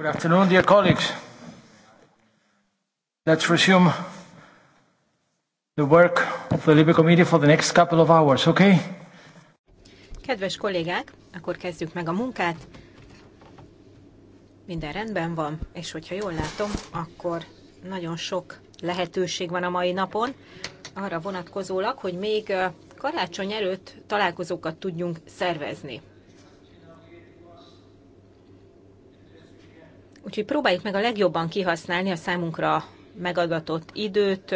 Good afternoon, dear colleagues. Let's resume the work of the Libre Committee for the next couple of hours, okay? Kedves kollégák, akkor kezdjük meg a munkát. Minden rendben van, és hogyha jól látom, akkor nagyon sok lehetőség van a mai napon, arra vonatkozólag, hogy még karácsony előtt találkozókat tudjunk szervezni. Úgyhogy próbáljuk meg a legjobban kihasználni a számunkra megadatott időt.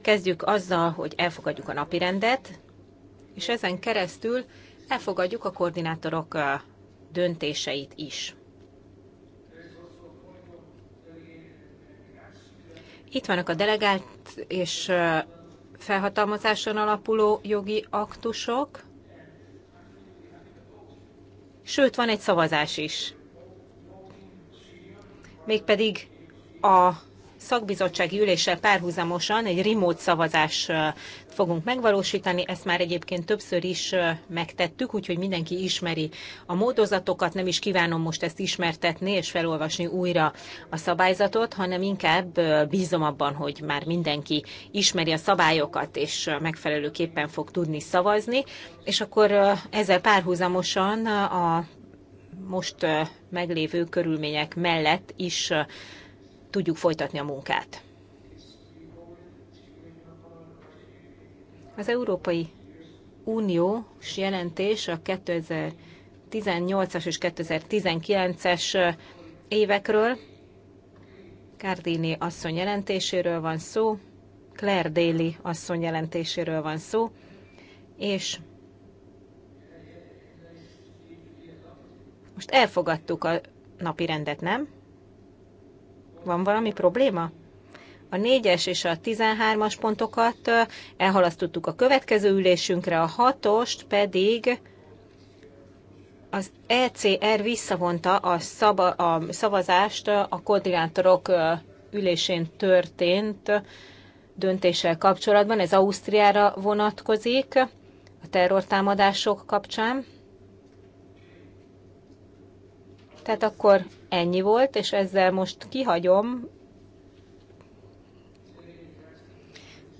Kezdjük azzal, hogy elfogadjuk a napirendet, és ezen keresztül elfogadjuk a koordinátorok döntéseit is. Itt vannak a delegált és felhatalmazáson alapuló jogi aktusok, sőt, van egy szavazás is mégpedig a szakbizottsági üléssel párhuzamosan egy remote szavazás fogunk megvalósítani. Ezt már egyébként többször is megtettük, úgyhogy mindenki ismeri a módozatokat. Nem is kívánom most ezt ismertetni és felolvasni újra a szabályzatot, hanem inkább bízom abban, hogy már mindenki ismeri a szabályokat és megfelelőképpen fog tudni szavazni. És akkor ezzel párhuzamosan a most meglévő körülmények mellett is tudjuk folytatni a munkát. Az Európai Uniós jelentés a 2018-as és 2019-es évekről, Kárdini asszony jelentéséről van szó, Claire Daly asszony jelentéséről van szó, és Most elfogadtuk a napi rendet, nem? Van valami probléma? A 4-es és a 13-as pontokat elhalasztottuk a következő ülésünkre, a 6-ost pedig az ECR visszavonta a, szava, a szavazást a koordinátorok ülésén történt döntéssel kapcsolatban. Ez Ausztriára vonatkozik a terrortámadások kapcsán. Tehát akkor ennyi volt, és ezzel most kihagyom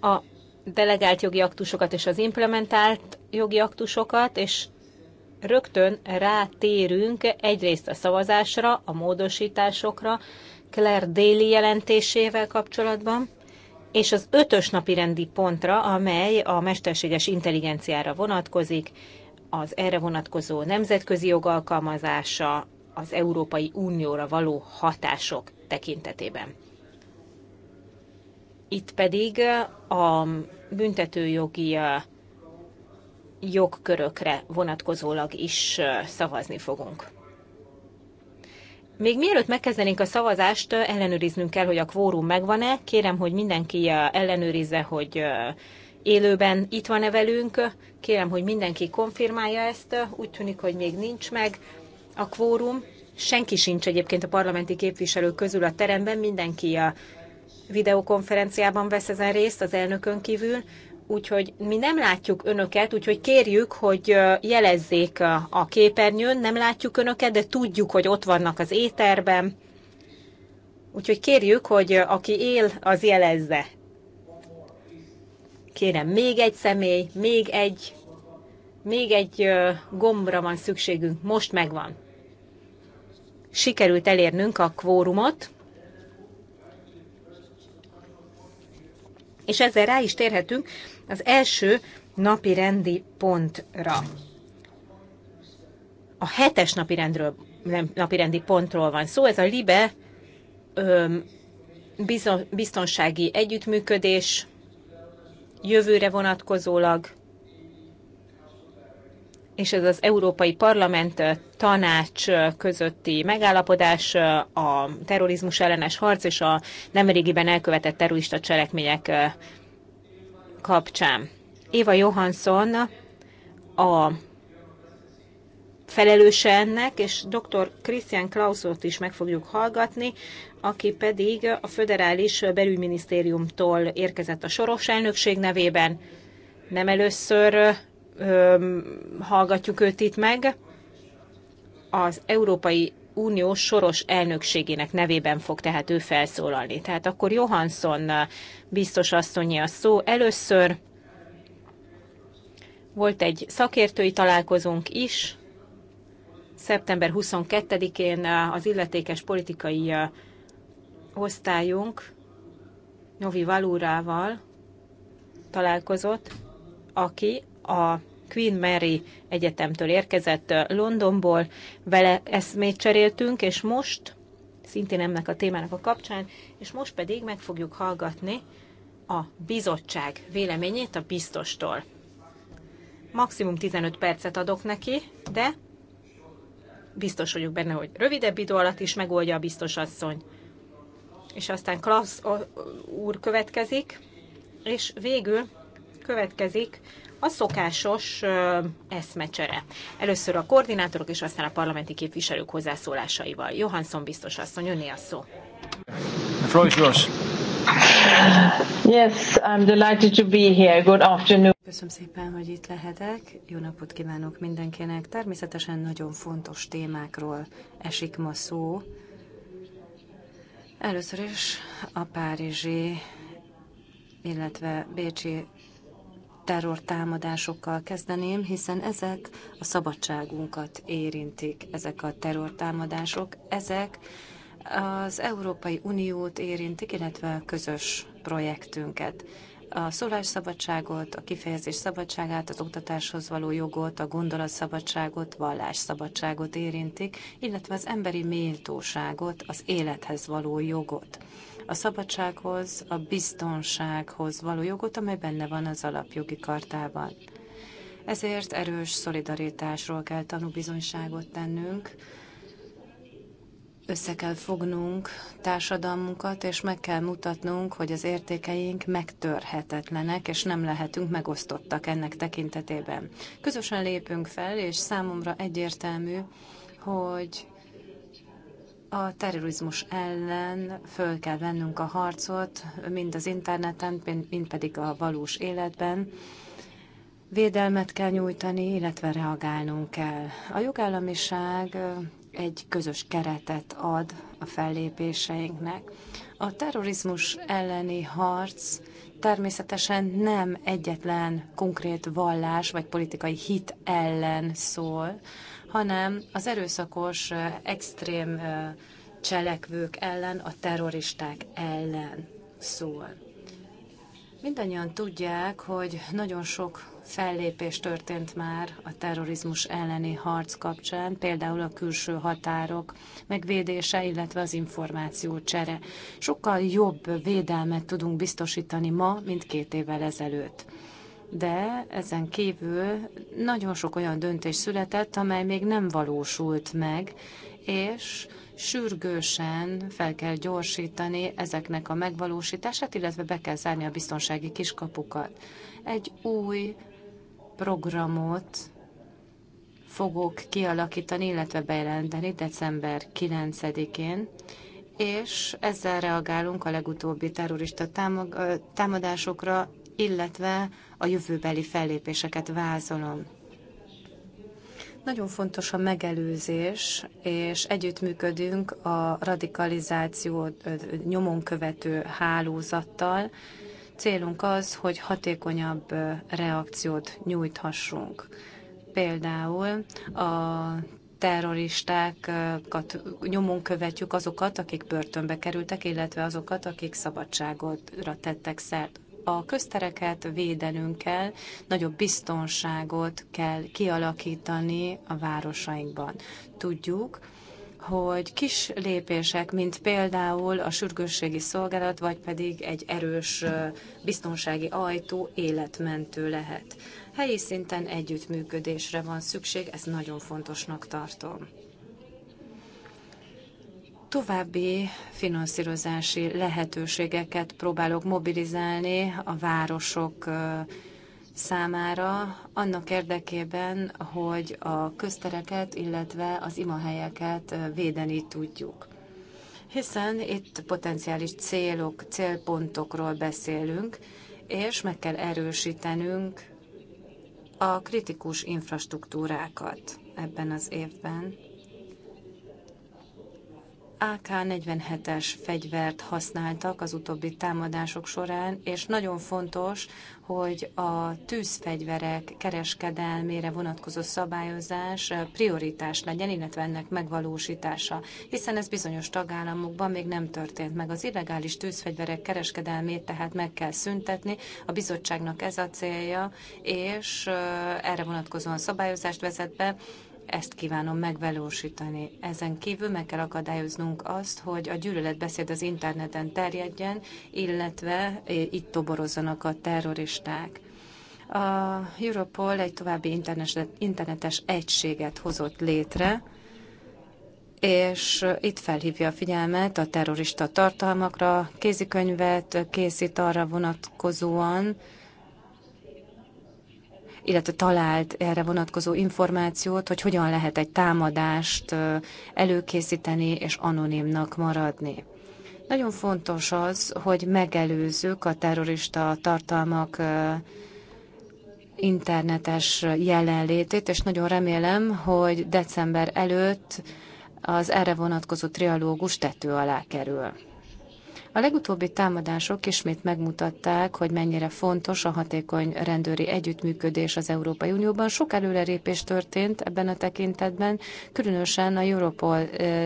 a delegált jogi aktusokat és az implementált jogi aktusokat, és rögtön rátérünk egyrészt a szavazásra, a módosításokra, Claire déli jelentésével kapcsolatban, és az ötös napi rendi pontra, amely a mesterséges intelligenciára vonatkozik, az erre vonatkozó nemzetközi jogalkalmazása, az Európai Unióra való hatások tekintetében. Itt pedig a büntetőjogi jogkörökre vonatkozólag is szavazni fogunk. Még mielőtt megkezdenénk a szavazást, ellenőriznünk kell, hogy a kvórum megvan-e. Kérem, hogy mindenki ellenőrizze, hogy élőben itt van-e velünk. Kérem, hogy mindenki konfirmálja ezt. Úgy tűnik, hogy még nincs meg a kvórum, senki sincs egyébként a parlamenti képviselők közül a teremben, mindenki a videokonferenciában vesz ezen részt az elnökön kívül, úgyhogy mi nem látjuk önöket, úgyhogy kérjük, hogy jelezzék a képernyőn, nem látjuk önöket, de tudjuk, hogy ott vannak az éterben. Úgyhogy kérjük, hogy aki él, az jelezze. Kérem, még egy személy, még egy, még egy gombra van szükségünk, most megvan sikerült elérnünk a kvórumot, és ezzel rá is térhetünk az első napi rendi pontra. A hetes napi, rendről, nem, napi rendi pontról van szó, ez a LIBE biztonsági együttműködés jövőre vonatkozólag és ez az Európai Parlament tanács közötti megállapodás a terrorizmus ellenes harc és a nemrégiben elkövetett terrorista cselekmények kapcsán. Éva Johansson a felelőse ennek, és dr. Christian Klausot is meg fogjuk hallgatni, aki pedig a Föderális Belügyminisztériumtól érkezett a soros elnökség nevében. Nem először hallgatjuk őt itt meg, az Európai Unió soros elnökségének nevében fog tehát ő felszólalni. Tehát akkor Johansson biztos asszonyi a szó először. Volt egy szakértői találkozónk is, szeptember 22-én az illetékes politikai osztályunk Novi Valúrával találkozott, aki a Queen Mary Egyetemtől érkezett Londonból, vele eszmét cseréltünk, és most, szintén ennek a témának a kapcsán, és most pedig meg fogjuk hallgatni a bizottság véleményét a biztostól. Maximum 15 percet adok neki, de biztos vagyok benne, hogy rövidebb idő alatt is megoldja a biztos asszony. És aztán Klaus úr következik, és végül következik a szokásos eszmecsere. Először a koordinátorok és aztán a parlamenti képviselők hozzászólásaival. Johansson biztos asszony, önné a szó. The floor is yours. Yes, I'm delighted to be here. Good afternoon. Köszönöm szépen, hogy itt lehetek. Jó napot kívánok mindenkinek. Természetesen nagyon fontos témákról esik ma szó. Először is a párizsi, illetve bécsi terrortámadásokkal kezdeném, hiszen ezek a szabadságunkat érintik, ezek a terrortámadások, ezek az Európai Uniót érintik, illetve a közös projektünket. A szólásszabadságot, a kifejezés szabadságát, az oktatáshoz való jogot, a gondolatszabadságot, vallásszabadságot érintik, illetve az emberi méltóságot, az élethez való jogot a szabadsághoz, a biztonsághoz való jogot, amely benne van az alapjogi kartában. Ezért erős szolidaritásról kell tanúbizonyságot tennünk, össze kell fognunk társadalmunkat, és meg kell mutatnunk, hogy az értékeink megtörhetetlenek, és nem lehetünk megosztottak ennek tekintetében. Közösen lépünk fel, és számomra egyértelmű, hogy a terrorizmus ellen föl kell vennünk a harcot, mind az interneten, mind pedig a valós életben. Védelmet kell nyújtani, illetve reagálnunk kell. A jogállamiság egy közös keretet ad a fellépéseinknek. A terrorizmus elleni harc természetesen nem egyetlen konkrét vallás vagy politikai hit ellen szól, hanem az erőszakos, extrém cselekvők ellen, a terroristák ellen szól. Mindannyian tudják, hogy nagyon sok fellépés történt már a terrorizmus elleni harc kapcsán, például a külső határok megvédése, illetve az információ csere. Sokkal jobb védelmet tudunk biztosítani ma, mint két évvel ezelőtt de ezen kívül nagyon sok olyan döntés született, amely még nem valósult meg, és sürgősen fel kell gyorsítani ezeknek a megvalósítását, illetve be kell zárni a biztonsági kiskapukat. Egy új programot fogok kialakítani, illetve bejelenteni december 9-én, és ezzel reagálunk a legutóbbi terrorista támadásokra, illetve a jövőbeli fellépéseket vázolom. Nagyon fontos a megelőzés, és együttműködünk a radikalizáció nyomon követő hálózattal. Célunk az, hogy hatékonyabb reakciót nyújthassunk. Például a terroristákat nyomon követjük azokat, akik börtönbe kerültek, illetve azokat, akik szabadságodra tettek szert a köztereket védenünk kell, nagyobb biztonságot kell kialakítani a városainkban. Tudjuk, hogy kis lépések, mint például a sürgősségi szolgálat, vagy pedig egy erős biztonsági ajtó életmentő lehet. Helyi szinten együttműködésre van szükség, ezt nagyon fontosnak tartom további finanszírozási lehetőségeket próbálok mobilizálni a városok számára annak érdekében, hogy a köztereket, illetve az imahelyeket védeni tudjuk. Hiszen itt potenciális célok, célpontokról beszélünk, és meg kell erősítenünk a kritikus infrastruktúrákat ebben az évben AK-47-es fegyvert használtak az utóbbi támadások során, és nagyon fontos, hogy a tűzfegyverek kereskedelmére vonatkozó szabályozás prioritás legyen, illetve ennek megvalósítása, hiszen ez bizonyos tagállamokban még nem történt meg. Az illegális tűzfegyverek kereskedelmét tehát meg kell szüntetni, a bizottságnak ez a célja, és erre vonatkozóan szabályozást vezet be, ezt kívánom megvalósítani. Ezen kívül meg kell akadályoznunk azt, hogy a gyűlöletbeszéd az interneten terjedjen, illetve e, itt toborozzanak a terroristák. A Europol egy további internetes egységet hozott létre, és itt felhívja a figyelmet a terrorista tartalmakra, kézikönyvet készít arra vonatkozóan, illetve talált erre vonatkozó információt, hogy hogyan lehet egy támadást előkészíteni és anonimnak maradni. Nagyon fontos az, hogy megelőzzük a terrorista tartalmak internetes jelenlétét, és nagyon remélem, hogy december előtt az erre vonatkozó trialógus tető alá kerül. A legutóbbi támadások ismét megmutatták, hogy mennyire fontos a hatékony rendőri együttműködés az Európai Unióban. Sok előrelépés történt ebben a tekintetben, különösen a Europol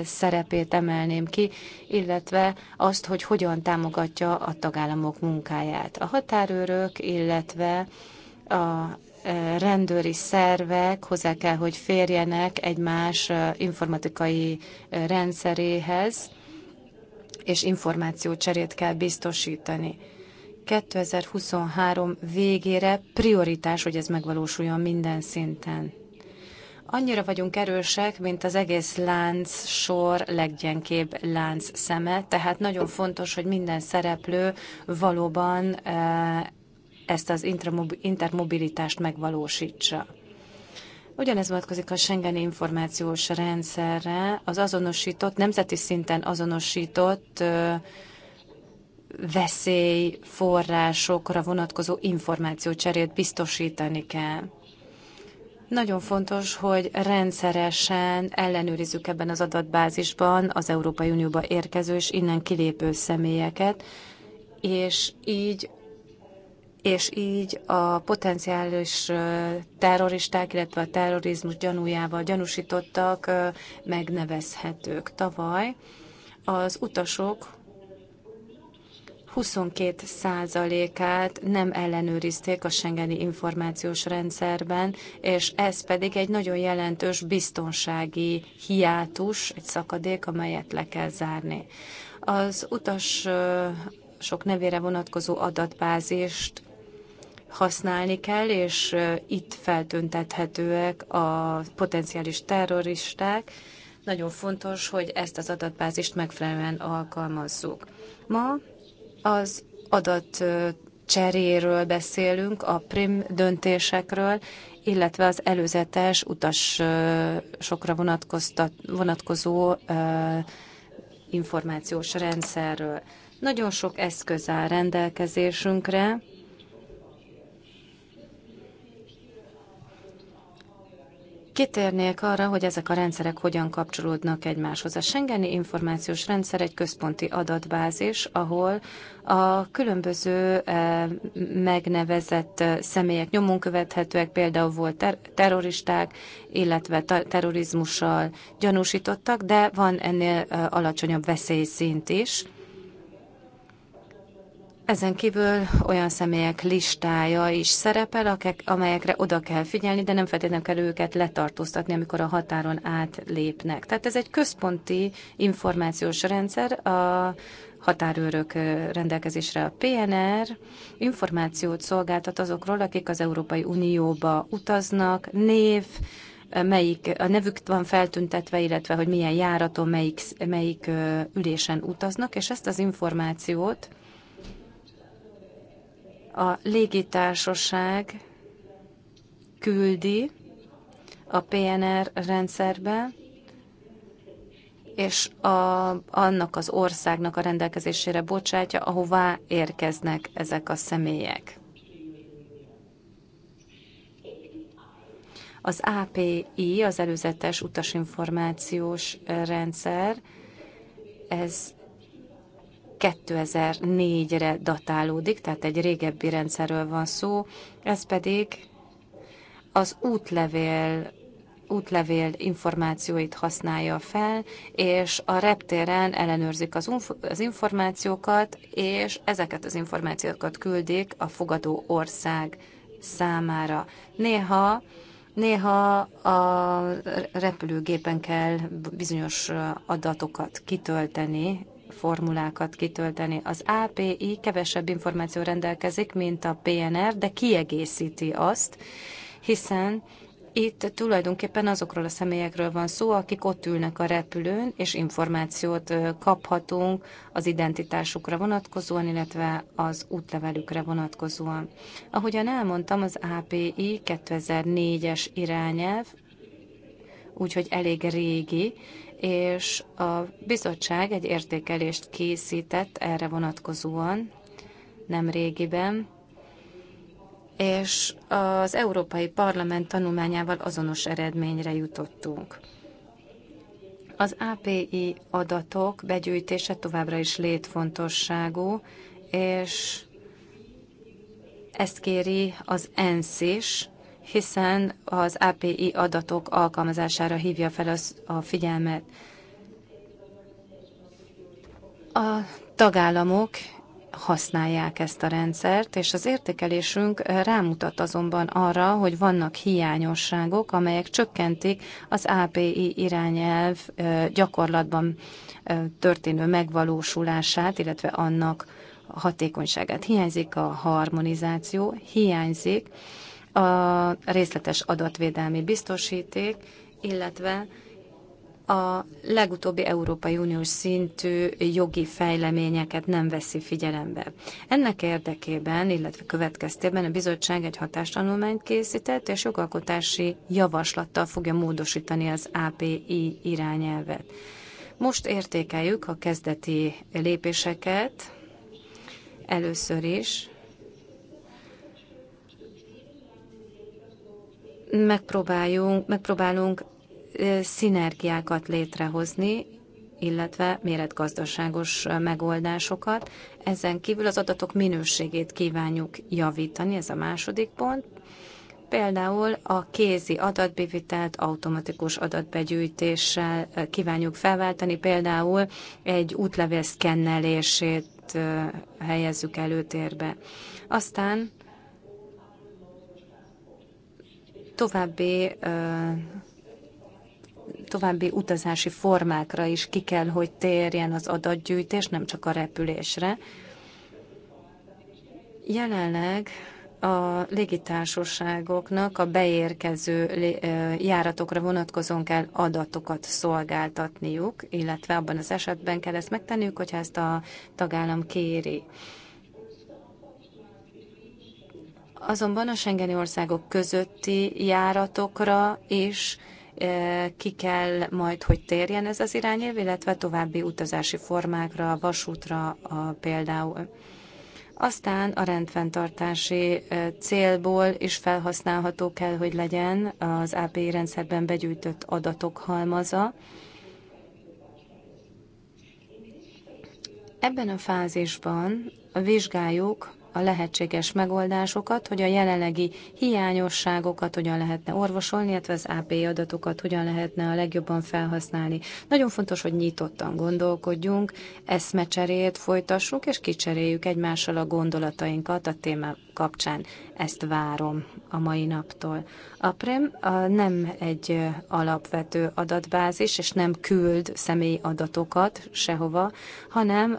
szerepét emelném ki, illetve azt, hogy hogyan támogatja a tagállamok munkáját. A határőrök, illetve a rendőri szervek hozzá kell, hogy férjenek egymás informatikai rendszeréhez, és információcserét kell biztosítani. 2023 végére prioritás, hogy ez megvalósuljon minden szinten. Annyira vagyunk erősek, mint az egész lánc sor leggyenkébb lánc szeme, tehát nagyon fontos, hogy minden szereplő valóban eh, ezt az intermobilitást megvalósítsa. Ugyanez vonatkozik a Schengen információs rendszerre, az azonosított, nemzeti szinten azonosított veszélyforrásokra vonatkozó információcserét biztosítani kell. Nagyon fontos, hogy rendszeresen ellenőrizzük ebben az adatbázisban az Európai Unióba érkező és innen kilépő személyeket, és így és így a potenciális terroristák, illetve a terrorizmus gyanújával gyanúsítottak megnevezhetők. Tavaly az utasok 22%-át nem ellenőrizték a Schengeni információs rendszerben, és ez pedig egy nagyon jelentős biztonsági hiátus, egy szakadék, amelyet le kell zárni. Az utas sok nevére vonatkozó adatbázist használni kell, és itt feltüntethetőek a potenciális terroristák. Nagyon fontos, hogy ezt az adatbázist megfelelően alkalmazzuk. Ma az adat cseréről beszélünk, a prim döntésekről, illetve az előzetes utasokra vonatkozó információs rendszerről. Nagyon sok eszköz áll rendelkezésünkre, Kitérnék arra, hogy ezek a rendszerek hogyan kapcsolódnak egymáshoz. A Schengeni információs rendszer egy központi adatbázis, ahol a különböző eh, megnevezett eh, személyek nyomon követhetőek, például volt ter- terroristák, illetve ter- terrorizmussal gyanúsítottak, de van ennél eh, alacsonyabb veszélyszint is. Ezen kívül olyan személyek listája is szerepel, akik amelyekre oda kell figyelni, de nem feltétlenül kell őket letartóztatni, amikor a határon átlépnek. Tehát ez egy központi információs rendszer, a határőrök rendelkezésre a PNR információt szolgáltat azokról, akik az Európai Unióba utaznak, név, melyik a nevük van feltüntetve, illetve hogy milyen járaton, melyik, melyik ülésen utaznak, és ezt az információt a légitársaság küldi a PNR rendszerbe, és a, annak az országnak a rendelkezésére bocsátja, ahová érkeznek ezek a személyek. Az API, az előzetes utasinformációs rendszer, ez 2004-re datálódik, tehát egy régebbi rendszerről van szó, ez pedig az útlevél útlevél információit használja fel, és a reptéren ellenőrzik az, az információkat, és ezeket az információkat küldik a fogadó ország számára. Néha Néha a repülőgépen kell bizonyos adatokat kitölteni, formulákat kitölteni. Az API kevesebb információ rendelkezik, mint a PNR, de kiegészíti azt, hiszen itt tulajdonképpen azokról a személyekről van szó, akik ott ülnek a repülőn, és információt kaphatunk az identitásukra vonatkozóan, illetve az útlevelükre vonatkozóan. Ahogyan elmondtam, az API 2004-es irányelv, úgyhogy elég régi, és a bizottság egy értékelést készített erre vonatkozóan nem régiben, és az Európai Parlament tanulmányával azonos eredményre jutottunk. Az API adatok begyűjtése továbbra is létfontosságú, és ezt kéri az ENSZ is, hiszen az API adatok alkalmazására hívja fel az a figyelmet. A tagállamok használják ezt a rendszert, és az értékelésünk rámutat azonban arra, hogy vannak hiányosságok, amelyek csökkentik az API irányelv gyakorlatban történő megvalósulását, illetve annak hatékonyságát. Hiányzik a harmonizáció, hiányzik a részletes adatvédelmi biztosíték, illetve a legutóbbi Európai Uniós szintű jogi fejleményeket nem veszi figyelembe. Ennek érdekében, illetve következtében a bizottság egy hatástanulmányt készített, és jogalkotási javaslattal fogja módosítani az API irányelvet. Most értékeljük a kezdeti lépéseket először is, megpróbáljunk, megpróbálunk szinergiákat létrehozni, illetve méretgazdaságos megoldásokat. Ezen kívül az adatok minőségét kívánjuk javítani, ez a második pont. Például a kézi adatbivitelt automatikus adatbegyűjtéssel kívánjuk felváltani, például egy útlevél szkennelését helyezzük előtérbe. Aztán további további utazási formákra is ki kell, hogy térjen az adatgyűjtés, nem csak a repülésre. Jelenleg a légitársaságoknak a beérkező járatokra vonatkozóan kell adatokat szolgáltatniuk, illetve abban az esetben kell ezt megtenniük, hogyha ezt a tagállam kéri. Azonban a Schengeni országok közötti járatokra is e, ki kell majd, hogy térjen ez az irányelv, illetve további utazási formákra, vasútra a, például. Aztán a rendfenntartási e, célból is felhasználható kell, hogy legyen az API rendszerben begyűjtött adatok halmaza. Ebben a fázisban vizsgáljuk a lehetséges megoldásokat, hogy a jelenlegi hiányosságokat hogyan lehetne orvosolni, illetve az AP adatokat hogyan lehetne a legjobban felhasználni. Nagyon fontos, hogy nyitottan gondolkodjunk, eszmecserét folytassuk, és kicseréljük egymással a gondolatainkat a témá kapcsán. Ezt várom a mai naptól. A PREM a nem egy alapvető adatbázis, és nem küld személyi adatokat sehova, hanem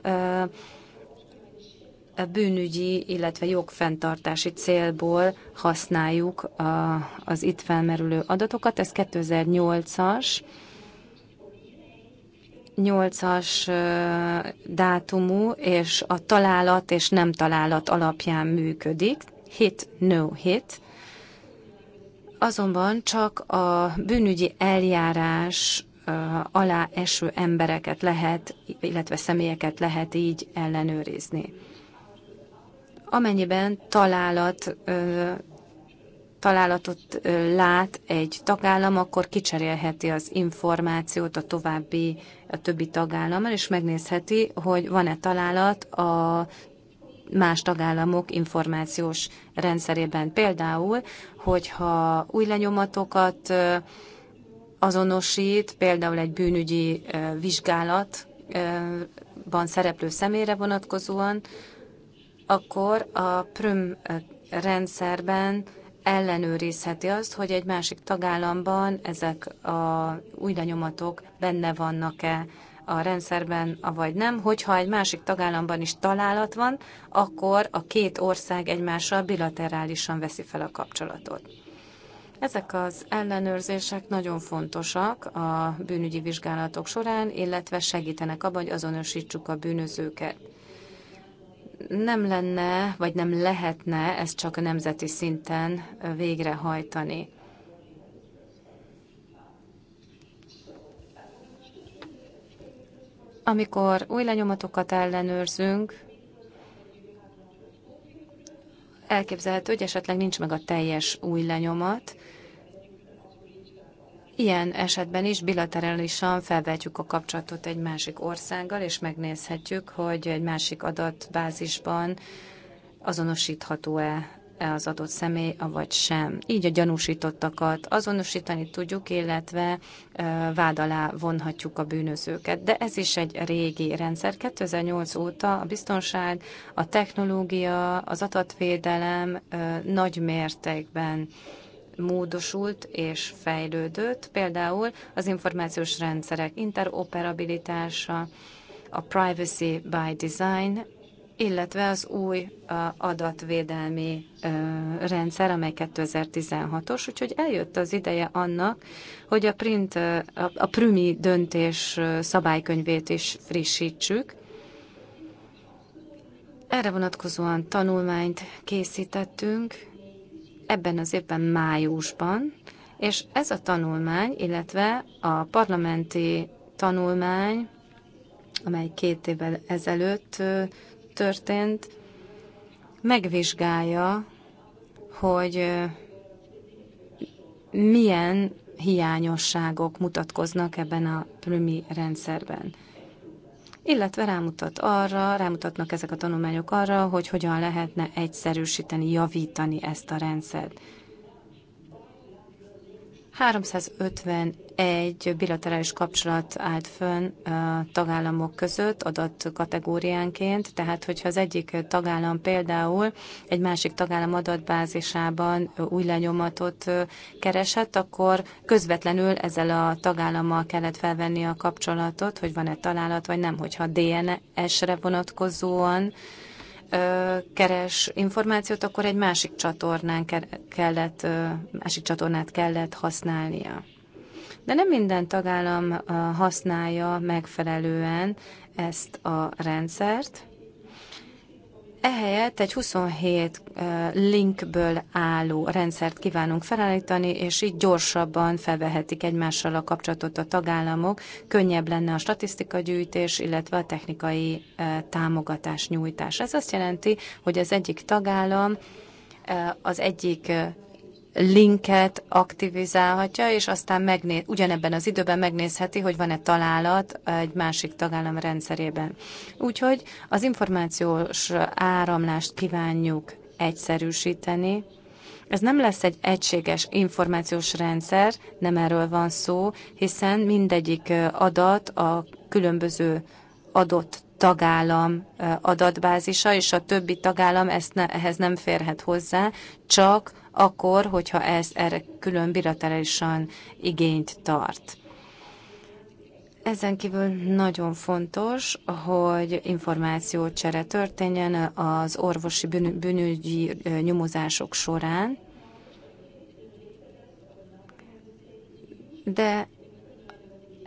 bűnügyi, illetve jogfenntartási célból használjuk a, az itt felmerülő adatokat. Ez 2008-as 8-as dátumú, és a találat és nem találat alapján működik. Hit, no hit. Azonban csak a bűnügyi eljárás alá eső embereket lehet, illetve személyeket lehet így ellenőrizni amennyiben találat, találatot lát egy tagállam, akkor kicserélheti az információt a további, a többi tagállammal, és megnézheti, hogy van-e találat a más tagállamok információs rendszerében. Például, hogyha új lenyomatokat azonosít, például egy bűnügyi vizsgálatban szereplő személyre vonatkozóan, akkor a Prüm eh, rendszerben ellenőrizheti azt, hogy egy másik tagállamban ezek a új lenyomatok benne vannak-e a rendszerben, vagy nem. Hogyha egy másik tagállamban is találat van, akkor a két ország egymással bilaterálisan veszi fel a kapcsolatot. Ezek az ellenőrzések nagyon fontosak a bűnügyi vizsgálatok során, illetve segítenek abban, hogy azonosítsuk a bűnözőket nem lenne, vagy nem lehetne ezt csak a nemzeti szinten végrehajtani. Amikor új lenyomatokat ellenőrzünk, elképzelhető, hogy esetleg nincs meg a teljes új lenyomat, Ilyen esetben is bilaterálisan felvetjük a kapcsolatot egy másik országgal, és megnézhetjük, hogy egy másik adatbázisban azonosítható-e az adott személy, vagy sem. Így a gyanúsítottakat azonosítani tudjuk, illetve vád alá vonhatjuk a bűnözőket. De ez is egy régi rendszer. 2008 óta a biztonság, a technológia, az adatvédelem nagy mértékben módosult és fejlődött, például az információs rendszerek interoperabilitása, a privacy by design, illetve az új adatvédelmi rendszer, amely 2016-os, úgyhogy eljött az ideje annak, hogy a, print, a prümi döntés szabálykönyvét is frissítsük. Erre vonatkozóan tanulmányt készítettünk, ebben az évben májusban, és ez a tanulmány, illetve a parlamenti tanulmány, amely két évvel ezelőtt történt, megvizsgálja, hogy milyen hiányosságok mutatkoznak ebben a prümi rendszerben illetve rámutat arra, rámutatnak ezek a tanulmányok arra, hogy hogyan lehetne egyszerűsíteni, javítani ezt a rendszert. 351 bilaterális kapcsolat állt fönn a tagállamok között adott kategóriánként, tehát hogyha az egyik tagállam például egy másik tagállam adatbázisában új lenyomatot keresett, akkor közvetlenül ezzel a tagállammal kellett felvenni a kapcsolatot, hogy van-e találat vagy nem, hogyha DNS-re vonatkozóan keres információt, akkor egy másik csatornán kellett, másik csatornát kellett használnia. De nem minden tagállam használja megfelelően ezt a rendszert. Ehelyett egy 27 linkből álló rendszert kívánunk felállítani, és így gyorsabban felvehetik egymással a kapcsolatot a tagállamok, könnyebb lenne a statisztikagyűjtés, illetve a technikai támogatás nyújtás. Ez azt jelenti, hogy az egyik tagállam az egyik linket aktivizálhatja, és aztán megnéz, ugyanebben az időben megnézheti, hogy van-e találat egy másik tagállam rendszerében. Úgyhogy az információs áramlást kívánjuk egyszerűsíteni. Ez nem lesz egy egységes információs rendszer, nem erről van szó, hiszen mindegyik adat a különböző adott tagállam adatbázisa, és a többi tagállam ezt ne, ehhez nem férhet hozzá, csak akkor, hogyha ez erre külön bilaterálisan igényt tart. Ezen kívül nagyon fontos, hogy információcsere történjen az orvosi bűnügyi nyomozások során, de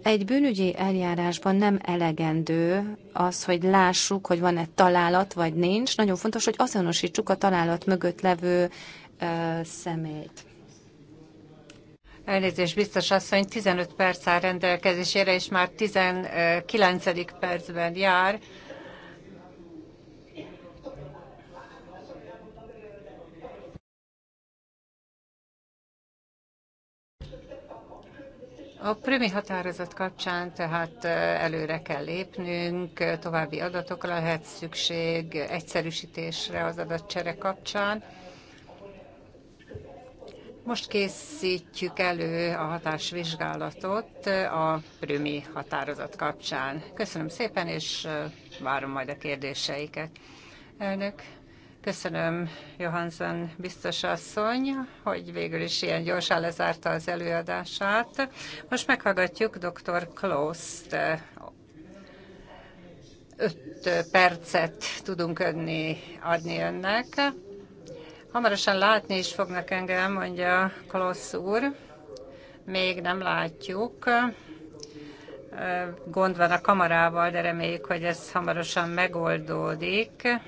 egy bűnügyi eljárásban nem elegendő az, hogy lássuk, hogy van-e találat vagy nincs. Nagyon fontos, hogy azonosítsuk a találat mögött levő ö, szemét. Elnézést, biztos asszony, 15 perc áll rendelkezésére, és már 19. percben jár. A prümi határozat kapcsán tehát előre kell lépnünk, további adatokra lehet szükség, egyszerűsítésre az adatcsere kapcsán. Most készítjük elő a hatásvizsgálatot a prümi határozat kapcsán. Köszönöm szépen, és várom majd a kérdéseiket. Elnök, Köszönöm, Johansson. biztos asszony, hogy végül is ilyen gyorsan lezárta az előadását. Most meghallgatjuk dr. Klauszt. Öt percet tudunk önni, adni önnek. Hamarosan látni is fognak engem, mondja Klossz úr. Még nem látjuk. Gond van a kamarával, de reméljük, hogy ez hamarosan megoldódik.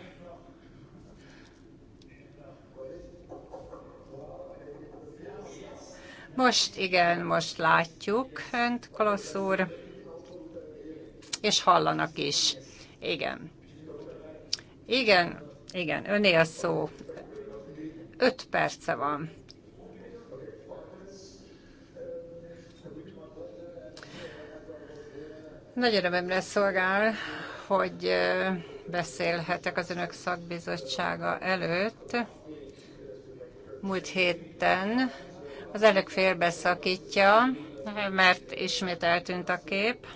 Most igen, most látjuk önt, Kolosz úr, és hallanak is. Igen. Igen, igen, öné a szó. Öt perce van. Nagy örömömre szolgál, hogy beszélhetek az önök szakbizottsága előtt. Múlt héten az elnök félbeszakítja, mert ismét eltűnt a kép.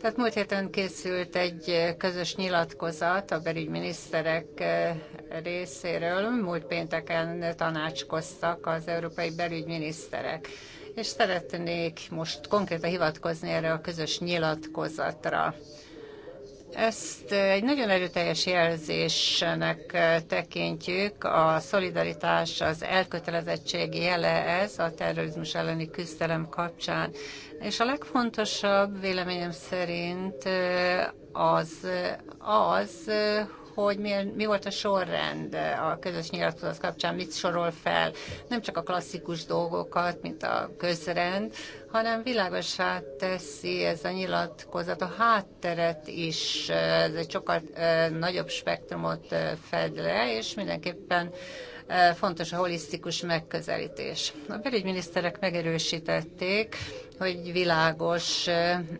Tehát múlt héten készült egy közös nyilatkozat a belügyminiszterek eh, részéről. Múlt pénteken tanácskoztak az európai belügyminiszterek. És szeretnék most konkrétan hivatkozni erre a közös nyilatkozatra. Ezt egy nagyon erőteljes jelzésnek tekintjük. A szolidaritás, az elkötelezettség jele ez a terrorizmus elleni küzdelem kapcsán. És a legfontosabb véleményem szerint az, az, hogy mi, mi volt a sorrend a közös nyilatkozat kapcsán, mit sorol fel, nem csak a klasszikus dolgokat, mint a közrend, hanem világosá teszi ez a nyilatkozat a hátteret is, ez egy sokkal nagyobb spektrumot fed le, és mindenképpen fontos a holisztikus megközelítés. A belügyminiszterek megerősítették, hogy világos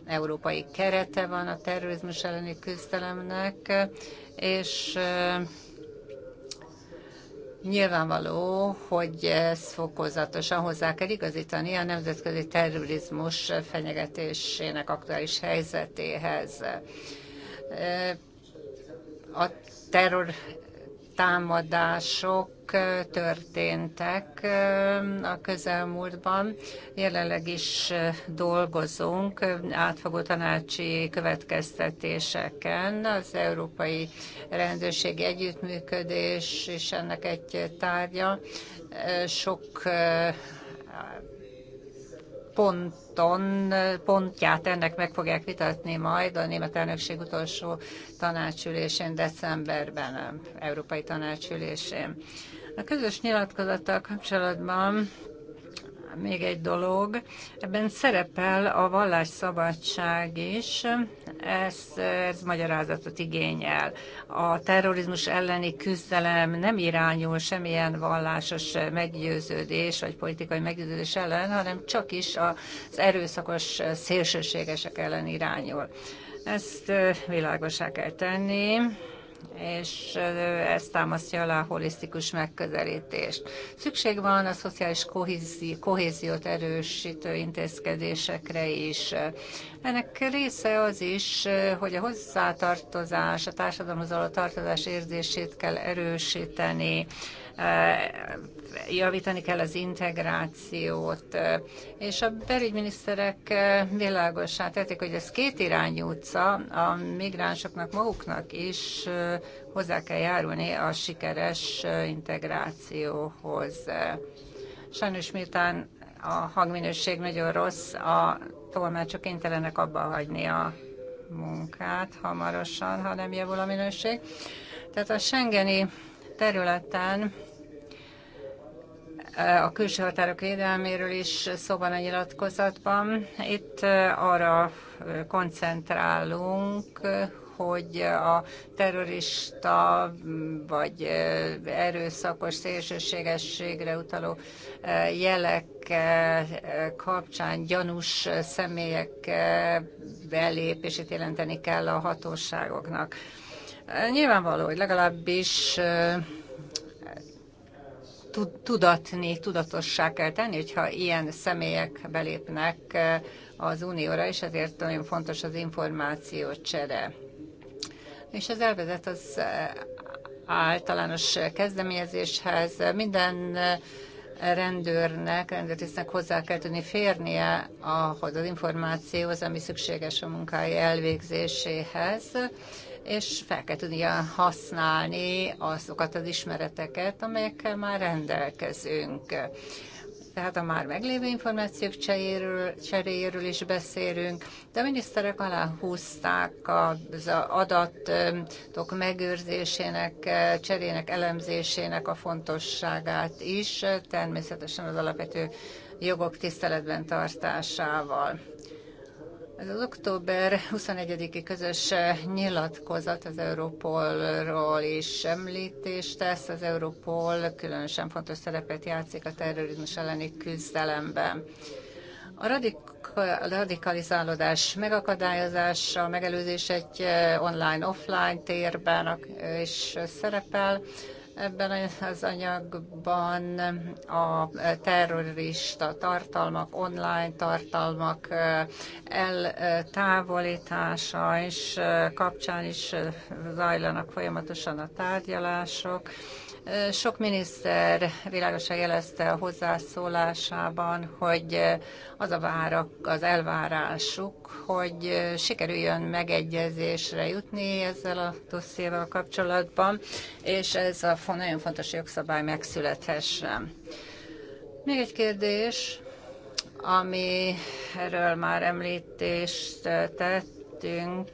európai kerete van a terrorizmus elleni küzdelemnek, és Nyilvánvaló, hogy ez fokozatosan hozzá kell igazítani a nemzetközi terrorizmus fenyegetésének aktuális helyzetéhez. A terror támadások történtek a közelmúltban. Jelenleg is dolgozunk átfogó tanácsi következtetéseken. Az Európai Rendőrségi Együttműködés is ennek egy tárgya. Sok ponton, pontját ennek meg fogják vitatni majd a német elnökség utolsó tanácsülésén decemberben, európai tanácsülésén. A közös nyilatkozattal kapcsolatban még egy dolog. Ebben szerepel a vallásszabadság is, ez, ez magyarázatot igényel. A terrorizmus elleni küzdelem nem irányul semmilyen vallásos meggyőződés vagy politikai meggyőződés ellen, hanem csak is az erőszakos szélsőségesek ellen irányul. Ezt világosá kell tenni és ez támasztja alá a holisztikus megközelítést. Szükség van a szociális kohézi, kohéziót erősítő intézkedésekre is. Ennek része az is, hogy a hozzátartozás, a társadalomhoz való tartozás érzését kell erősíteni, Eh, javítani kell az integrációt, eh, és a belügyminiszterek eh, világosá tették, hogy ez két irányú utca, a migránsoknak maguknak is hozzá kell járulni a sikeres integrációhoz. Sajnos miután a hangminőség nagyon rossz, a tolmácsok kénytelenek abba hagyni a munkát hamarosan, ha nem javul a minőség. Tehát a Schengeni területen a külső határok védelméről is szó van a nyilatkozatban. Itt arra koncentrálunk, hogy a terrorista vagy erőszakos szélsőségességre utaló jelek kapcsán gyanús személyek belépését jelenteni kell a hatóságoknak. Nyilvánvaló, hogy legalábbis tudatni, tudatossá kell tenni, hogyha ilyen személyek belépnek az unióra, és ezért nagyon fontos az információ csere. És az elvezet az általános kezdeményezéshez. Minden rendőrnek, rendőrtisztnek hozzá kell tudni férnie ahhoz az információhoz, ami szükséges a munkája elvégzéséhez, és fel kell tudnia használni azokat az ismereteket, amelyekkel már rendelkezünk. Tehát a már meglévő információk cseréről, cseréről is beszélünk, de a miniszterek alá húzták az adatok megőrzésének, cserének, elemzésének a fontosságát is, természetesen az alapvető jogok tiszteletben tartásával. Ez az október 21-i közös eh, nyilatkozat az Europolról is említést tesz. Az Europol különösen fontos szerepet játszik a terrorizmus elleni küzdelemben. A radikalizálódás megakadályozása, megelőzés egy eh, online-offline térben eh, is szerepel. Ebben az anyagban a terrorista tartalmak, online tartalmak eltávolítása és kapcsán is zajlanak folyamatosan a tárgyalások. Sok miniszter világosan jelezte a hozzászólásában, hogy az a várak, az elvárásuk, hogy sikerüljön megegyezésre jutni ezzel a dossziéval kapcsolatban, és ez a nagyon fontos jogszabály megszülethessen. Még egy kérdés, erről már említést tett beszéltünk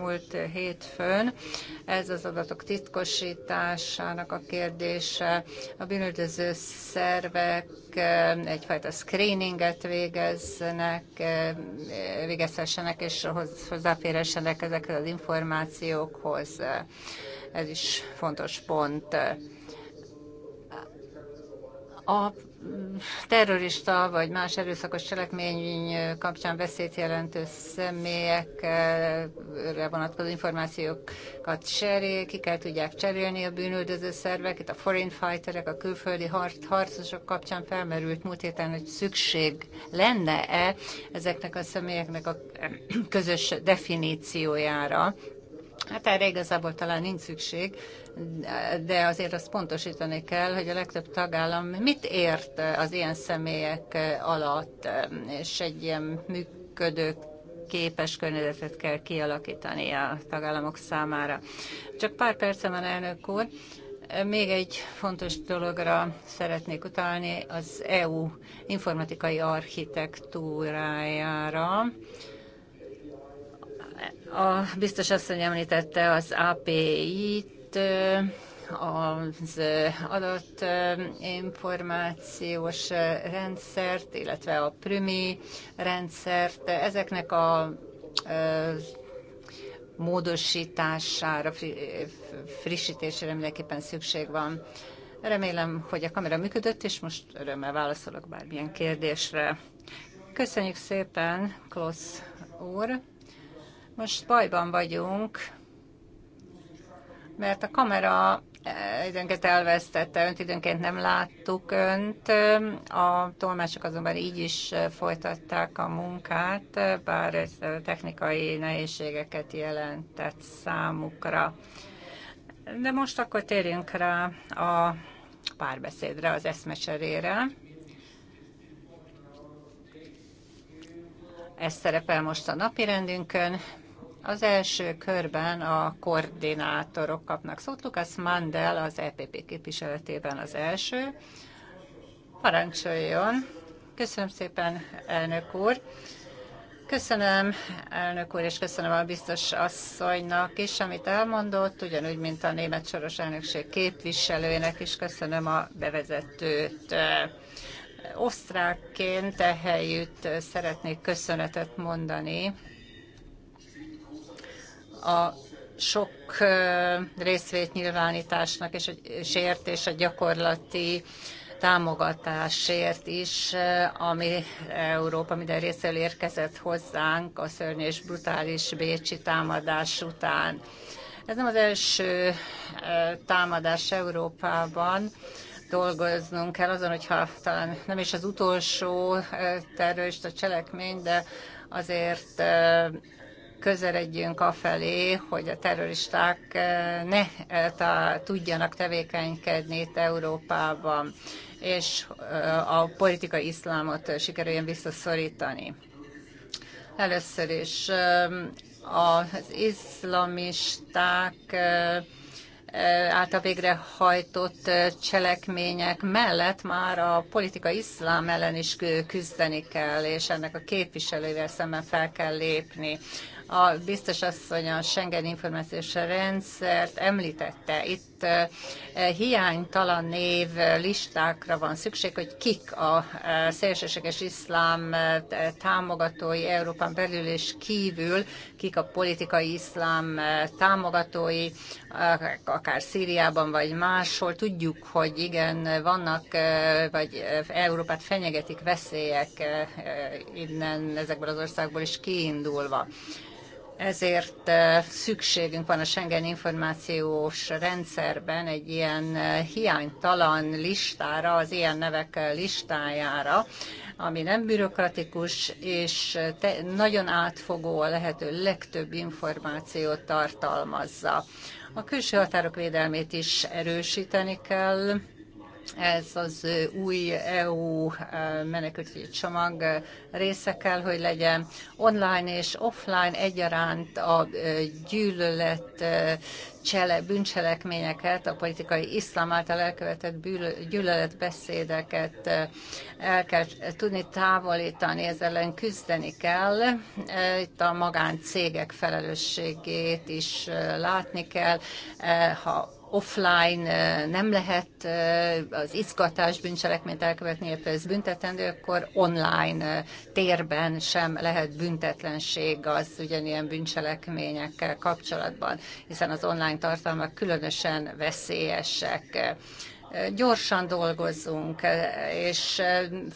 múlt hétfőn. Ez az adatok titkosításának a kérdése. A bűnöldöző szervek egyfajta screeninget végeznek, végezhessenek és hozzáférhessenek ezekhez az információkhoz. Ez is fontos pont. A mm, terrorista vagy más erőszakos cselekmény kapcsán veszélyt jelentő személyekre vonatkozó információkat cserél, ki kell tudják cserélni a bűnöldöző szervek, itt a foreign fighterek, a külföldi har- harcosok kapcsán felmerült múlt héten, hogy szükség lenne-e ezeknek a személyeknek a közös definíciójára Hát erre igazából talán nincs szükség, de azért azt pontosítani kell, hogy a legtöbb tagállam mit ért az ilyen személyek alatt, és egy ilyen működő képes környezetet kell kialakítani a tagállamok számára. Csak pár perce van, elnök úr. Még egy fontos dologra szeretnék utalni, az EU informatikai architektúrájára. A biztos asszony említette az API-t, az eh, adott eh, információs eh, rendszert, illetve a Prümi rendszert. Ezeknek a módosítására, frissítésére mindenképpen szükség van. Remélem, hogy a kamera működött, és most örömmel válaszolok bármilyen kérdésre. Köszönjük szépen, Klossz úr! Most bajban vagyunk, mert a kamera eh, időnként elvesztette önt, időnként nem láttuk önt. A tolmások azonban így is eh, folytatták a munkát, eh, bár ez technikai nehézségeket jelentett számukra. De most akkor térjünk rá a párbeszédre, az eszmecserére. Ez szerepel most a napirendünkön. Az első körben a koordinátorok kapnak szót. Lukasz Mandel az EPP képviseletében az első. Parancsoljon! Köszönöm szépen, elnök úr! Köszönöm, elnök úr, és köszönöm a biztos asszonynak is, amit elmondott, ugyanúgy, mint a német soros elnökség képviselőjének is köszönöm a bevezetőt. Osztrákként ehelyütt szeretnék köszönetet mondani a sok részvétnyilvánításnak és a és a gyakorlati támogatásért is, ami Európa minden részéről érkezett hozzánk a szörnyű és brutális bécsi támadás után. Ez nem az első támadás Európában, dolgoznunk kell azon, hogyha talán nem is az utolsó terrorista cselekmény, de azért közeledjünk afelé, hogy a terroristák eh, ne eh, tudjanak tevékenykedni itt Európában, és eh, a politikai iszlámot sikerüljön visszaszorítani. Először is az iszlamisták által végrehajtott cselekmények mellett már a politika iszlám ellen is küzdeni kell, és ennek a képviselővel szemben fel kell lépni. A biztos asszony a Schengen információs rendszert említette. Itt eh, hiánytalan név listákra van szükség, hogy kik a eh, szélsőséges iszlám eh, támogatói Európán belül és kívül, kik a politikai iszlám támogatói, akár Szíriában vagy máshol. Tudjuk, hogy igen, vannak, vagy Európát fenyegetik veszélyek innen, ezekből az országból is kiindulva ezért szükségünk van a Schengen információs rendszerben egy ilyen hiánytalan listára, az ilyen nevek listájára, ami nem bürokratikus, és te, nagyon átfogó a lehető legtöbb információt tartalmazza. A külső határok védelmét is erősíteni kell, ez az új EU menekültügyi csomag része kell, hogy legyen online és offline egyaránt a gyűlölet csele, bűncselekményeket, a politikai iszlám által elkövetett gyűlöletbeszédeket el kell tudni távolítani, ezzel ellen küzdeni kell. Itt a magáncégek felelősségét is látni kell, ha offline nem lehet az izgatás bűncselekményt elkövetni, illetve ez büntetendő, akkor online térben sem lehet büntetlenség az ugyanilyen bűncselekményekkel kapcsolatban, hiszen az online tartalmak különösen veszélyesek gyorsan dolgozzunk, és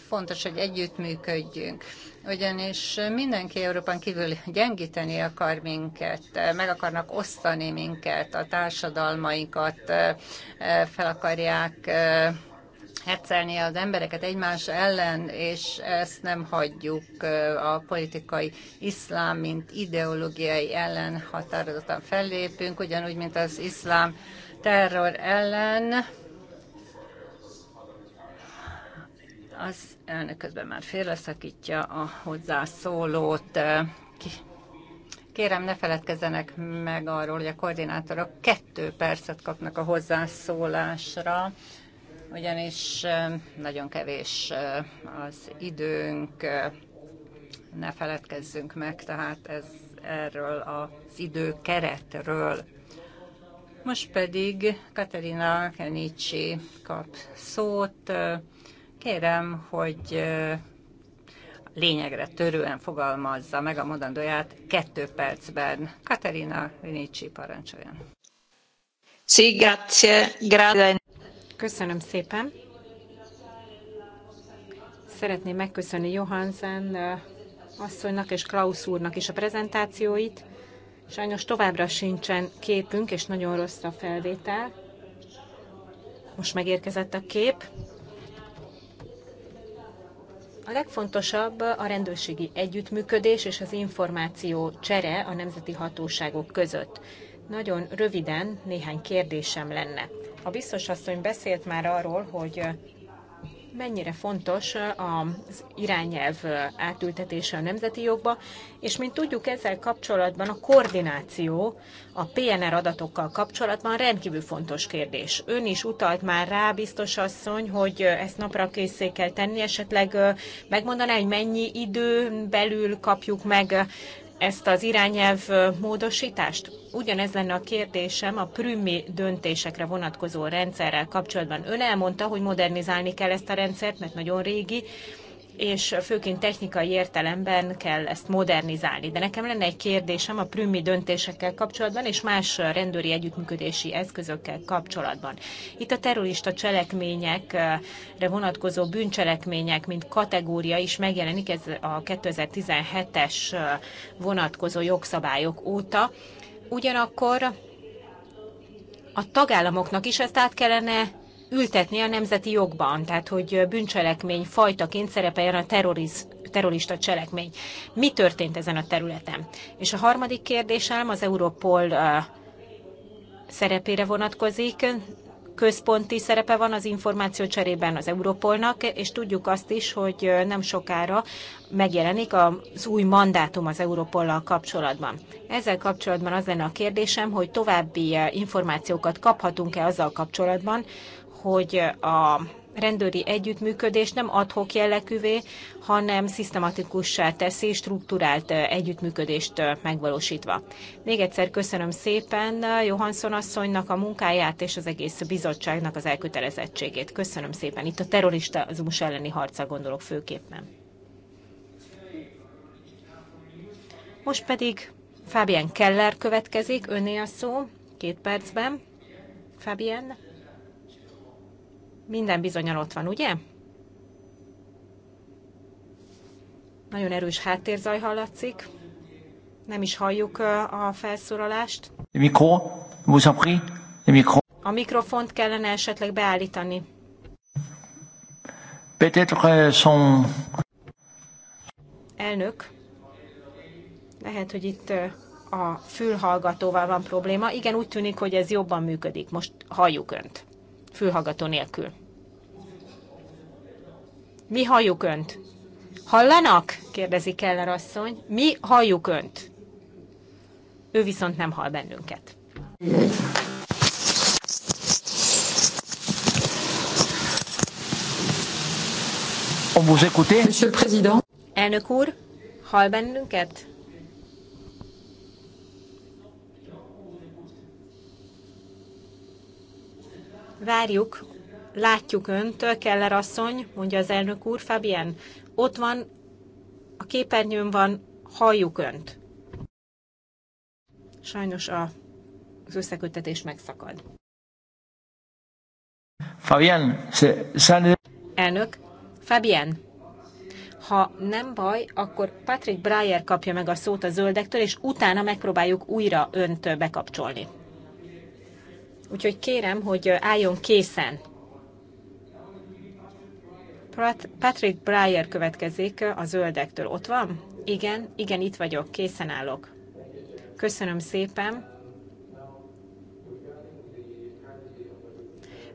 fontos, hogy együttműködjünk ugyanis mindenki Európán kívül gyengíteni akar minket, meg akarnak osztani minket, a társadalmainkat e, e, fel akarják e, hercelni az embereket egymás ellen, és ezt nem hagyjuk a politikai iszlám, mint ideológiai ellen határozottan fellépünk, ugyanúgy, mint az iszlám terror ellen, Az elnök közben már félreszakítja a hozzászólót. Kérem, ne feledkezzenek meg arról, hogy a koordinátorok kettő percet kapnak a hozzászólásra, ugyanis nagyon kevés az időnk, ne feledkezzünk meg, tehát ez erről az időkeretről. Most pedig Katerina Kenicsi kap szót Kérem, hogy lényegre törően fogalmazza meg a mondandóját kettő percben. Katerina Rinicsi parancsoljon. grazie, grazie. Köszönöm szépen. Szeretném megköszönni Johansen asszonynak és Klaus úrnak is a prezentációit. Sajnos továbbra sincsen képünk, és nagyon rossz a felvétel. Most megérkezett a kép. A legfontosabb a rendőrségi együttműködés és az információ csere a nemzeti hatóságok között. Nagyon röviden néhány kérdésem lenne. A biztos asszony beszélt már arról, hogy mennyire fontos az irányelv átültetése a nemzeti jogba, és mint tudjuk, ezzel kapcsolatban a koordináció a PNR adatokkal kapcsolatban rendkívül fontos kérdés. Ön is utalt már rá, biztos asszony, hogy ezt napra készé kell tenni, esetleg megmondaná, hogy mennyi idő belül kapjuk meg ezt az irányelv módosítást? Ugyanez lenne a kérdésem a prümmi döntésekre vonatkozó rendszerrel kapcsolatban. Ön elmondta, hogy modernizálni kell ezt a rendszert, mert nagyon régi, és főként technikai értelemben kell ezt modernizálni. De nekem lenne egy kérdésem a prümmi döntésekkel kapcsolatban, és más rendőri együttműködési eszközökkel kapcsolatban. Itt a terrorista cselekményekre vonatkozó bűncselekmények, mint kategória is megjelenik ez a 2017-es vonatkozó jogszabályok óta. Ugyanakkor a tagállamoknak is ezt át kellene ültetni a nemzeti jogban, tehát hogy bűncselekmény fajtaként szerepeljen a terroriz, terrorista cselekmény. Mi történt ezen a területen? És a harmadik kérdésem az Europol szerepére vonatkozik. Központi szerepe van az információ cserében az Europolnak, és tudjuk azt is, hogy nem sokára megjelenik az új mandátum az Europollal kapcsolatban. Ezzel kapcsolatban az lenne a kérdésem, hogy további információkat kaphatunk-e azzal kapcsolatban, hogy a rendőri együttműködés nem adhok jellegűvé, hanem szisztematikussá teszi, struktúrált együttműködést megvalósítva. Még egyszer köszönöm szépen Johansson asszonynak a munkáját és az egész bizottságnak az elkötelezettségét. Köszönöm szépen. Itt a terrorista zumus elleni harca gondolok főképpen. Most pedig Fábián Keller következik, öné a szó, két percben. Fábián. Minden bizonyal ott van, ugye? Nagyon erős háttérzaj hallatszik. Nem is halljuk a felszólalást. Mikro, mikro. A mikrofont kellene esetleg beállítani. son... Elnök, lehet, hogy itt a fülhallgatóval van probléma. Igen, úgy tűnik, hogy ez jobban működik. Most halljuk Önt fülhallgató nélkül. Mi halljuk önt. Hallanak? kérdezi Keller asszony. Mi halljuk önt. Ő viszont nem hall bennünket. On vous écoutez? Monsieur le Président. Elnök úr, hall bennünket? Várjuk, látjuk önt, Keller asszony, mondja az elnök úr, Fabien. Ott van, a képernyőn van, halljuk önt. Sajnos a, az összekötetés megszakad. Fabien, szálljön. Elnök, Fabien, ha nem baj, akkor Patrick Breyer kapja meg a szót a zöldektől, és utána megpróbáljuk újra önt bekapcsolni. Úgyhogy kérem, hogy álljon készen. Patrick Breyer következik a zöldektől. Ott van? Igen, igen, itt vagyok, készen állok. Köszönöm szépen.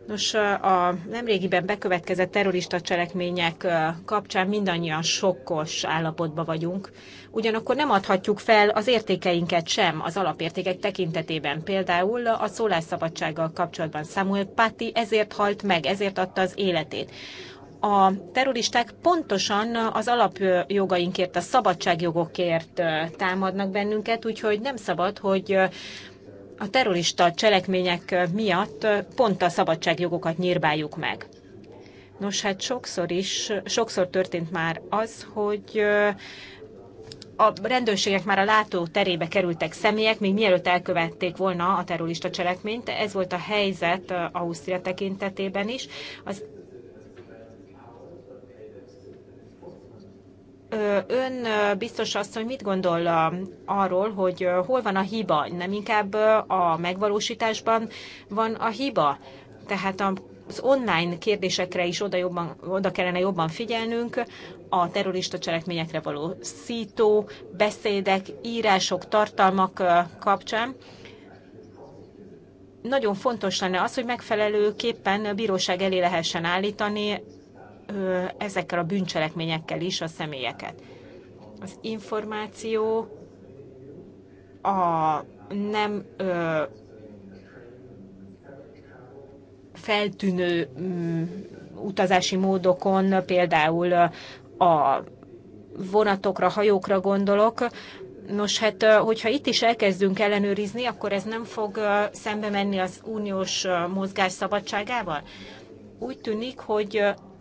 Nos, a nemrégiben bekövetkezett terrorista cselekmények kapcsán mindannyian sokkos állapotba vagyunk, ugyanakkor nem adhatjuk fel az értékeinket sem az alapértékek tekintetében. Például a szólásszabadsággal kapcsolatban Samuel Patti ezért halt meg, ezért adta az életét. A terroristák pontosan az alapjogainkért, a szabadságjogokért támadnak bennünket, úgyhogy nem szabad, hogy a terrorista cselekmények miatt pont a szabadságjogokat nyírbáljuk meg. Nos, hát sokszor is, sokszor történt már az, hogy a rendőrségek már a látó terébe kerültek személyek, még mielőtt elkövették volna a terrorista cselekményt. Ez volt a helyzet eh, Ausztria tekintetében is. Az Ön eh, biztos azt, hogy mit gondol eh, arról, hogy hol van a hiba? Nem inkább a megvalósításban van a hiba? Tehát az online kérdésekre is oda, jobban, oda kellene jobban figyelnünk, a terrorista cselekményekre való szító beszédek, írások, tartalmak kapcsán. Nagyon fontos lenne az, hogy megfelelőképpen a bíróság elé lehessen állítani ezekkel a bűncselekményekkel is a személyeket. Az információ a nem ö, feltűnő mm, utazási módokon, például a vonatokra, hajókra gondolok. Nos, hát hogyha itt is elkezdünk ellenőrizni, akkor ez nem fog szembe menni az uniós mozgás szabadságával? Úgy tűnik, hogy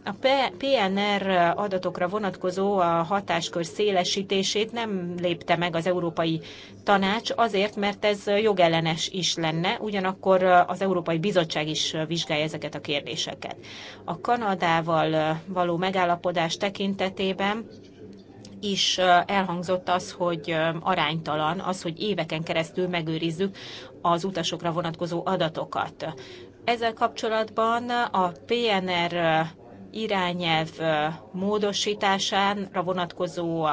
a PNR adatokra vonatkozó a hatáskör szélesítését nem lépte meg az Európai Tanács, azért, mert ez jogellenes is lenne, ugyanakkor az Európai Bizottság is vizsgálja ezeket a kérdéseket. A Kanadával való megállapodás tekintetében is elhangzott az, hogy aránytalan az, hogy éveken keresztül megőrizzük az utasokra vonatkozó adatokat. Ezzel kapcsolatban a PNR irányelv módosítására vonatkozó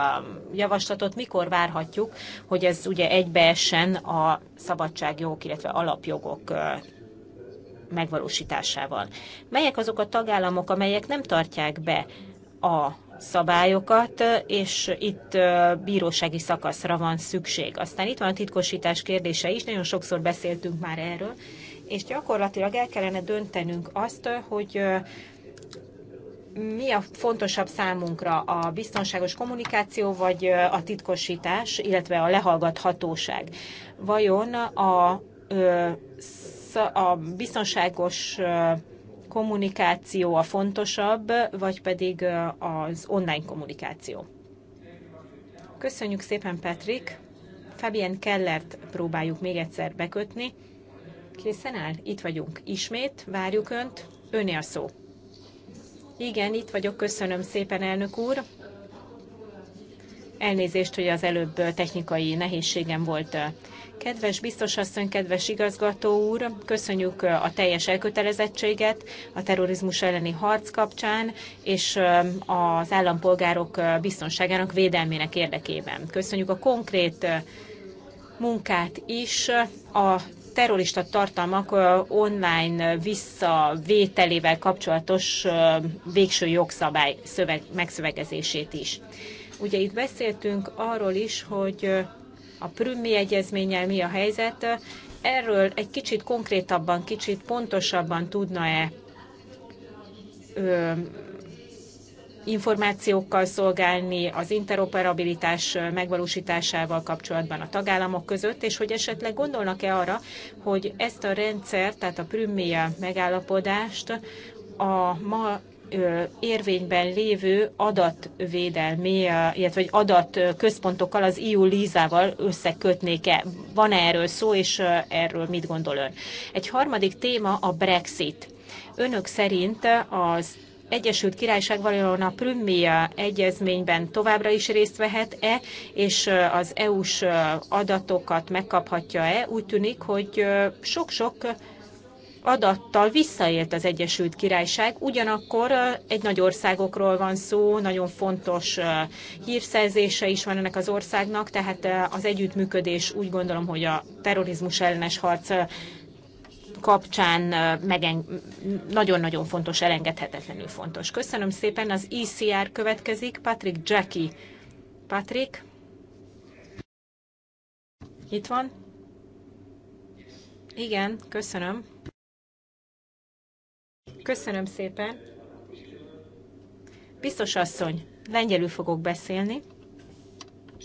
javaslatot mikor várhatjuk, hogy ez ugye egybeessen a szabadságjogok, illetve alapjogok megvalósításával. Melyek azok a tagállamok, amelyek nem tartják be a szabályokat, és itt bírósági szakaszra van szükség. Aztán itt van a titkosítás kérdése is, nagyon sokszor beszéltünk már erről, és gyakorlatilag el kellene döntenünk azt, hogy mi a fontosabb számunkra, a biztonságos kommunikáció, vagy a titkosítás, illetve a lehallgathatóság? Vajon a, a biztonságos kommunikáció a fontosabb, vagy pedig az online kommunikáció? Köszönjük szépen, Patrick! Fabien Kellert próbáljuk még egyszer bekötni. Készen áll? Itt vagyunk. Ismét várjuk Önt. Öné a szó. Igen, itt vagyok, köszönöm szépen, elnök úr. Elnézést, hogy az előbb technikai nehézségem volt. Kedves biztosasszony, kedves igazgató úr, köszönjük a teljes elkötelezettséget a terrorizmus elleni harc kapcsán és az állampolgárok biztonságának védelmének érdekében. Köszönjük a konkrét munkát is a terrorista tartalmak online visszavételével kapcsolatos végső jogszabály szöveg, megszövegezését is. Ugye itt beszéltünk arról is, hogy a Prümmi egyezménnyel mi a helyzet. Erről egy kicsit konkrétabban, kicsit pontosabban tudna-e információkkal szolgálni az interoperabilitás megvalósításával kapcsolatban a tagállamok között, és hogy esetleg gondolnak-e arra, hogy ezt a rendszer, tehát a Prümmia megállapodást a ma érvényben lévő adatvédelmi, illetve adatközpontokkal, az EU Lízával összekötnék-e? Van-e erről szó, és erről mit gondol ön? Egy harmadik téma a Brexit. Önök szerint az Egyesült Királyság valójában a Prümmi egyezményben továbbra is részt vehet-e, és az EU-s adatokat megkaphatja-e. Úgy tűnik, hogy sok-sok adattal visszaélt az Egyesült Királyság, ugyanakkor egy nagy országokról van szó, nagyon fontos hírszerzése is van ennek az országnak, tehát az együttműködés úgy gondolom, hogy a terrorizmus ellenes harc kapcsán nagyon-nagyon fontos, elengedhetetlenül fontos. Köszönöm szépen, az ICR e következik, Patrick Jackie. Patrick? Itt van? Igen, köszönöm. Köszönöm szépen. Biztos asszony, lengyelül fogok beszélni.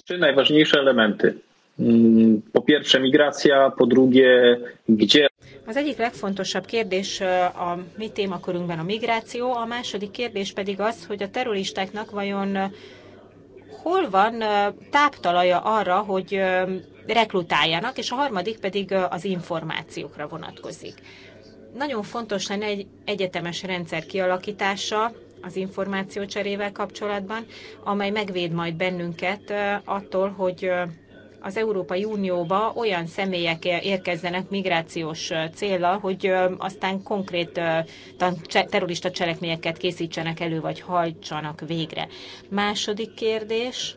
Trzy najważniejsze elementy. Mm, po pierwsze migracja, po drugie gdzie. Az egyik legfontosabb kérdés a mi témakörünkben a migráció, a második kérdés pedig az, hogy a terroristáknak vajon hol van táptalaja arra, hogy rekrutáljanak, és a harmadik pedig az információkra vonatkozik. Nagyon fontos lenne egy egyetemes rendszer kialakítása az információcserével kapcsolatban, amely megvéd majd bennünket attól, hogy az Európai Unióba olyan személyek érkezzenek migrációs célra, hogy aztán konkrét terrorista cselekményeket készítsenek elő, vagy hajtsanak végre. Második kérdés.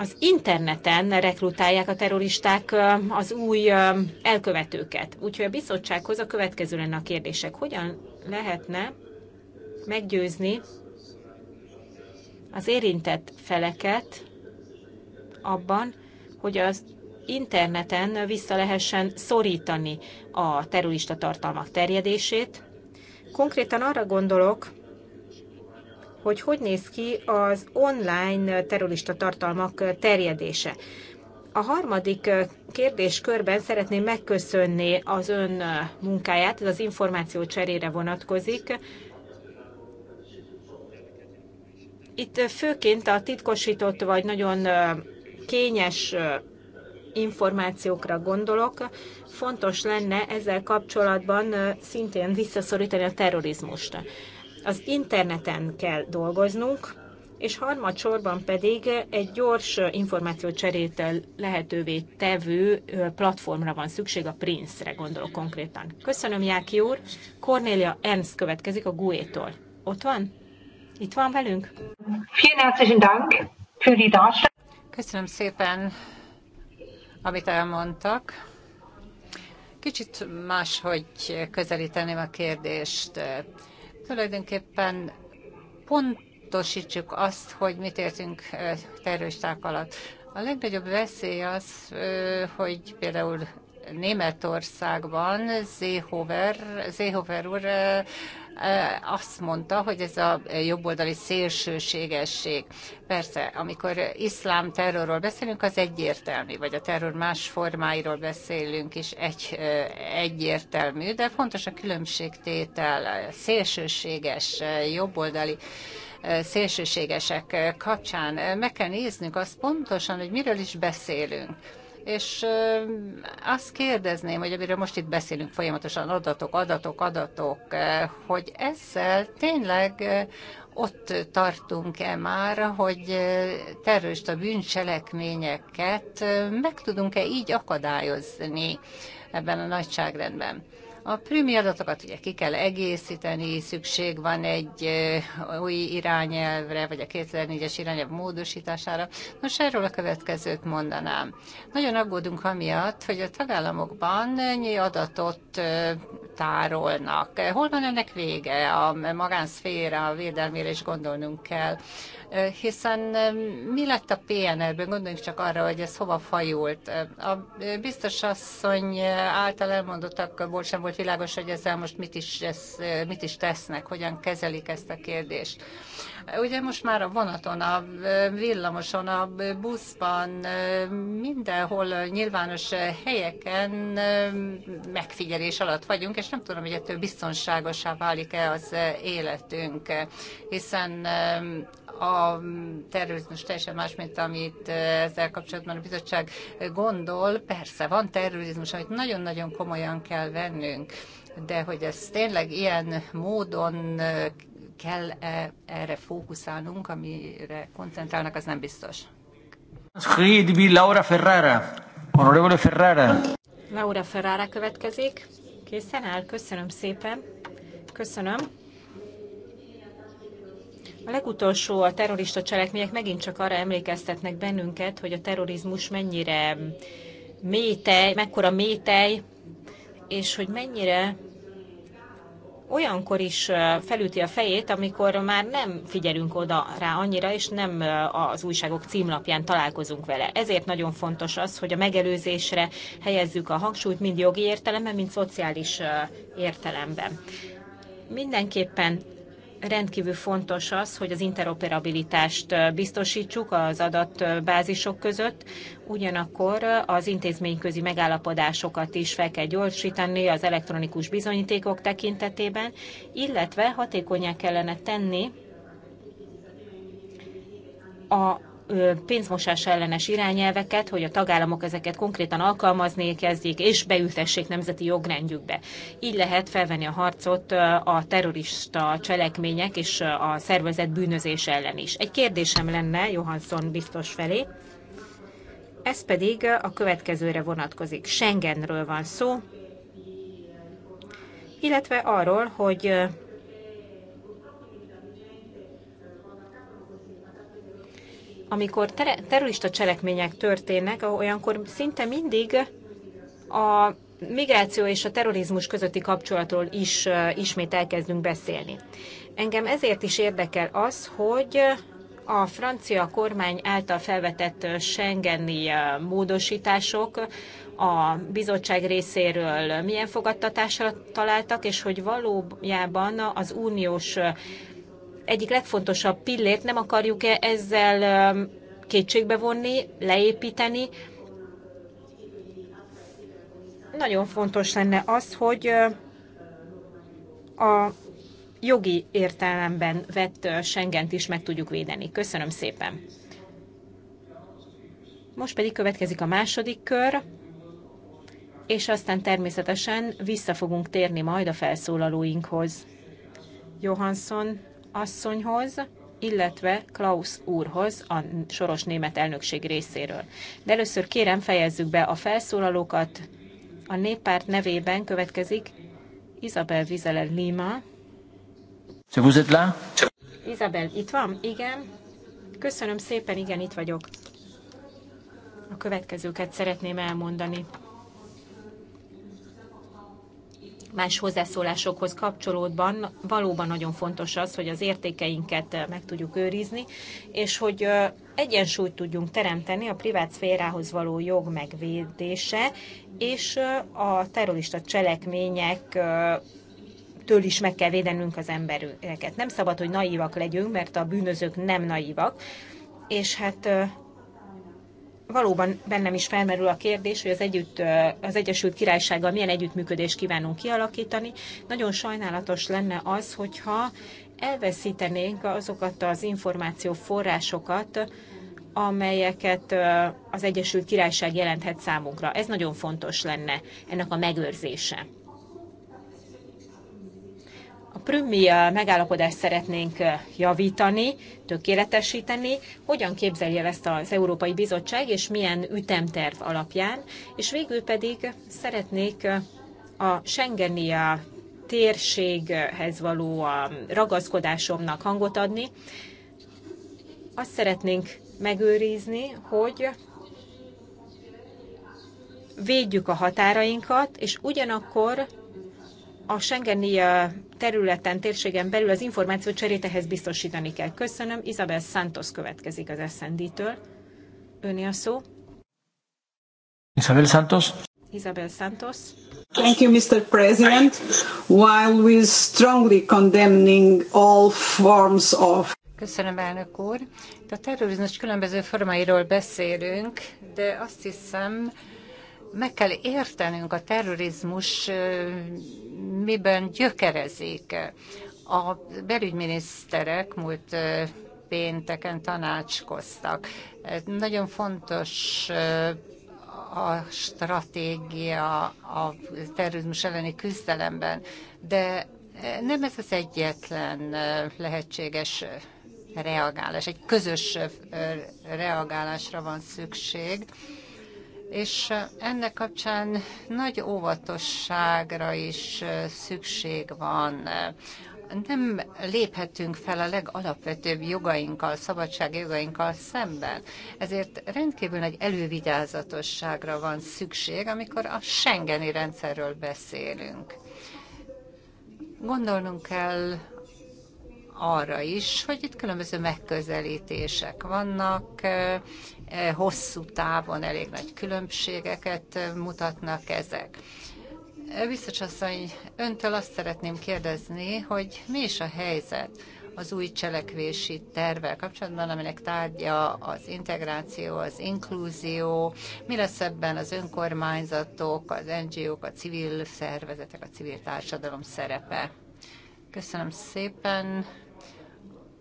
Az interneten rekrutálják a terroristák az új elkövetőket. Úgyhogy a bizottsághoz a következő lenne a kérdések. Hogyan lehetne meggyőzni az érintett feleket abban, hogy az interneten vissza lehessen szorítani a terrorista tartalmak terjedését. Konkrétan arra gondolok, hogy hogy néz ki az online terrorista tartalmak terjedése. A harmadik kérdéskörben szeretném megköszönni az ön munkáját, ez az információ cserére vonatkozik. Itt főként a titkosított vagy nagyon kényes információkra gondolok, fontos lenne ezzel kapcsolatban szintén visszaszorítani a terrorizmust. Az interneten kell dolgoznunk, és harmadsorban pedig egy gyors információcserét lehetővé tevő platformra van szükség, a Prince-re gondolok konkrétan. Köszönöm, Jáki úr. Cornélia Ernst következik a GUE-tól. Ott van? Itt van velünk? Vielen herzlichen Dank für die Darstellung. Köszönöm szépen, amit elmondtak. Kicsit máshogy közelíteném a kérdést. Tulajdonképpen pontosítsuk azt, hogy mit értünk terroristák alatt. A legnagyobb veszély az, hogy például Németországban Seehofer, Seehofer úr azt mondta, hogy ez a jobboldali szélsőségesség. Persze, amikor iszlám terrorról beszélünk, az egyértelmű, vagy a terror más formáiról beszélünk is egy, egyértelmű, de fontos a különbségtétel, szélsőséges, jobboldali szélsőségesek kapcsán meg kell néznünk azt pontosan, hogy miről is beszélünk és azt kérdezném, hogy amiről most itt beszélünk folyamatosan, adatok, adatok, adatok, hogy ezzel tényleg ott tartunk-e már, hogy terrorista bűncselekményeket meg tudunk-e így akadályozni ebben a nagyságrendben. A prümi adatokat ugye ki kell egészíteni, szükség van egy új irányelvre, vagy a 2004-es irányelv módosítására. Nos, erről a következőt mondanám. Nagyon aggódunk amiatt, hogy a tagállamokban ennyi adatot tárolnak. Hol van ennek vége? A magánszféra védelmére is gondolnunk kell hiszen mi lett a pnr ben Gondoljunk csak arra, hogy ez hova fajult. A biztos asszony által elmondottakból sem volt világos, hogy ezzel most mit is, ez, mit is tesznek, hogyan kezelik ezt a kérdést. Ugye most már a vonaton, a villamoson, a buszban, mindenhol nyilvános helyeken eh, megfigyelés alatt vagyunk, és nem tudom, hogy ettől biztonságosá válik-e az életünk, hiszen eh, a terrorizmus teljesen más, mint amit ezzel kapcsolatban a bizottság gondol. Persze, van terrorizmus, amit nagyon-nagyon komolyan kell vennünk, de hogy ez tényleg ilyen módon kell -e erre fókuszálnunk, amire koncentrálnak, az nem biztos. Laura Ferrara. Honorable Ferrara. Laura Ferrara következik. Készen áll? Köszönöm szépen. Köszönöm. A legutolsó a terrorista cselekmények megint csak arra emlékeztetnek bennünket, hogy a terrorizmus mennyire métej, mekkora métej, és hogy mennyire olyankor is felüti a fejét, amikor már nem figyelünk oda rá annyira, és nem az újságok címlapján találkozunk vele. Ezért nagyon fontos az, hogy a megelőzésre helyezzük a hangsúlyt mind jogi értelemben, mind szociális értelemben. Mindenképpen rendkívül fontos az, hogy az interoperabilitást biztosítsuk az adatbázisok között, ugyanakkor az intézményközi megállapodásokat is fel kell gyorsítani az elektronikus bizonyítékok tekintetében, illetve hatékonyá kellene tenni a pénzmosás ellenes irányelveket, hogy a tagállamok ezeket konkrétan alkalmazni kezdjék és beültessék nemzeti jogrendjükbe. Így lehet felvenni a harcot a terrorista cselekmények és a szervezet bűnözés ellen is. Egy kérdésem lenne Johansson biztos felé. Ez pedig a következőre vonatkozik. Schengenről van szó, illetve arról, hogy amikor ter- terrorista cselekmények történnek, olyankor szinte mindig a migráció és a terrorizmus közötti kapcsolatról is ismét elkezdünk beszélni. Engem ezért is érdekel az, hogy a francia kormány által felvetett Schengeni módosítások a bizottság részéről milyen fogadtatásra találtak, és hogy valójában az uniós egyik legfontosabb pillért nem akarjuk-e ezzel um, kétségbe vonni, leépíteni. Nagyon fontos lenne az, hogy uh, a jogi értelemben vett uh, Schengent is meg tudjuk védeni. Köszönöm szépen! Most pedig következik a második kör, és aztán természetesen vissza fogunk térni majd a felszólalóinkhoz. Johansson asszonyhoz, illetve Klaus úrhoz a soros német elnökség részéről. De először kérem fejezzük be a felszólalókat. A néppárt nevében következik Isabel Vizele Lima. Isabel, itt van? Igen. Köszönöm szépen, igen, itt vagyok. A következőket szeretném elmondani. más hozzászólásokhoz kapcsolódban valóban nagyon fontos az, hogy az értékeinket meg tudjuk őrizni, és hogy egyensúlyt tudjunk teremteni a privát szférához való jog megvédése és a terrorista cselekmények től is meg kell védenünk az embereket. Nem szabad, hogy naívak legyünk, mert a bűnözők nem naívak, és hát valóban bennem is felmerül a kérdés, hogy az, együtt, az Egyesült Királysággal milyen együttműködést kívánunk kialakítani. Nagyon sajnálatos lenne az, hogyha elveszítenénk azokat az információforrásokat, amelyeket az Egyesült Királyság jelenthet számunkra. Ez nagyon fontos lenne ennek a megőrzése a megállapodást szeretnénk javítani, tökéletesíteni. Hogyan képzelje ezt az Európai Bizottság, és milyen ütemterv alapján? És végül pedig szeretnék a Schengeni térséghez való ragaszkodásomnak hangot adni. Azt szeretnénk megőrizni, hogy védjük a határainkat, és ugyanakkor a Schengeni területen, térségen belül az információ cserét ehhez biztosítani kell. Köszönöm. Isabel Santos következik az SND-től. Öné a szó. Isabel Santos. Isabel Santos. Thank you, Mr. President. While we strongly condemning all forms of Köszönöm, elnök úr. A terrorizmus különböző formáiról beszélünk, de azt hiszem, meg kell értenünk a terrorizmus miben gyökerezik. A belügyminiszterek múlt pénteken tanácskoztak. Nagyon fontos a stratégia a terrorizmus elleni küzdelemben, de nem ez az egyetlen lehetséges reagálás. Egy közös reagálásra van szükség és eh, ennek kapcsán nagy óvatosságra is eh, szükség van. Nem léphetünk fel a legalapvetőbb jogainkkal, jogainkkal szemben. Ezért rendkívül nagy elővigyázatosságra van szükség, amikor a Schengeni rendszerről beszélünk. Gondolnunk kell arra is, hogy itt különböző megközelítések vannak, eh, Eh, hosszú távon elég nagy különbségeket eh, mutatnak ezek. Eh, biztos asszony, öntől azt szeretném kérdezni, hogy mi is a helyzet az új cselekvési tervvel kapcsolatban, aminek tárgya az integráció, az inkluzió, mi lesz ebben az önkormányzatok, az NGO-k, a civil szervezetek, a civil társadalom szerepe. Köszönöm szépen.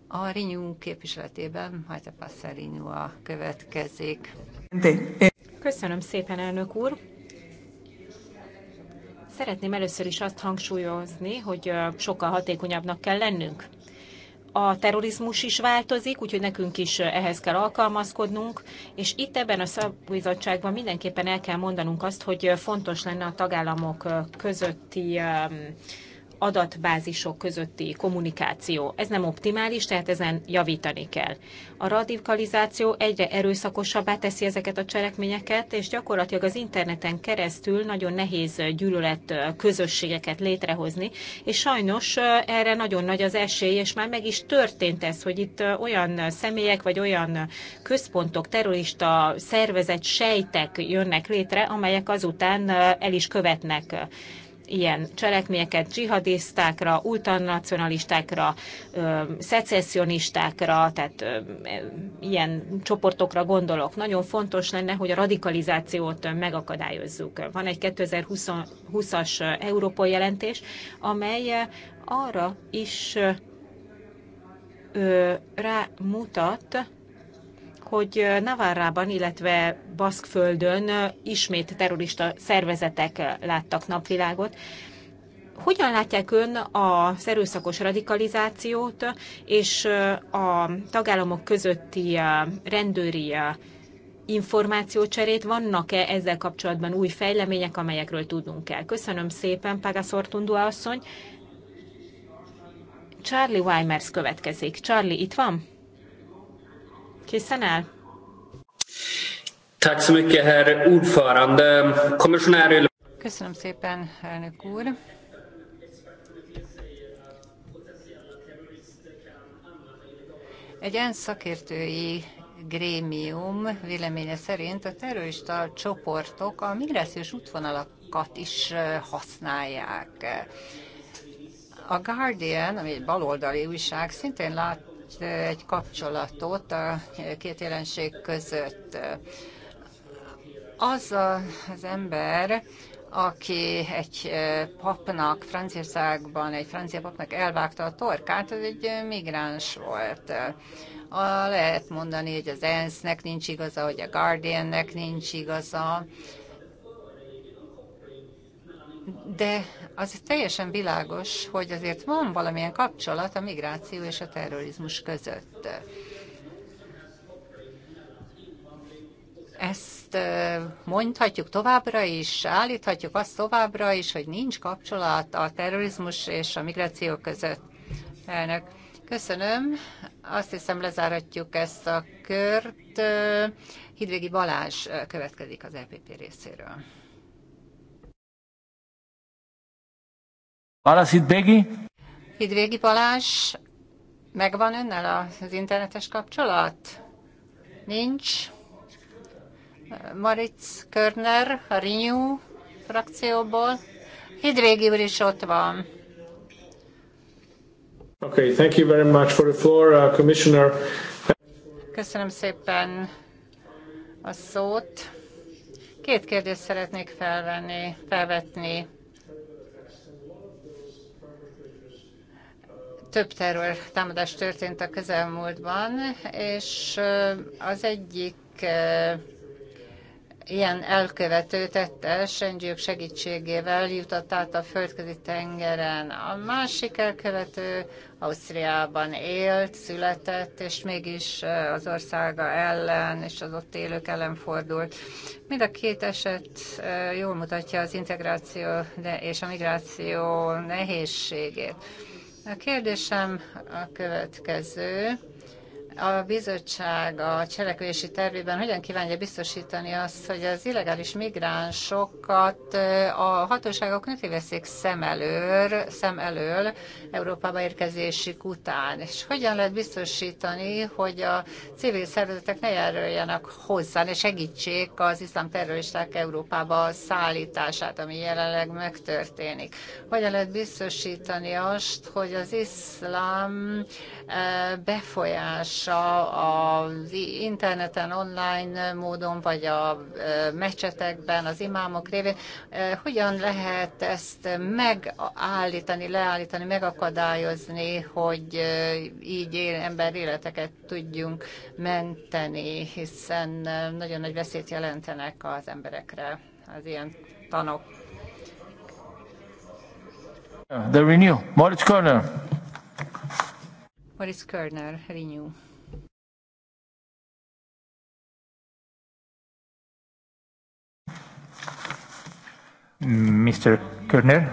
A Rinyú képviseletében Hajta Passerinu a következik. Köszönöm szépen, elnök úr! Szeretném először is azt hangsúlyozni, hogy sokkal hatékonyabbnak kell lennünk. A terrorizmus is változik, úgyhogy nekünk is ehhez kell alkalmazkodnunk, és itt ebben a szabbizottságban mindenképpen el kell mondanunk azt, hogy fontos lenne a tagállamok közötti adatbázisok közötti kommunikáció. Ez nem optimális, tehát ezen javítani kell. A radikalizáció egyre erőszakosabbá teszi ezeket a cselekményeket, és gyakorlatilag az interneten keresztül nagyon nehéz gyűlölet közösségeket létrehozni, és sajnos erre nagyon nagy az esély, és már meg is történt ez, hogy itt olyan személyek vagy olyan központok, terrorista szervezet, sejtek jönnek létre, amelyek azután el is követnek ilyen cselekményeket dzsihadisztákra, ultranacionalistákra, szecessionistákra, tehát ilyen csoportokra gondolok. Nagyon fontos lenne, hogy a radikalizációt megakadályozzuk. Van egy 2020-as európai jelentés, amely arra is rámutat, hogy Navarrában, illetve Baszkföldön ismét terrorista szervezetek láttak napvilágot. Hogyan látják ön a erőszakos radikalizációt és a tagállamok közötti rendőri információcserét? Vannak-e ezzel kapcsolatban új fejlemények, amelyekről tudnunk kell? Köszönöm szépen, Pagaszor Tundua asszony. Charlie Weimers következik. Charlie, itt van? Készen áll? Tack så mycket, herr ordförande. Kommissionär Köszönöm szépen, elnök úr. Egy ENSZ szakértői grémium véleménye szerint a terrorista csoportok a migrációs útvonalakat is használják. A Guardian, ami egy baloldali újság, szintén lát, egy kapcsolatot a két jelenség között. Az a, az ember, aki egy e, papnak Franciaországban, egy francia papnak elvágta a torkát, az egy e, migráns volt. A, lehet mondani, hogy az ENSZ-nek nincs igaza, hogy a Guardiannek nincs igaza, de az teljesen világos, hogy azért van valamilyen kapcsolat a migráció és a terrorizmus között. Ezt mondhatjuk továbbra is, állíthatjuk azt továbbra is, hogy nincs kapcsolat a terrorizmus és a migráció között. Elnök, köszönöm. Azt hiszem lezáratjuk ezt a kört. Hidvégi Balázs következik az EPP részéről. Válasz itt Bégi? Hidvégi Balázs, megvan önnel az internetes kapcsolat? Nincs. Maritz Körner, a Renew frakcióból. Hidvégi úr is ott van. Okay, thank you very much for the floor, uh, Commissioner. Köszönöm szépen a szót. Két kérdést szeretnék felvenni, felvetni. több terror támadás történt a közelmúltban, és az egyik ilyen elkövető tettes rendőrök segítségével jutott át a földközi tengeren. A másik elkövető Ausztriában élt, született, és mégis az országa ellen és az ott élők ellen fordult. Mind a két eset jól mutatja az integráció és a migráció nehézségét. A kérdésem a következő a bizottság a cselekvési tervében hogyan kívánja biztosítani azt, hogy az illegális migránsokat a hatóságok ne téveszik szem, előr, szem elől Európába érkezésük után? És hogyan lehet biztosítani, hogy a civil szervezetek ne járuljanak hozzá, ne segítsék az iszlám terroristák Európába szállítását, ami jelenleg megtörténik? Hogyan lehet biztosítani azt, hogy az iszlám befolyása az interneten, online módon, vagy a mecsetekben, az imámok révén, hogyan lehet ezt megállítani, leállítani, megakadályozni, hogy így ember életeket tudjunk menteni, hiszen nagyon nagy veszélyt jelentenek az emberekre az ilyen tanok. The Renew, Moritz Körner is kernel Renew. Mr. Körner?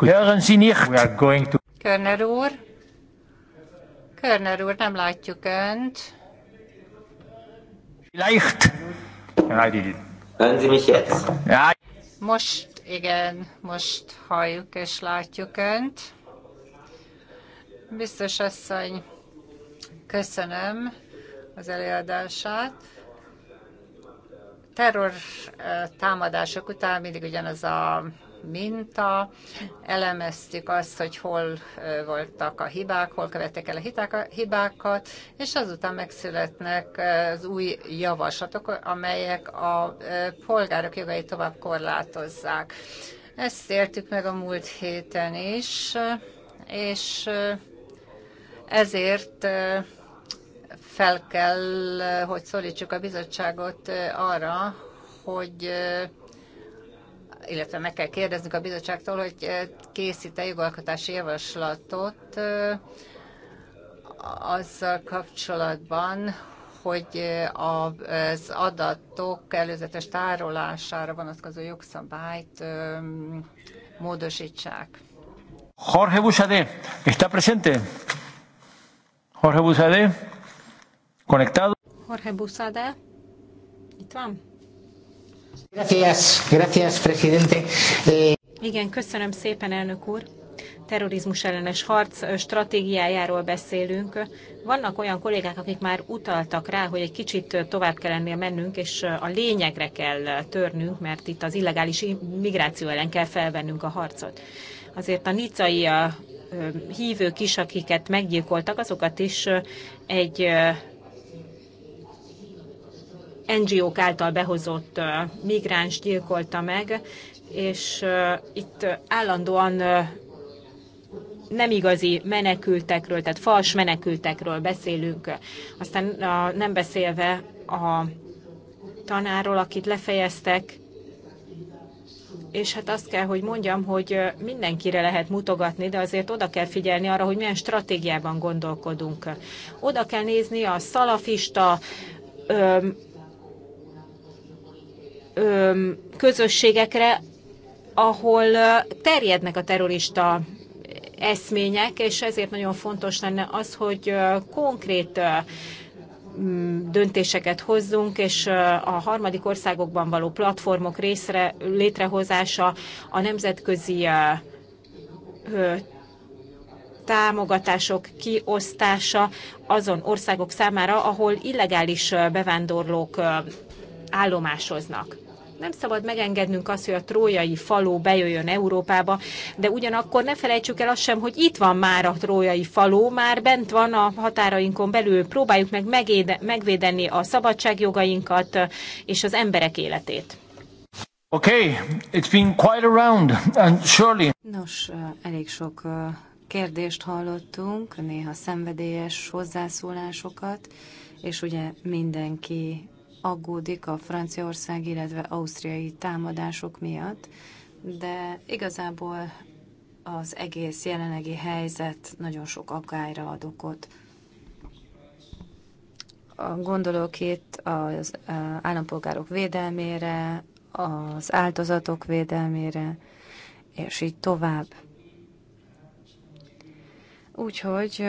Hören Sie nicht? We are going to... Körner úr? Körner úr, nem látjuk Önt. Vielleicht. I did it. Sie mich jetzt? Most, igen, most halljuk és látjuk Önt. Biztos asszony, köszönöm az előadását. Terror támadások után mindig ugyanaz a minta, elemeztük azt, hogy hol voltak a hibák, hol követtek el a hibákat, és azután megszületnek az új javaslatok, amelyek a polgárok jogait tovább korlátozzák. Ezt értük meg a múlt héten is, és ezért fel kell, hogy szólítsuk a bizottságot arra, hogy illetve meg kell kérdeznünk a bizottságtól, hogy készít-e jogalkotási javaslatot azzal kapcsolatban, hogy az adatok előzetes tárolására vonatkozó jogszabályt módosítsák. Jorge Busade, está presente. Jorge Busade, conectado. Jorge Busade, itt van. Gracias, gracias, presidente. Eh, Igen, köszönöm szépen, elnök úr terrorizmus ellenes harc stratégiájáról beszélünk. Vannak olyan kollégák, akik már utaltak rá, hogy egy kicsit tovább kell ennél mennünk, és a lényegre kell törnünk, mert itt az illegális migráció ellen kell felvennünk a harcot. Azért a nicai hívők is, akiket meggyilkoltak, azokat is egy NGO-k által behozott migráns gyilkolta meg, és itt állandóan nem igazi menekültekről, tehát fals menekültekről beszélünk, aztán nem beszélve a tanárról, akit lefejeztek, és hát azt kell, hogy mondjam, hogy mindenkire lehet mutogatni, de azért oda kell figyelni arra, hogy milyen stratégiában gondolkodunk. Oda kell nézni a szalafista öm, öm, közösségekre, ahol terjednek a terrorista eszmények, és ezért nagyon fontos lenne az, hogy konkrét Mm, döntéseket hozzunk, és a harmadik országokban való platformok részre, létrehozása, a nemzetközi támogatások kiosztása azon országok számára, ahol illegális bevándorlók állomásoznak. Nem szabad megengednünk azt, hogy a trójai faló bejöjjön Európába, de ugyanakkor ne felejtsük el azt sem, hogy itt van már a trójai faló, már bent van a határainkon belül. Próbáljuk meg megéde, megvédeni a szabadságjogainkat és az emberek életét. Okay, it's been quite a round, and surely... Nos, elég sok kérdést hallottunk, néha szenvedélyes hozzászólásokat, és ugye mindenki aggódik a Franciaország, illetve Ausztriai támadások miatt, de igazából az egész jelenlegi helyzet nagyon sok aggályra ad okot. Gondolok itt az állampolgárok védelmére, az áldozatok védelmére, és így tovább. Úgyhogy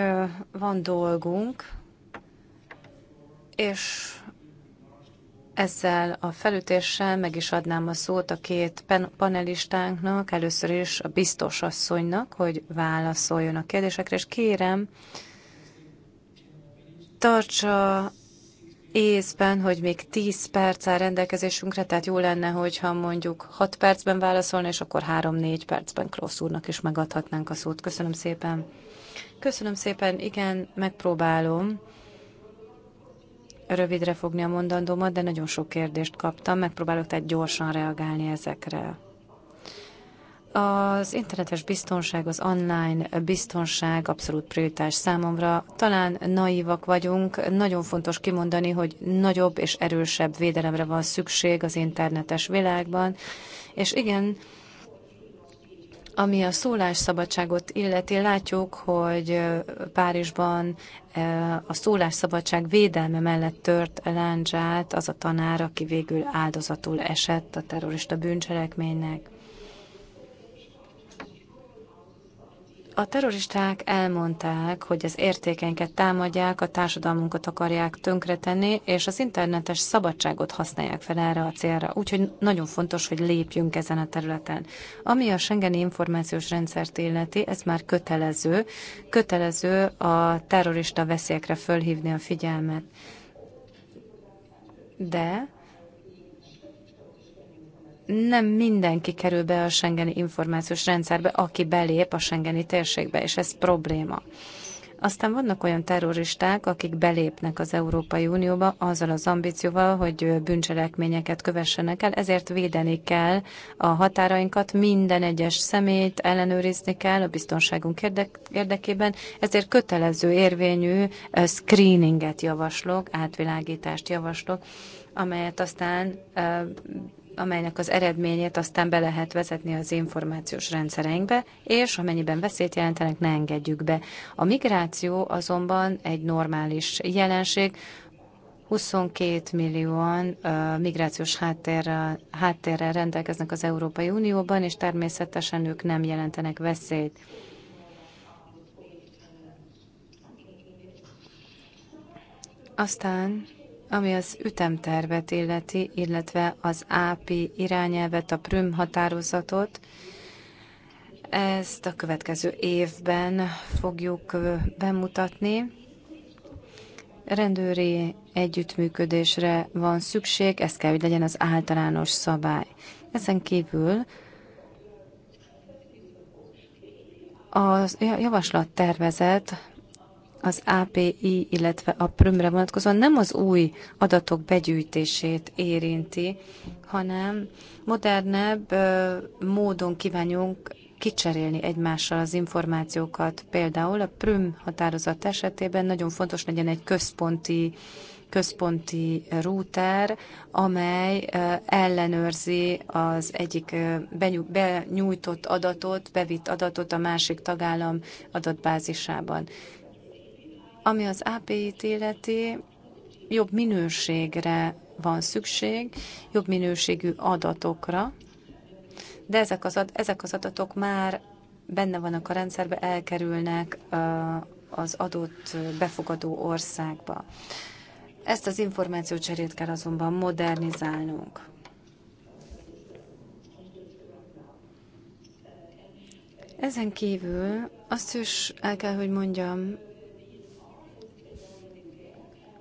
van dolgunk, és ezzel a felütéssel meg is adnám a szót a két panelistánknak, először is a biztos asszonynak, hogy válaszoljon a kérdésekre, és kérem, tartsa észben, hogy még 10 perc áll rendelkezésünkre, tehát jó lenne, hogyha mondjuk 6 percben válaszolna, és akkor 3-4 percben Klossz úrnak is megadhatnánk a szót. Köszönöm szépen. Köszönöm szépen, igen, megpróbálom rövidre fogni a mondandómat, de nagyon sok kérdést kaptam, megpróbálok tehát gyorsan reagálni ezekre. Az internetes biztonság, az online biztonság abszolút prioritás számomra. Talán naívak vagyunk, nagyon fontos kimondani, hogy nagyobb és erősebb védelemre van szükség az internetes világban, és igen, ami a szólásszabadságot illeti, látjuk, hogy Párizsban a szólásszabadság védelme mellett tört láncsát az a tanár, aki végül áldozatul esett a terrorista bűncselekménynek. A terroristák elmondták, hogy az értékeinket támadják, a társadalmunkat akarják tönkretenni, és az internetes szabadságot használják fel erre a célra. Úgyhogy nagyon fontos, hogy lépjünk ezen a területen. Ami a Schengeni információs rendszert illeti, ez már kötelező. Kötelező a terrorista veszélyekre fölhívni a figyelmet. De nem mindenki kerül be a Schengeni információs rendszerbe, aki belép a Schengeni térségbe, és ez probléma. Aztán vannak olyan terroristák, akik belépnek az Európai Unióba azzal az ambícióval, hogy bűncselekményeket kövessenek el, ezért védeni kell a határainkat, minden egyes szemét ellenőrizni kell a biztonságunk érdek- érdekében, ezért kötelező érvényű screeninget javaslok, átvilágítást javaslok, amelyet aztán amelynek az eredményét aztán be lehet vezetni az információs rendszereinkbe, és amennyiben veszélyt jelentenek, ne engedjük be. A migráció azonban egy normális jelenség, 22 millióan migrációs háttérrel, háttérrel rendelkeznek az Európai Unióban, és természetesen ők nem jelentenek veszélyt. Aztán ami az ütemtervet illeti, illetve az API irányelvet, a Prüm határozatot, ezt a következő évben fogjuk bemutatni. Rendőri együttműködésre van szükség, ez kell, hogy legyen az általános szabály. Ezen kívül a javaslat tervezett az API, illetve a prümre vonatkozóan nem az új adatok begyűjtését érinti, hanem modernebb módon kívánjunk kicserélni egymással az információkat. Például a prüm határozat esetében nagyon fontos legyen egy központi központi router, amely ellenőrzi az egyik benyújtott adatot, bevitt adatot a másik tagállam adatbázisában. Ami az API-t illeti, jobb minőségre van szükség, jobb minőségű adatokra, de ezek az, ezek az adatok már benne vannak a rendszerbe, elkerülnek az adott befogadó országba. Ezt az információcserét kell azonban modernizálnunk. Ezen kívül azt is el kell, hogy mondjam,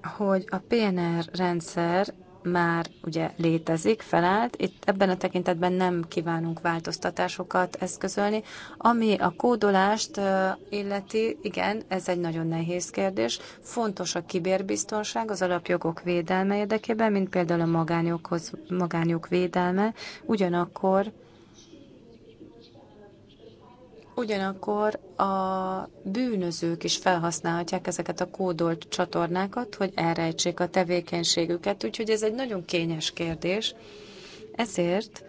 hogy a PNR rendszer már ugye létezik, felállt. Itt ebben a tekintetben nem kívánunk változtatásokat eszközölni. Ami a kódolást illeti, igen, ez egy nagyon nehéz kérdés. Fontos a kiberbiztonság az alapjogok védelme érdekében, mint például a magányokhoz magányok védelme. Ugyanakkor Ugyanakkor a bűnözők is felhasználhatják ezeket a kódolt csatornákat, hogy elrejtsék a tevékenységüket, úgyhogy ez egy nagyon kényes kérdés. Ezért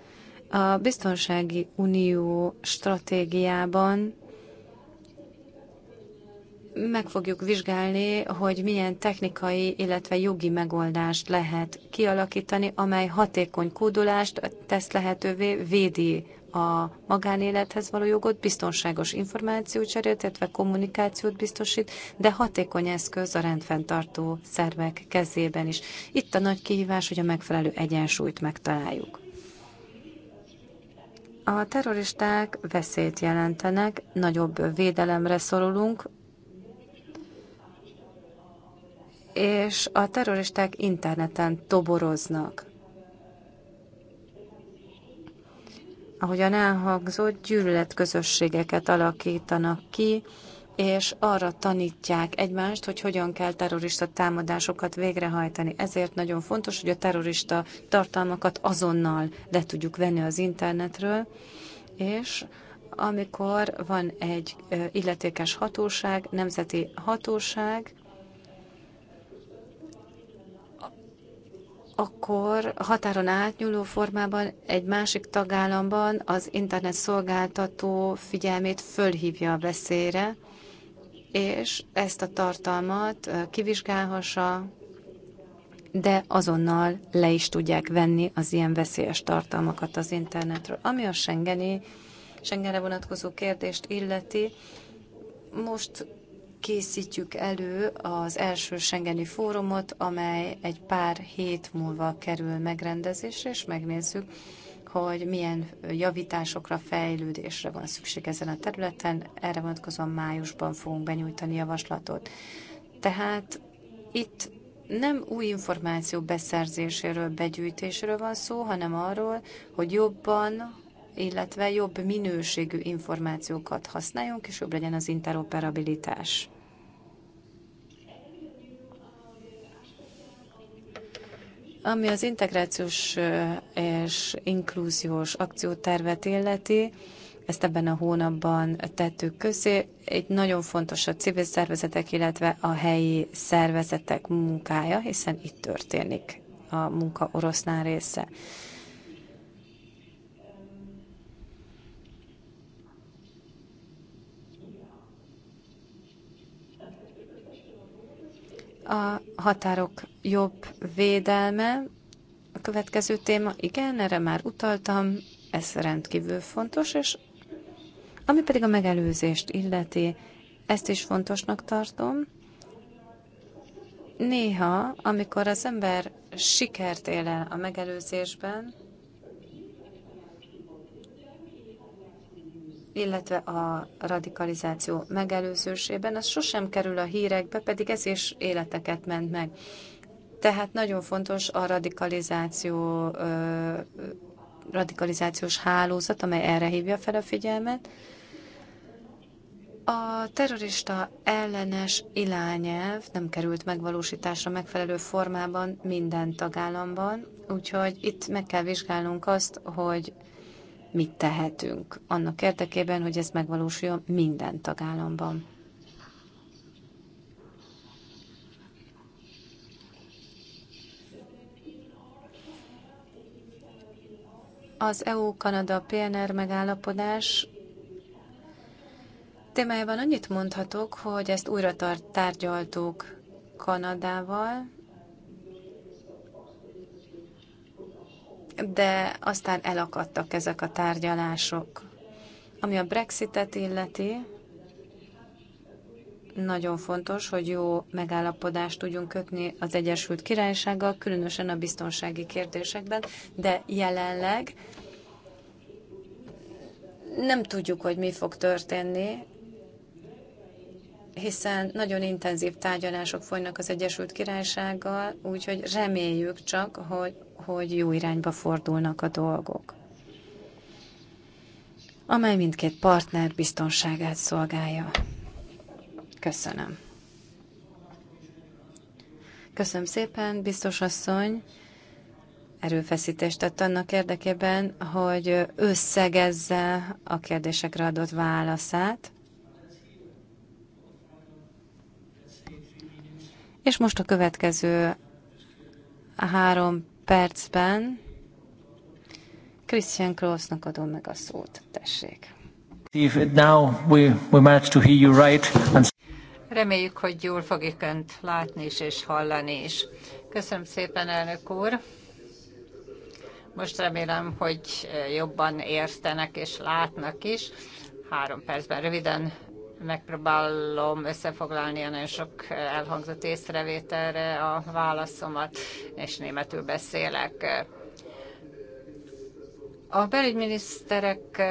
a Biztonsági Unió stratégiában meg fogjuk vizsgálni, hogy milyen technikai, illetve jogi megoldást lehet kialakítani, amely hatékony kódolást tesz lehetővé, védi a magánélethez való jogot, biztonságos információcserét, illetve kommunikációt biztosít, de hatékony eszköz a rendfenntartó szervek kezében is. Itt a nagy kihívás, hogy a megfelelő egyensúlyt megtaláljuk. A terroristák veszélyt jelentenek, nagyobb védelemre szorulunk, és a terroristák interneten toboroznak. ahogyan elhangzott, gyűlöletközösségeket alakítanak ki, és arra tanítják egymást, hogy hogyan kell terrorista támadásokat végrehajtani. Ezért nagyon fontos, hogy a terrorista tartalmakat azonnal le tudjuk venni az internetről, és amikor van egy illetékes hatóság, nemzeti hatóság, akkor határon átnyúló formában egy másik tagállamban az internet szolgáltató figyelmét fölhívja a veszélyre, és ezt a tartalmat kivizsgálhassa, de azonnal le is tudják venni az ilyen veszélyes tartalmakat az internetről. Ami a Schengeni, Schengenre vonatkozó kérdést illeti, most készítjük elő az első Schengeni fórumot, amely egy pár hét múlva kerül megrendezésre, és megnézzük, hogy milyen javításokra, fejlődésre van szükség ezen a területen. Erre vonatkozóan májusban fogunk benyújtani javaslatot. Tehát itt nem új információ beszerzéséről, begyűjtéséről van szó, hanem arról, hogy jobban, illetve jobb minőségű információkat használjunk, és jobb legyen az interoperabilitás. Ami az integrációs és inkluziós akciótervet illeti, ezt ebben a hónapban tettük közé. Egy nagyon fontos a civil szervezetek, illetve a helyi szervezetek munkája, hiszen itt történik a munka oroszlán része. a határok jobb védelme. A következő téma, igen, erre már utaltam, ez rendkívül fontos, és ami pedig a megelőzést illeti, ezt is fontosnak tartom. Néha, amikor az ember sikert él el a megelőzésben, illetve a radikalizáció megelőzésében, az sosem kerül a hírekbe, pedig ez is életeket ment meg. Tehát nagyon fontos a radikalizáció, radikalizációs hálózat, amely erre hívja fel a figyelmet. A terrorista ellenes irányelv nem került megvalósításra megfelelő formában minden tagállamban, úgyhogy itt meg kell vizsgálnunk azt, hogy mit tehetünk annak érdekében, hogy ez megvalósuljon minden tagállamban. Az EU-Kanada-PNR megállapodás témájában annyit mondhatok, hogy ezt újra tárgyaltuk Kanadával, de aztán elakadtak ezek a tárgyalások. Ami a Brexitet illeti, nagyon fontos, hogy jó megállapodást tudjunk kötni az Egyesült Királysággal, különösen a biztonsági kérdésekben, de jelenleg nem tudjuk, hogy mi fog történni, hiszen nagyon intenzív tárgyalások folynak az Egyesült Királysággal, úgyhogy reméljük csak, hogy, hogy jó irányba fordulnak a dolgok, amely mindkét partner biztonságát szolgálja. Köszönöm. Köszönöm szépen, biztos asszony. Erőfeszítést tett annak érdekében, hogy összegezze a kérdésekre adott válaszát. És most a következő a három percben Christian krossnak adom meg a szót. Tessék. Now we, we managed to hear you right and... Reméljük, hogy jól fogjuk Önt látni is és hallani is. Köszönöm szépen, elnök úr! Most remélem, hogy jobban értenek és látnak is. Három percben röviden megpróbálom összefoglalni a nagyon sok elhangzott észrevételre a válaszomat, és németül beszélek. A belügyminiszterek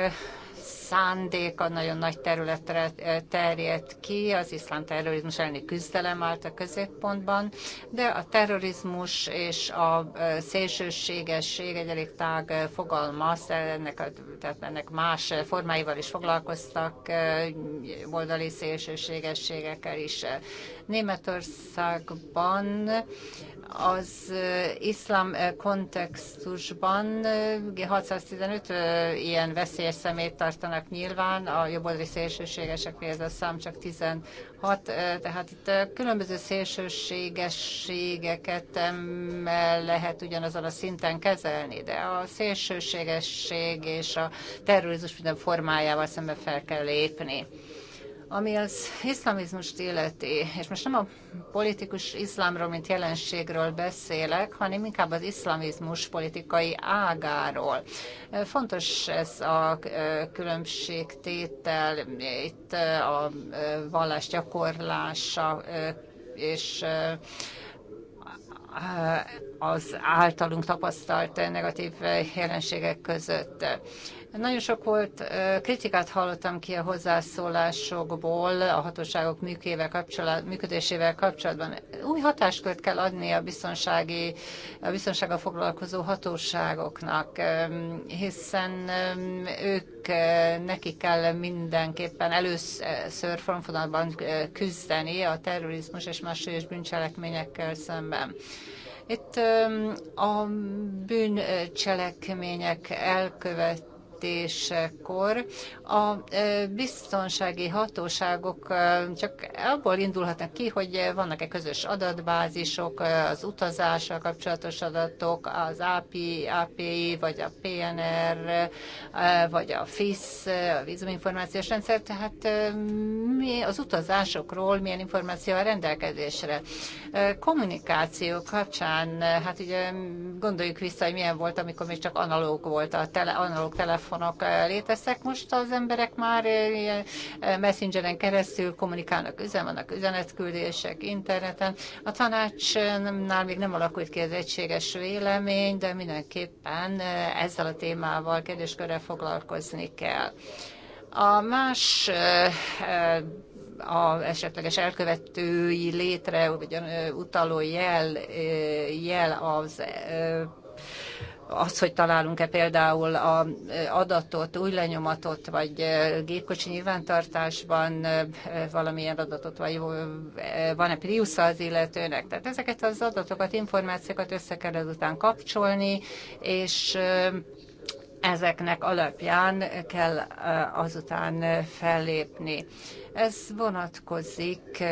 szándéka nagyon nagy területre eh, terjedt ki, az iszlám terrorizmus elleni küzdelem állt a középpontban, de a terrorizmus és a eh, szélsőségesség egy elég tág eh, fogalma, ennek, a, tehát ennek más formáival is foglalkoztak, oldali szélsőségességekkel is. Németországban az iszlám kontextusban 615 ilyen veszélyes szemét tartanak nyilván, a jobboldali szélsőségeseknél ez a szám csak 16, tehát itt különböző szélsőségességeket lehet ugyanazon a szinten kezelni, de a szélsőségesség és a terrorizmus minden formájával szembe fel kell lépni. Ami az iszlamizmus illeti, és most nem a politikus iszlámról, mint jelenségről beszélek, hanem inkább az iszlamizmus politikai ágáról. Fontos ez a különbségtétel, itt a vallás gyakorlása és az általunk tapasztalt negatív jelenségek között. Nagyon sok volt kritikát hallottam ki a hozzászólásokból a hatóságok működésével, kapcsolatban. működésével kapcsolatban. Új hatáskört kell adni a biztonsági, a biztonsággal foglalkozó hatóságoknak, hiszen ők, nekik kell mindenképpen először frontfonalban küzdeni a terrorizmus és más súlyos bűncselekményekkel szemben. Itt a bűncselekmények elkövet megközelítésekor a biztonsági hatóságok csak abból indulhatnak ki, hogy vannak-e közös adatbázisok, az utazással kapcsolatos adatok, az API, API vagy a PNR, vagy a FIS, a vízuminformációs rendszer, tehát mi az utazásokról milyen információ a rendelkezésre. Kommunikáció kapcsán, hát ugye gondoljuk vissza, hogy milyen volt, amikor még csak analóg volt a tele, analóg telefon, telefonok eh, léteztek. Most az emberek már eh, ilyen eh, messengeren keresztül kommunikálnak, üzen, vannak üzenetküldések interneten. A tanácsnál még nem alakult ki az egységes vélemény, de mindenképpen ezzel a témával, kérdéskörrel foglalkozni kell. A más a esetleges elkövetői létre, vagy utaló jel, jel az az, hogy találunk-e például a eh, adatot, új lenyomatot, vagy eh, gépkocsi nyilvántartásban eh, valamilyen adatot, vagy van-e priusza az illetőnek. Tehát ezeket az adatokat, információkat össze kell ezután kapcsolni, és ezeknek alapján kell azután fellépni. Ez vonatkozik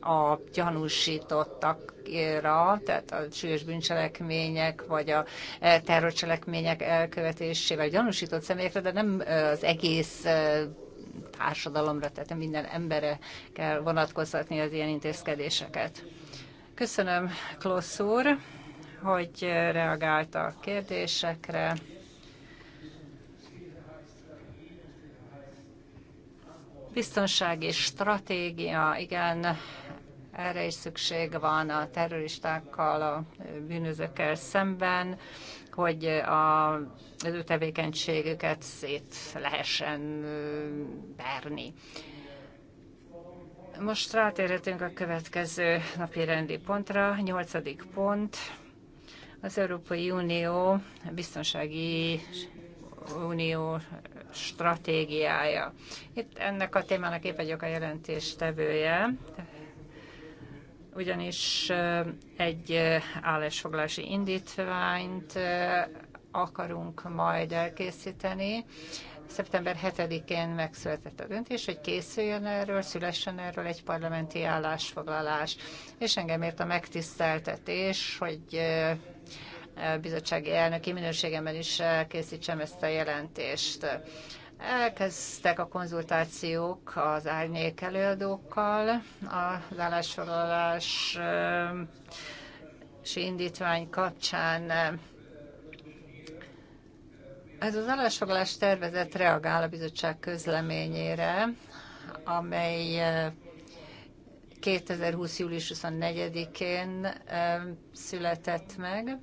a gyanúsítottakra, tehát a súlyos bűncselekmények vagy a eh, terrorcselekmények elkövetésével gyanúsított személyekre, de nem eh, az egész eh, társadalomra, tehát minden embere kell vonatkoztatni az ilyen intézkedéseket. Köszönöm, Klossz úr, hogy reagált a kérdésekre. Biztonsági stratégia, igen, erre is szükség van a terroristákkal, a bűnözőkkel szemben, hogy a, az ő tevékenységüket szét lehessen berni. Most rátérhetünk a következő napi rendi pontra, nyolcadik pont. Az Európai Unió biztonsági unió stratégiája. Itt ennek a témának épp vagyok a jelentéstevője, ugyanis egy állásfoglalási indítványt akarunk majd elkészíteni. Szeptember 7-én megszületett a döntés, hogy készüljön erről, szülessen erről egy parlamenti állásfoglalás, és engem ért a megtiszteltetés, hogy bizottsági elnöki minőségemben is készítsem ezt a jelentést. Elkezdtek a konzultációk az árnyék előadókkal, az állásfoglalás indítvány kapcsán ez az állásfoglalás tervezet reagál a bizottság közleményére, amely 2020. július 24-én született meg.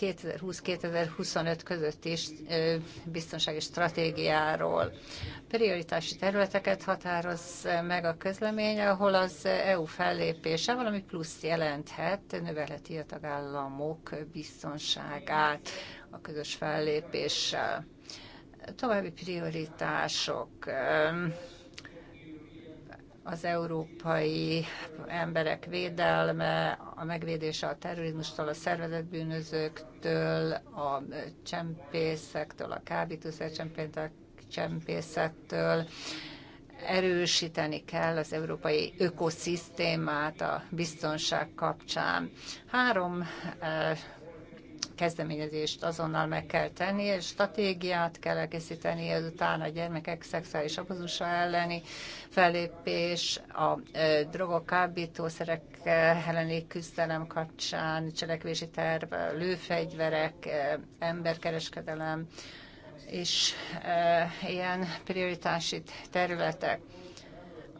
2020-2025 közötti biztonsági stratégiáról. Prioritási területeket határoz meg a közlemény, ahol az EU fellépése valami plusz jelenthet, növelheti a tagállamok biztonságát a közös fellépéssel. További prioritások az európai emberek védelme, a megvédése a terrorizmustól, a szervezetbűnözőktől, a csempészektől, a kábítószer csempészettől, erősíteni kell az európai ökoszisztémát a biztonság kapcsán. Három eh, kezdeményezést azonnal meg kell tenni, és stratégiát kell elkészíteni, ezután a gyermekek szexuális abuzusa elleni fellépés, a drogok, kábítószerek elleni küzdelem kapcsán, cselekvési terv, lőfegyverek, emberkereskedelem, és ilyen prioritási területek.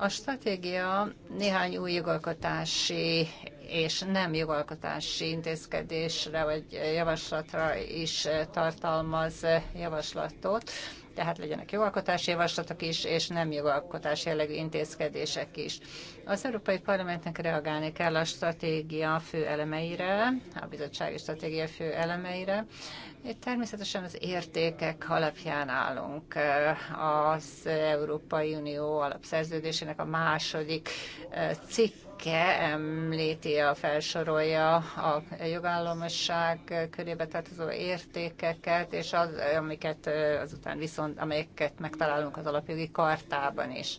A stratégia néhány új jogalkotási és nem jogalkotási intézkedésre vagy javaslatra is tartalmaz javaslatot, tehát legyenek jogalkotási javaslatok is, és nem jogalkotási jellegű intézkedések is. Az Európai Parlamentnek reagálni kell a stratégia fő elemeire, a bizottsági stratégia fő elemeire. Itt természetesen az értékek alapján állunk. Az Európai Unió alapszerződésének a második eh, cikk cikke említi, a felsorolja a jogállamosság körébe tartozó értékeket, és az, amiket azután viszont, amelyeket megtalálunk az alapjogi kartában is.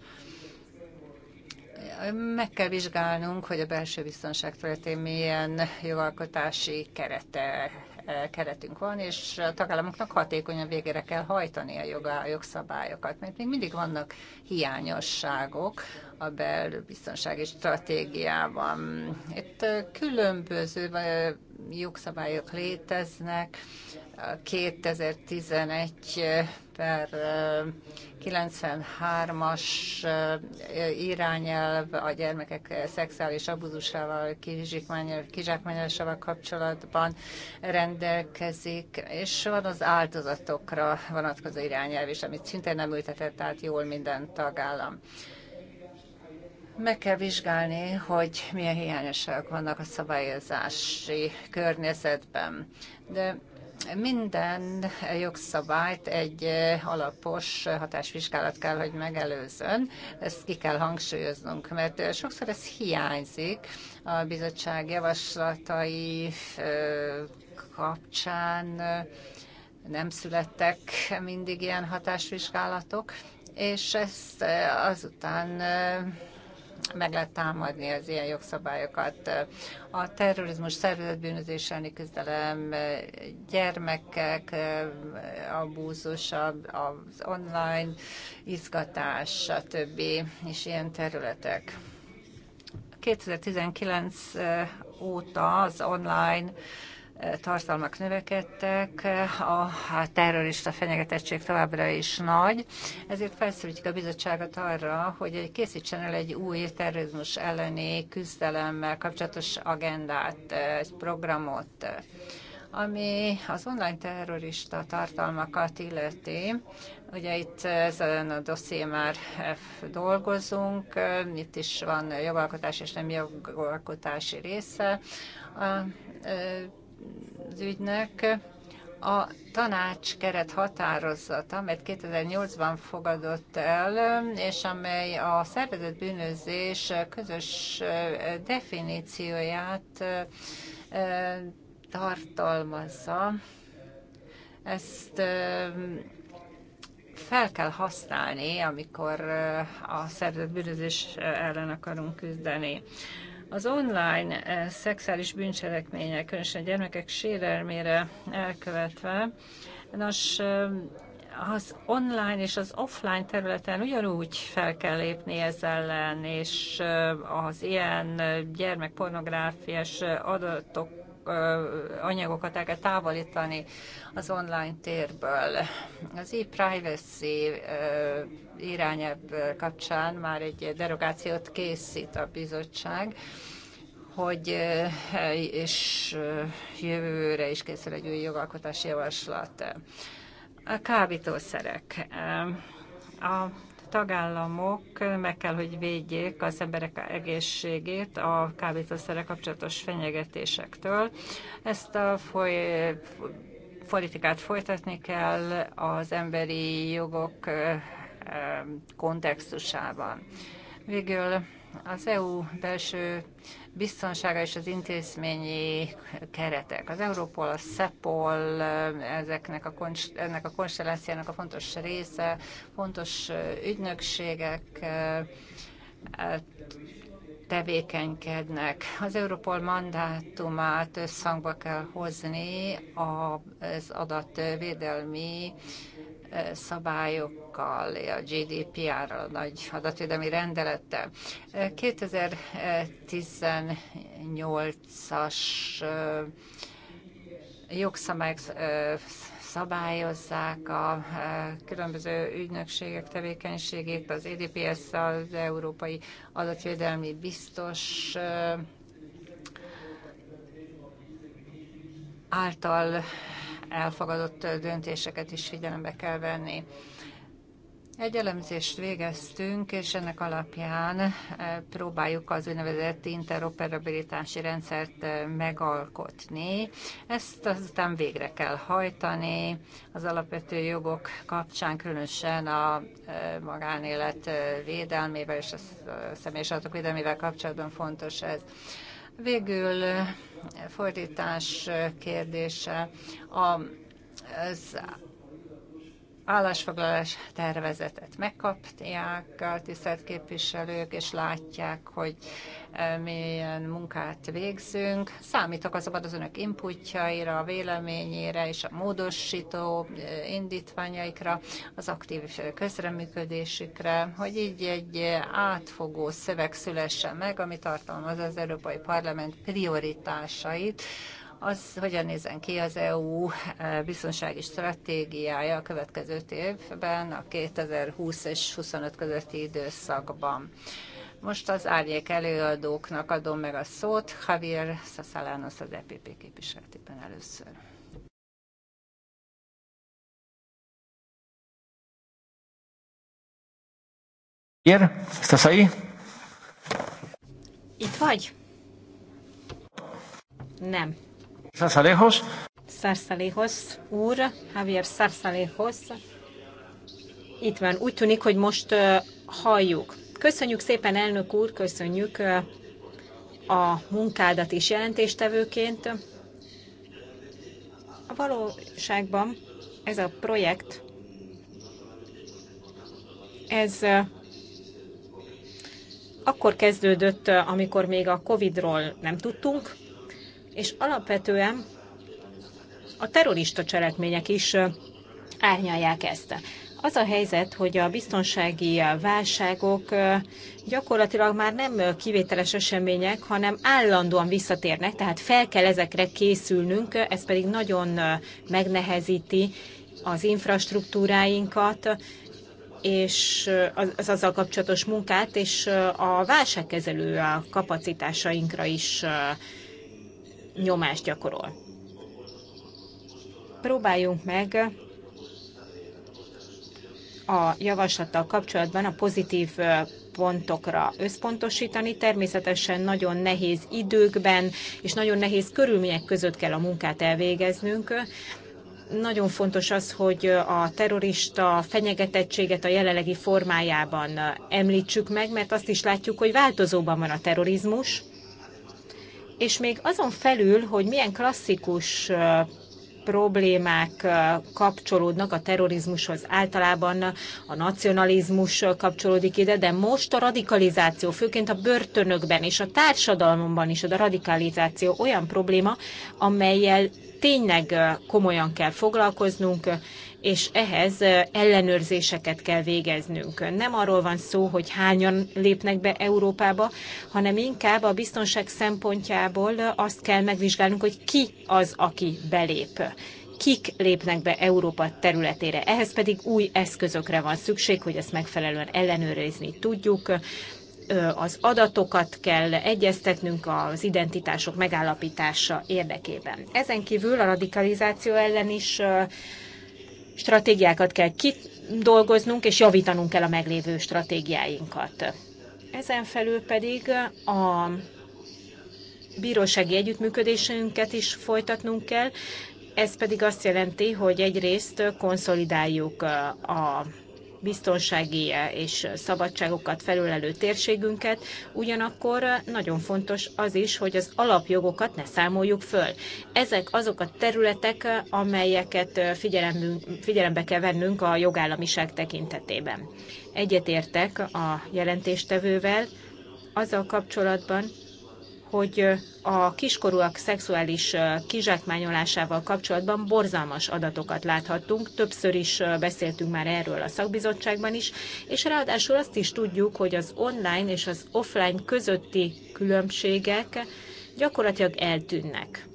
Meg kell vizsgálnunk, hogy a belső biztonság történ milyen jogalkotási kerete E, keretünk van, és a tagállamoknak hatékonyan végére kell hajtani a, joga, a jogszabályokat, mert még mindig vannak hiányosságok a belbiztonsági stratégiában. Itt e, különböző e, jogszabályok léteznek. 2011 per 93-as irányelv a gyermekek szexuális abuzusával, kizsákmányásával kapcsolatban rendelkezik, és van az áldozatokra vonatkozó irányelv is, amit szinte nem ültetett át jól minden tagállam. Meg kell vizsgálni, hogy milyen hiányosságok vannak a szabályozási környezetben. De minden jogszabályt egy eh, alapos hatásvizsgálat kell, hogy megelőzön. Ezt ki kell hangsúlyoznunk, mert eh, sokszor ez hiányzik a bizottság javaslatai eh, kapcsán. Nem születtek mindig ilyen hatásvizsgálatok, és ezt azután meg lehet támadni az ilyen jogszabályokat. A terrorizmus, szervezetbűnözés elleni küzdelem, gyermekek abúzusa, az online izgatás, stb. és ilyen területek. 2019 óta az online tartalmak növekedtek, a terrorista fenyegetettség továbbra is nagy, ezért felszólítjuk a bizottságot arra, hogy készítsen el egy új terrorizmus elleni küzdelemmel kapcsolatos agendát, egy programot ami az online terrorista tartalmakat illeti. Ugye itt ezen a dosszié már dolgozunk, itt is van jogalkotás és nem jogalkotási része. A az ügynök. A tanács keret határozata, amelyet 2008-ban fogadott el, és amely a szervezett bűnözés közös definícióját tartalmazza. Ezt fel kell használni, amikor a szervezett bűnözés ellen akarunk küzdeni. Az online eh, szexuális bűncselekmények, különösen gyermekek sérelmére elkövetve, nos, eh, az online és az offline területen ugyanúgy fel kell lépni ez ellen, és eh, az ilyen gyermekpornográfiás adatok anyagokat el kell távolítani az online térből. Az e-privacy irányebb kapcsán már egy derogációt készít a bizottság, hogy és jövőre is készül egy új jogalkotási javaslat. A kábítószerek. A tagállamok meg kell, hogy védjék az emberek egészségét a kábítószerrel kapcsolatos fenyegetésektől. Ezt a foly politikát folytatni kell az emberi jogok eh, kontextusában. Végül az EU belső biztonsága és az intézményi keretek. Az Európol, a CEPOL, ezeknek a, ennek a konstellációnak a fontos része, fontos ügynökségek, tevékenykednek. Az Európol mandátumát összhangba kell hozni az adatvédelmi Eh, szabályokkal, a GDPR-ral, a nagy adatvédelmi rendelettel. 2018-as eh, eh, jogszabályok szabályozzák a különböző ügynökségek tevékenységét, az EDPS, az Európai Adatvédelmi Biztos által elfogadott döntéseket is figyelembe kell venni. Egy elemzést végeztünk, és ennek alapján próbáljuk az úgynevezett interoperabilitási rendszert megalkotni. Ezt azután végre kell hajtani az alapvető jogok kapcsán, különösen a magánélet védelmével és a személyes adatok védelmével kapcsolatban fontos ez. Végül fordítás kérdése. az állásfoglalás tervezetet megkapják a tisztelt képviselők, és látják, hogy e, milyen munkát végzünk. Számítok azonban az önök inputjaira, a véleményére és a módosító e, indítványaikra, az aktív közreműködésükre, hogy így egy átfogó szöveg szülessen meg, ami tartalmaz az Európai Parlament prioritásait, az hogyan nézen ki az EU eh, biztonsági stratégiája a következő évben, a 2020 és 25 közötti időszakban. Most az árnyék előadóknak adom meg a szót. Javier Szaszalános az EPP képviseletében először. Javier, estás Itt vagy? Nem. Sarsalejos, Szarszalejhoz úr, Javier Sarsalejos. Itt van. Úgy tűnik, hogy most halljuk. Köszönjük szépen, elnök úr, köszönjük a munkádat is jelentéstevőként. A valóságban ez a projekt, ez akkor kezdődött, amikor még a Covid-ról nem tudtunk, és alapvetően a terrorista cselekmények is árnyalják ezt. Az a helyzet, hogy a biztonsági válságok gyakorlatilag már nem kivételes események, hanem állandóan visszatérnek, tehát fel kell ezekre készülnünk, ez pedig nagyon megnehezíti az infrastruktúráinkat, és az azzal kapcsolatos munkát, és a válságkezelő kapacitásainkra is nyomást gyakorol. Próbáljunk meg a javaslattal kapcsolatban a pozitív pontokra összpontosítani. Természetesen nagyon nehéz időkben és nagyon nehéz körülmények között kell a munkát elvégeznünk. Nagyon fontos az, hogy a terrorista fenyegetettséget a jelenlegi formájában említsük meg, mert azt is látjuk, hogy változóban van a terrorizmus, és még azon felül, hogy milyen klasszikus problémák kapcsolódnak a terrorizmushoz. Általában a nacionalizmus kapcsolódik ide, de most a radikalizáció, főként a börtönökben és a társadalomban is a radikalizáció olyan probléma, amelyel tényleg komolyan kell foglalkoznunk, és ehhez ellenőrzéseket kell végeznünk. Nem arról van szó, hogy hányan lépnek be Európába, hanem inkább a biztonság szempontjából azt kell megvizsgálnunk, hogy ki az, aki belép kik lépnek be Európa területére. Ehhez pedig új eszközökre van szükség, hogy ezt megfelelően ellenőrizni tudjuk. Az adatokat kell egyeztetnünk az identitások megállapítása érdekében. Ezen kívül a radikalizáció ellen is stratégiákat kell kidolgoznunk, és javítanunk kell a meglévő stratégiáinkat. Ezen felül pedig a bírósági együttműködésünket is folytatnunk kell, ez pedig azt jelenti, hogy egyrészt konszolidáljuk a biztonsági eh, és szabadságokat felülelő térségünket, ugyanakkor eh, nagyon fontos az is, hogy az alapjogokat ne számoljuk föl. Ezek azok a területek, eh, amelyeket figyelembe kell vennünk a jogállamiság tekintetében. Egyetértek a jelentéstevővel azzal kapcsolatban, hogy a kiskorúak szexuális kizsákmányolásával kapcsolatban borzalmas adatokat láthattunk, többször is beszéltünk már erről a szakbizottságban is, és ráadásul azt is tudjuk, hogy az online és az offline közötti különbségek gyakorlatilag eltűnnek.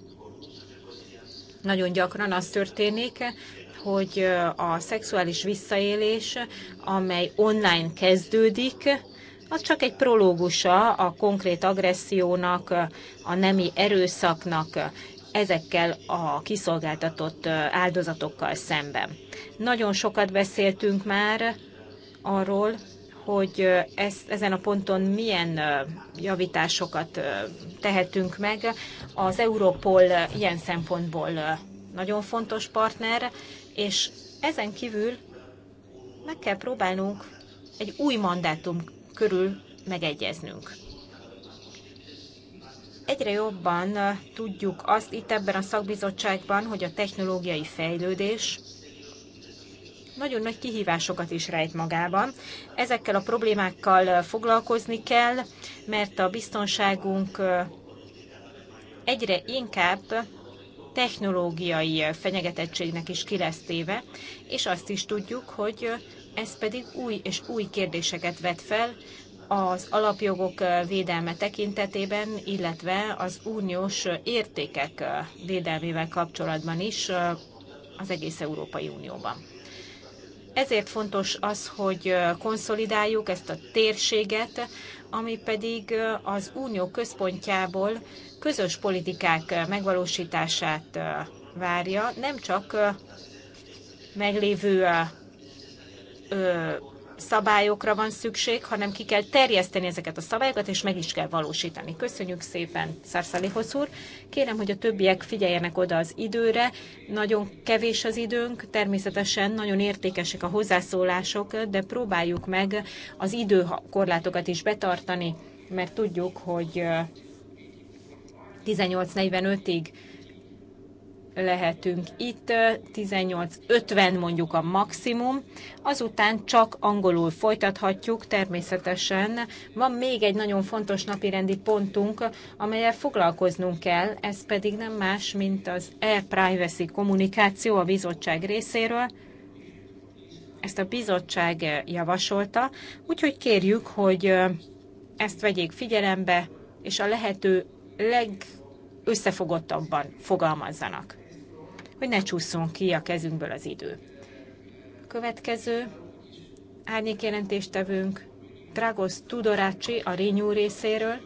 Nagyon gyakran az történik, hogy a szexuális visszaélés, amely online kezdődik, az csak egy prológusa a konkrét agressziónak, a nemi erőszaknak, ezekkel a kiszolgáltatott áldozatokkal szemben. Nagyon sokat beszéltünk már arról, hogy ez, ezen a ponton milyen javításokat tehetünk meg. Az Europol ilyen szempontból nagyon fontos partner, és ezen kívül meg kell próbálnunk egy új mandátum körül megegyeznünk. Egyre jobban tudjuk azt itt ebben a szakbizottságban, hogy a technológiai fejlődés nagyon nagy kihívásokat is rejt magában. Ezekkel a problémákkal foglalkozni kell, mert a biztonságunk egyre inkább technológiai fenyegetettségnek is kilesztéve, és azt is tudjuk, hogy ez pedig új és új kérdéseket vet fel az alapjogok védelme tekintetében, illetve az uniós értékek védelmével kapcsolatban is az egész Európai Unióban. Ezért fontos az, hogy konszolidáljuk ezt a térséget, ami pedig az unió központjából közös politikák megvalósítását várja, nem csak meglévő szabályokra van szükség, hanem ki kell terjeszteni ezeket a szabályokat, és meg is kell valósítani. Köszönjük szépen, Szarszalihoz úr. Kérem, hogy a többiek figyeljenek oda az időre. Nagyon kevés az időnk, természetesen nagyon értékesek a hozzászólások, de próbáljuk meg az időkorlátokat is betartani, mert tudjuk, hogy 18.45-ig lehetünk itt, 18.50 mondjuk a maximum, azután csak angolul folytathatjuk természetesen. Van még egy nagyon fontos napirendi pontunk, amelyel foglalkoznunk kell, ez pedig nem más, mint az e-privacy kommunikáció a bizottság részéről. Ezt a bizottság javasolta, úgyhogy kérjük, hogy ezt vegyék figyelembe, és a lehető leg összefogottabban fogalmazzanak hogy ne csúszson ki a kezünkből az idő. Következő árnyékjelentéstevőnk Dragos Tudorácsi a Rényú részéről,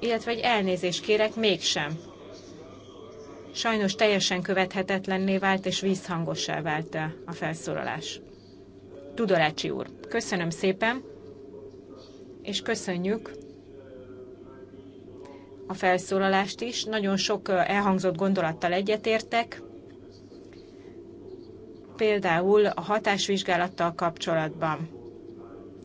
illetve egy elnézést kérek mégsem. Sajnos teljesen követhetetlenné vált és vízhangossá vált a felszólalás. Tudorácsi úr, köszönöm szépen, és köszönjük a felszólalást is. Nagyon sok eh, elhangzott gondolattal egyetértek, például a hatásvizsgálattal kapcsolatban,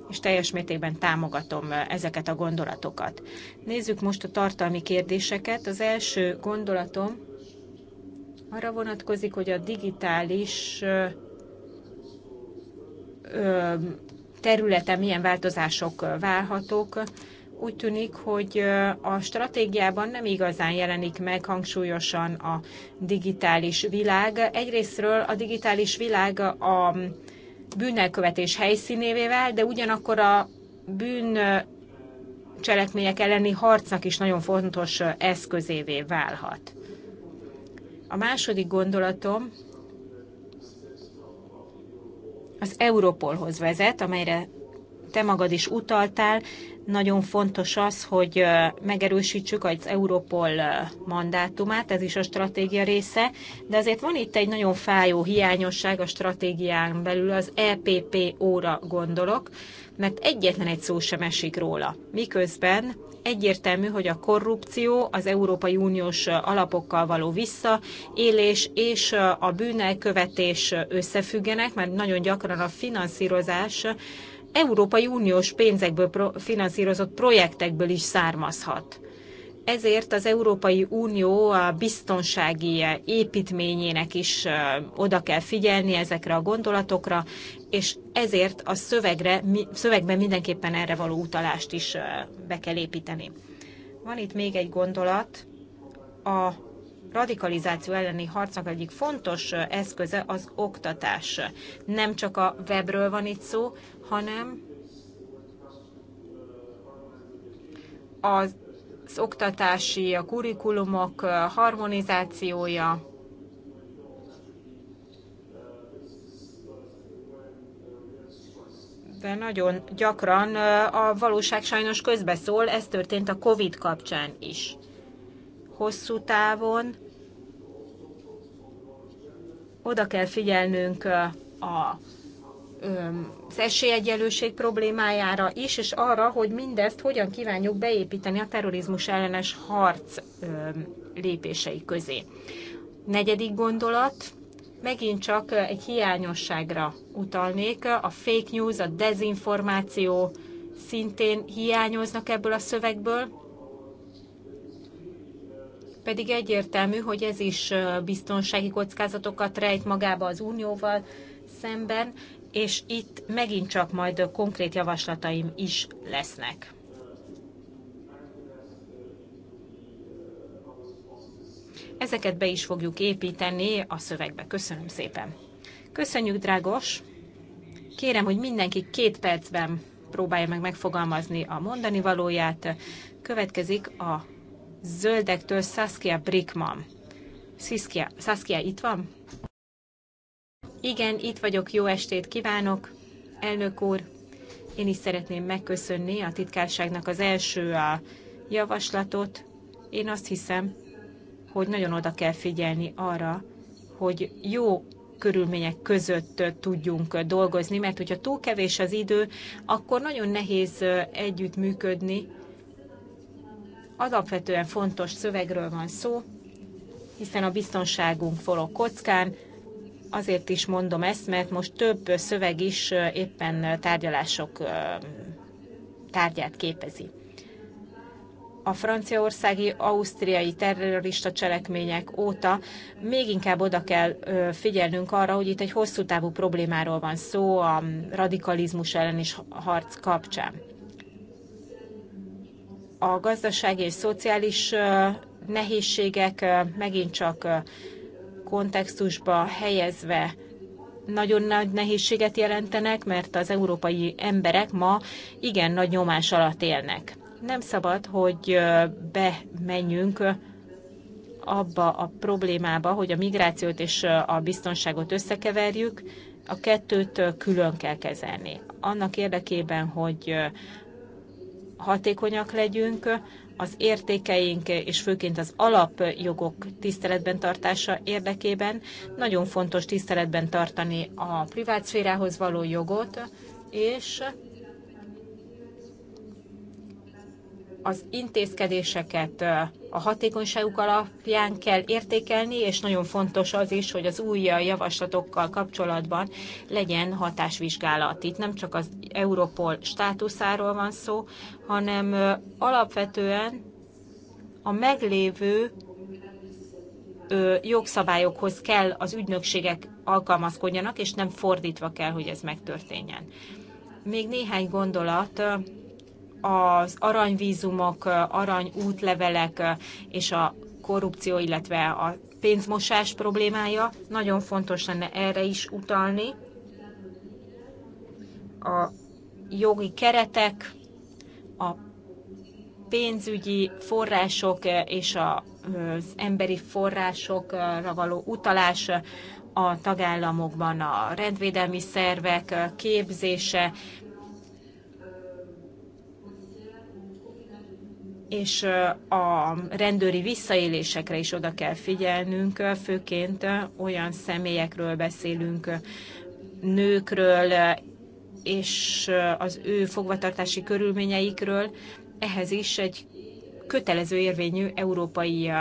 és teljes mértékben támogatom ezeket a gondolatokat. Nézzük most a tartalmi kérdéseket. Az első gondolatom arra vonatkozik, hogy a digitális területen milyen változások válhatók úgy tűnik, hogy a stratégiában nem igazán jelenik meg hangsúlyosan a digitális világ. Egyrésztről a digitális világ a bűnelkövetés helyszínévé vált, de ugyanakkor a bűn cselekmények elleni harcnak is nagyon fontos eszközévé válhat. A második gondolatom az Europolhoz vezet, amelyre te magad is utaltál, nagyon fontos az, hogy megerősítsük az Európol mandátumát, ez is a stratégia része, de azért van itt egy nagyon fájó hiányosság a stratégián belül, az epp óra gondolok, mert egyetlen egy szó sem esik róla. Miközben egyértelmű, hogy a korrupció, az Európai Uniós alapokkal való visszaélés és a bűnelkövetés összefüggenek, mert nagyon gyakran a finanszírozás Európai Uniós pénzekből finanszírozott projektekből is származhat. Ezért az Európai Unió a biztonsági eh, építményének is eh, oda kell figyelni ezekre a gondolatokra, és ezért a szövegre, szövegben mindenképpen erre való utalást is eh, be kell építeni. Van itt még egy gondolat, a radikalizáció elleni harcnak egyik fontos eszköze az oktatás. Nem csak a webről van itt szó, hanem az oktatási, a kurikulumok harmonizációja, de nagyon gyakran a valóság sajnos közbeszól, ez történt a Covid kapcsán is. Hosszú távon oda kell figyelnünk a az esélyegyelőség problémájára is, és arra, hogy mindezt hogyan kívánjuk beépíteni a terrorizmus ellenes harc lépései közé. Negyedik gondolat, megint csak egy hiányosságra utalnék. A fake news, a dezinformáció szintén hiányoznak ebből a szövegből, pedig egyértelmű, hogy ez is biztonsági kockázatokat rejt magába az unióval szemben, és itt megint csak majd konkrét javaslataim is lesznek. Ezeket be is fogjuk építeni a szövegbe. Köszönöm szépen. Köszönjük, drágos. Kérem, hogy mindenki két percben próbálja meg megfogalmazni a mondani valóját. Következik a zöldektől Saskia Brickman. Saskia, Saskia itt van? Igen, itt vagyok, jó estét kívánok, elnök úr. Én is szeretném megköszönni a titkárságnak az első a javaslatot. Én azt hiszem, hogy nagyon oda kell figyelni arra, hogy jó körülmények között tudjunk dolgozni, mert hogyha túl kevés az idő, akkor nagyon nehéz együttműködni. Alapvetően fontos szövegről van szó, hiszen a biztonságunk forog kockán, azért is mondom ezt, mert most több szöveg is éppen tárgyalások tárgyát képezi. A franciaországi, ausztriai terrorista cselekmények óta még inkább oda kell figyelnünk arra, hogy itt egy hosszú távú problémáról van szó a radikalizmus ellen is harc kapcsán. A gazdasági és szociális nehézségek megint csak kontextusba helyezve nagyon nagy nehézséget jelentenek, mert az európai emberek ma igen nagy nyomás alatt élnek. Nem szabad, hogy bemenjünk abba a problémába, hogy a migrációt és a biztonságot összekeverjük, a kettőt külön kell kezelni. Annak érdekében, hogy hatékonyak legyünk, az értékeink és főként az alapjogok tiszteletben tartása érdekében. Nagyon fontos tiszteletben tartani a privátszférához való jogot, és az intézkedéseket a hatékonyságuk alapján kell értékelni, és nagyon fontos az is, hogy az új javaslatokkal kapcsolatban legyen hatásvizsgálat. Itt nem csak az Europol státuszáról van szó, hanem alapvetően a meglévő jogszabályokhoz kell az ügynökségek alkalmazkodjanak, és nem fordítva kell, hogy ez megtörténjen. Még néhány gondolat az aranyvízumok, aranyútlevelek és a korrupció, illetve a pénzmosás problémája. Nagyon fontos lenne erre is utalni. A jogi keretek, a pénzügyi források és az emberi forrásokra való utalás a tagállamokban a rendvédelmi szervek képzése, és a rendőri visszaélésekre is oda kell figyelnünk, főként olyan személyekről beszélünk, nőkről, és az ő fogvatartási körülményeikről. Ehhez is egy kötelező érvényű európai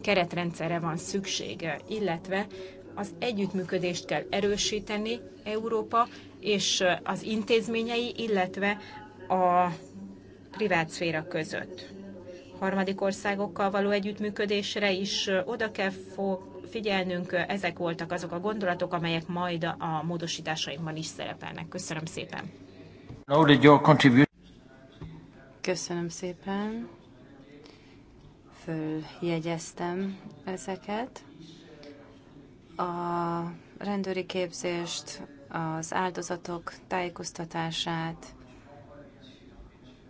keretrendszerre van szükség, illetve az együttműködést kell erősíteni Európa és az intézményei, illetve a privát szféra között harmadik országokkal való együttműködésre is oda kell figyelnünk. Ezek voltak azok a gondolatok, amelyek majd a módosításaimban is szerepelnek. Köszönöm szépen. Köszönöm szépen. Följegyeztem ezeket. A rendőri képzést, az áldozatok tájékoztatását,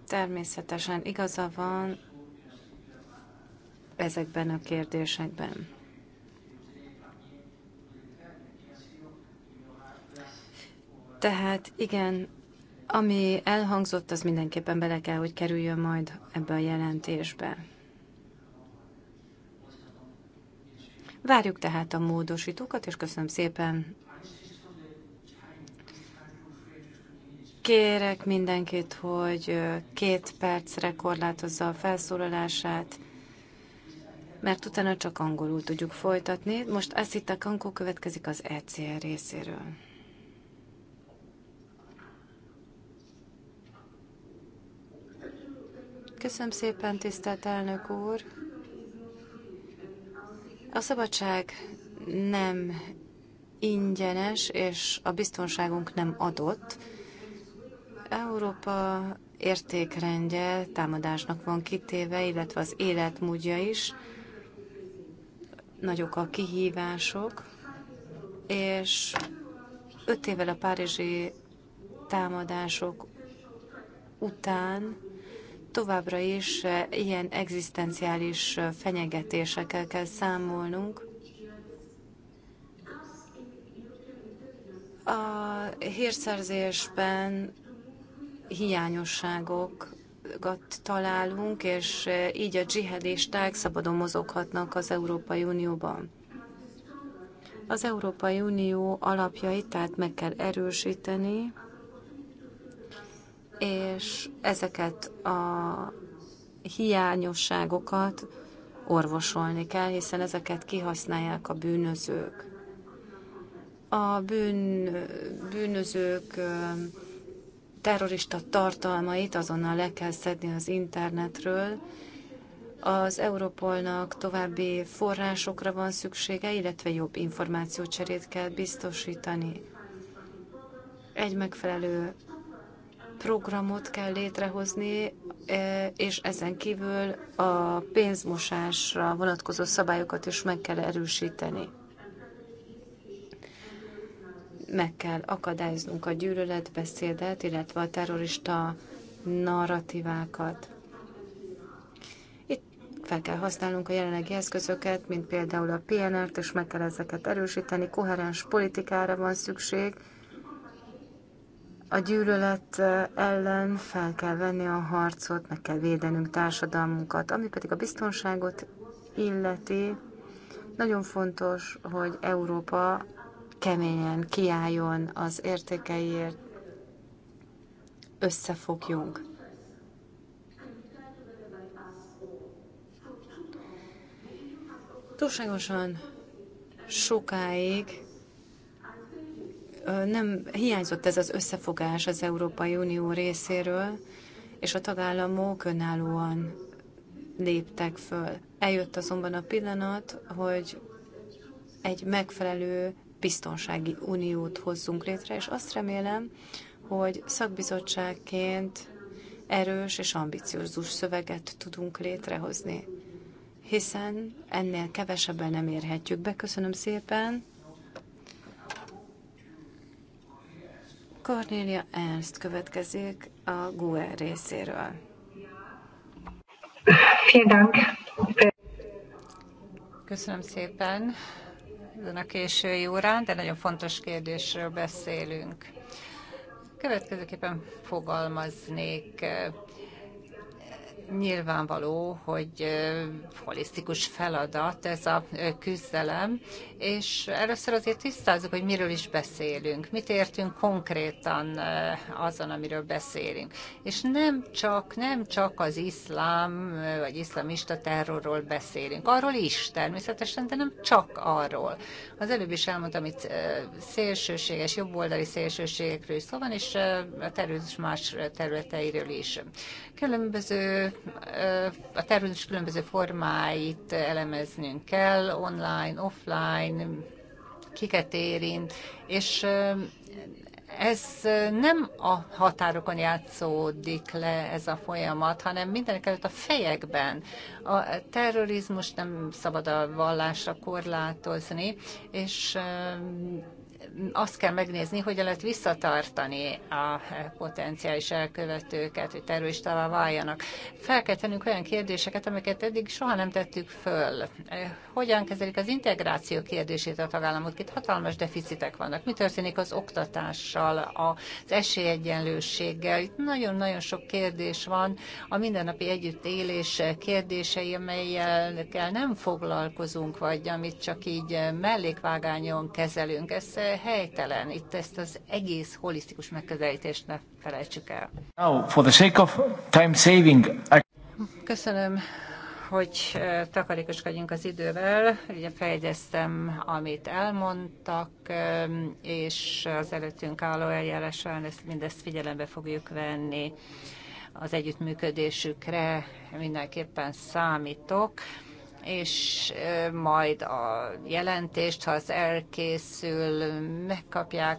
természetesen igaza van, ezekben a kérdésekben. Tehát igen, ami elhangzott, az mindenképpen bele kell, hogy kerüljön majd ebbe a jelentésbe. Várjuk tehát a módosítókat, és köszönöm szépen. Kérek mindenkit, hogy két percre korlátozza a felszólalását mert utána csak angolul tudjuk folytatni. Most ezt itt a kankó következik az ECR részéről. Köszönöm szépen, tisztelt elnök úr! A szabadság nem ingyenes, és a biztonságunk nem adott. Európa értékrendje támadásnak van kitéve, illetve az életmódja is nagyok a kihívások, és öt évvel a párizsi támadások után továbbra is ilyen egzisztenciális fenyegetésekkel kell számolnunk. A hírszerzésben hiányosságok országot találunk, és e, így a dzsihadisták szabadon mozoghatnak az Európai Unióban. Az Európai Unió alapjait tehát meg kell erősíteni, és ezeket a hiányosságokat orvosolni kell, hiszen ezeket kihasználják a bűnözők. A bűn, bűnözők terrorista tartalmait azonnal le kell szedni az internetről. Az Europolnak további forrásokra van szüksége, illetve jobb információcserét kell biztosítani. Egy megfelelő programot kell létrehozni, e, és ezen kívül a pénzmosásra vonatkozó szabályokat is meg kell erősíteni meg kell akadályoznunk a gyűlöletbeszédet, illetve a terrorista narratívákat. Itt fel kell használnunk a jelenlegi eszközöket, mint például a PNR-t, és meg kell ezeket erősíteni. Koherens politikára van szükség. A gyűlölet eh, ellen fel kell venni a harcot, meg kell védenünk társadalmunkat. Ami pedig a biztonságot illeti, nagyon fontos, hogy Európa keményen kiálljon az értékeiért, összefogjunk. Túlságosan sokáig nem hiányzott ez az összefogás az Európai Unió részéről, és a tagállamok önállóan léptek föl. Eljött azonban a pillanat, hogy egy megfelelő biztonsági uniót hozzunk létre, és azt remélem, hogy szakbizottságként erős és ambiciózus szöveget tudunk létrehozni, hiszen ennél kevesebben nem érhetjük be. Köszönöm szépen! Cornélia Ernst következik a GUE részéről. Vielen Köszönöm szépen ezen a késői órán, de nagyon fontos kérdésről beszélünk. Következőképpen fogalmaznék nyilvánvaló, hogy holisztikus feladat ez a küzdelem, és először azért tisztázzuk, hogy miről is beszélünk, mit értünk konkrétan azon, amiről beszélünk. És nem csak, nem csak az iszlám vagy iszlamista terrorról beszélünk, arról is természetesen, de nem csak arról. Az előbb is elmondtam, itt szélsőséges, jobboldali szélsőségekről is szó van, és a terrorizmus más területeiről is. Különböző a terrorizmus különböző formáit elemeznünk kell, online, offline, kiket érint, és ez nem a határokon játszódik le ez a folyamat, hanem mindenek előtt a fejekben. A terrorizmus nem szabad a vallásra korlátozni, és azt kell megnézni, hogy lehet visszatartani a potenciális elkövetőket, hogy terroristává váljanak. Fel kell tennünk olyan kérdéseket, amiket eddig soha nem tettük föl. Hogyan kezelik az integráció kérdését a tagállamok? Itt hatalmas deficitek vannak. Mi történik az oktatással, az esélyegyenlőséggel? Itt nagyon-nagyon sok kérdés van. A mindennapi együttélés kérdései, amelyekkel nem foglalkozunk, vagy amit csak így mellékvágányon kezelünk. Ez helytelen. Itt ezt az egész holisztikus megközelítést ne felejtsük el. Now, for the sake of time saving, I... Köszönöm hogy takarékoskodjunk az idővel. Ugye fejlesztem, amit elmondtak, és az előttünk álló eljárással ezt, mindezt figyelembe fogjuk venni. Az együttműködésükre mindenképpen számítok és majd a jelentést, ha az elkészül, megkapják,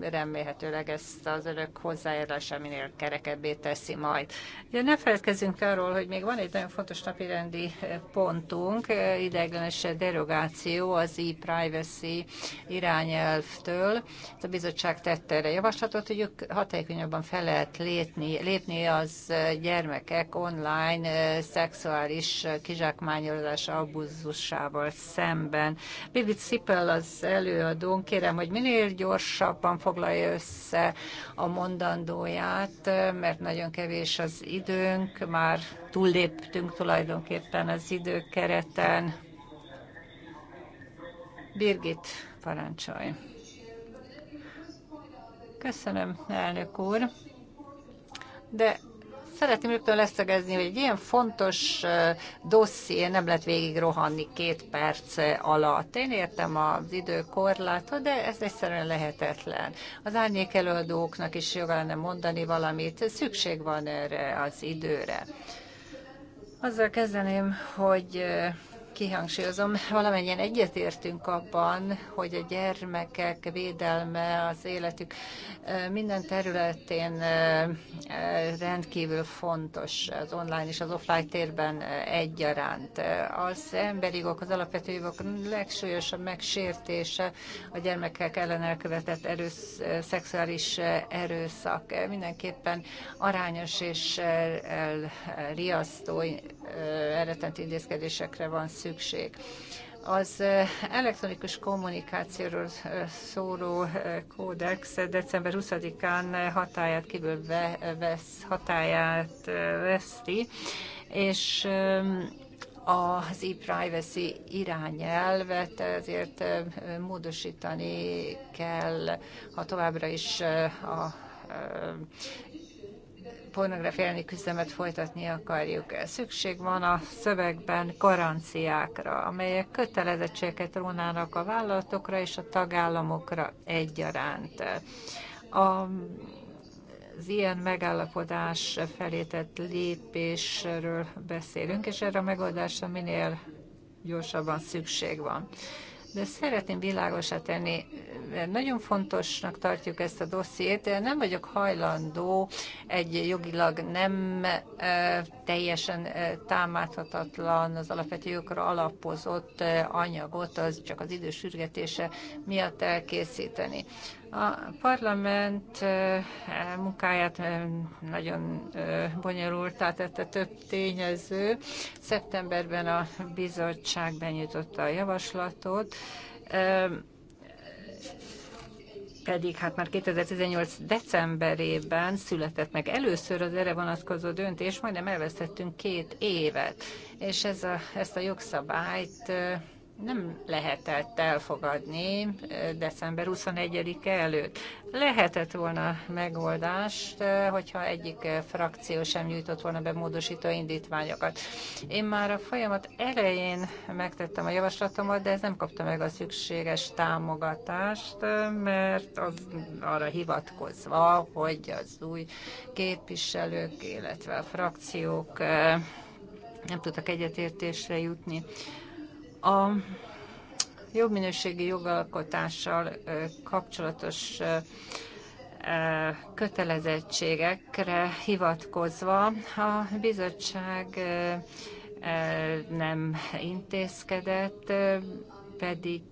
remélhetőleg ezt az örök hozzájárulása aminél kerekebbé teszi majd. Ugye ne feledkezzünk arról, hogy még van egy nagyon fontos rendi pontunk, ideiglenes derogáció az e-privacy irányelvtől. A bizottság tette erre javaslatot, hogy ők hatékonyabban fel lehet lépni, lépni az gyermekek online szexuális kizsákmányolásra alkalmazás abuzusával szemben. Birgit Szipel az előadón, kérem, hogy minél gyorsabban foglalja össze a mondandóját, mert nagyon kevés az időnk, már túlléptünk tulajdonképpen az időkereten. Birgit, parancsolj! Köszönöm, elnök úr! De Szeretném rögtön leszögezni, hogy egy ilyen fontos dosszié nem lehet végig rohanni két perc alatt. Én értem az időkorlátot, de ez egyszerűen lehetetlen. Az árnyék előadóknak is joga lenne mondani valamit, szükség van erre az időre. Azzal kezdeném, hogy kihangsúlyozom, valamennyien egyetértünk abban, hogy a gyermekek védelme az életük minden területén rendkívül fontos, az online és az offline térben egyaránt. Az emberi jogok, az alapvető jogok legsúlyosabb megsértése a gyermekek ellen elkövetett erősz, szexuális erőszak. Mindenképpen arányos és riasztó elretentő intézkedésekre van szükség. Az elektronikus kommunikációról szóló kódex december 20-án hatáját kívül vesz, hatáját veszti, és az e-privacy irányelvet ezért módosítani kell, ha továbbra is a pornográfia elleni küzdelmet folytatni akarjuk. Szükség van a szövegben garanciákra, amelyek kötelezettségeket rónának a vállalatokra és a tagállamokra egyaránt. A az ilyen megállapodás felé tett lépésről beszélünk, és erre a megoldásra minél gyorsabban szükség van. De szeretném világosat tenni, nagyon fontosnak tartjuk ezt a dossziét, de nem vagyok hajlandó egy jogilag nem teljesen támadhatatlan, az alapvető jogokra alapozott anyagot, az csak az idő sürgetése miatt elkészíteni. A parlament e, munkáját nagyon bonyolultá tette több tényező. Szeptemberben a bizottság benyújtotta a javaslatot, pedig hát már 2018 decemberében született meg először az erre vonatkozó döntés, majdnem elvesztettünk két évet, és ez a, ezt a jogszabályt nem lehetett elfogadni eh, december 21-e előtt. Lehetett volna megoldás, eh, hogyha egyik eh, frakció sem nyújtott volna be módosító indítványokat. Én már a folyamat elején megtettem a javaslatomat, de ez nem kapta meg a szükséges támogatást, mert az arra hivatkozva, hogy az új képviselők, illetve a frakciók nem tudtak egyetértésre jutni. A jobb minőségi jogalkotással kapcsolatos kötelezettségekre hivatkozva a bizottság nem intézkedett, pedig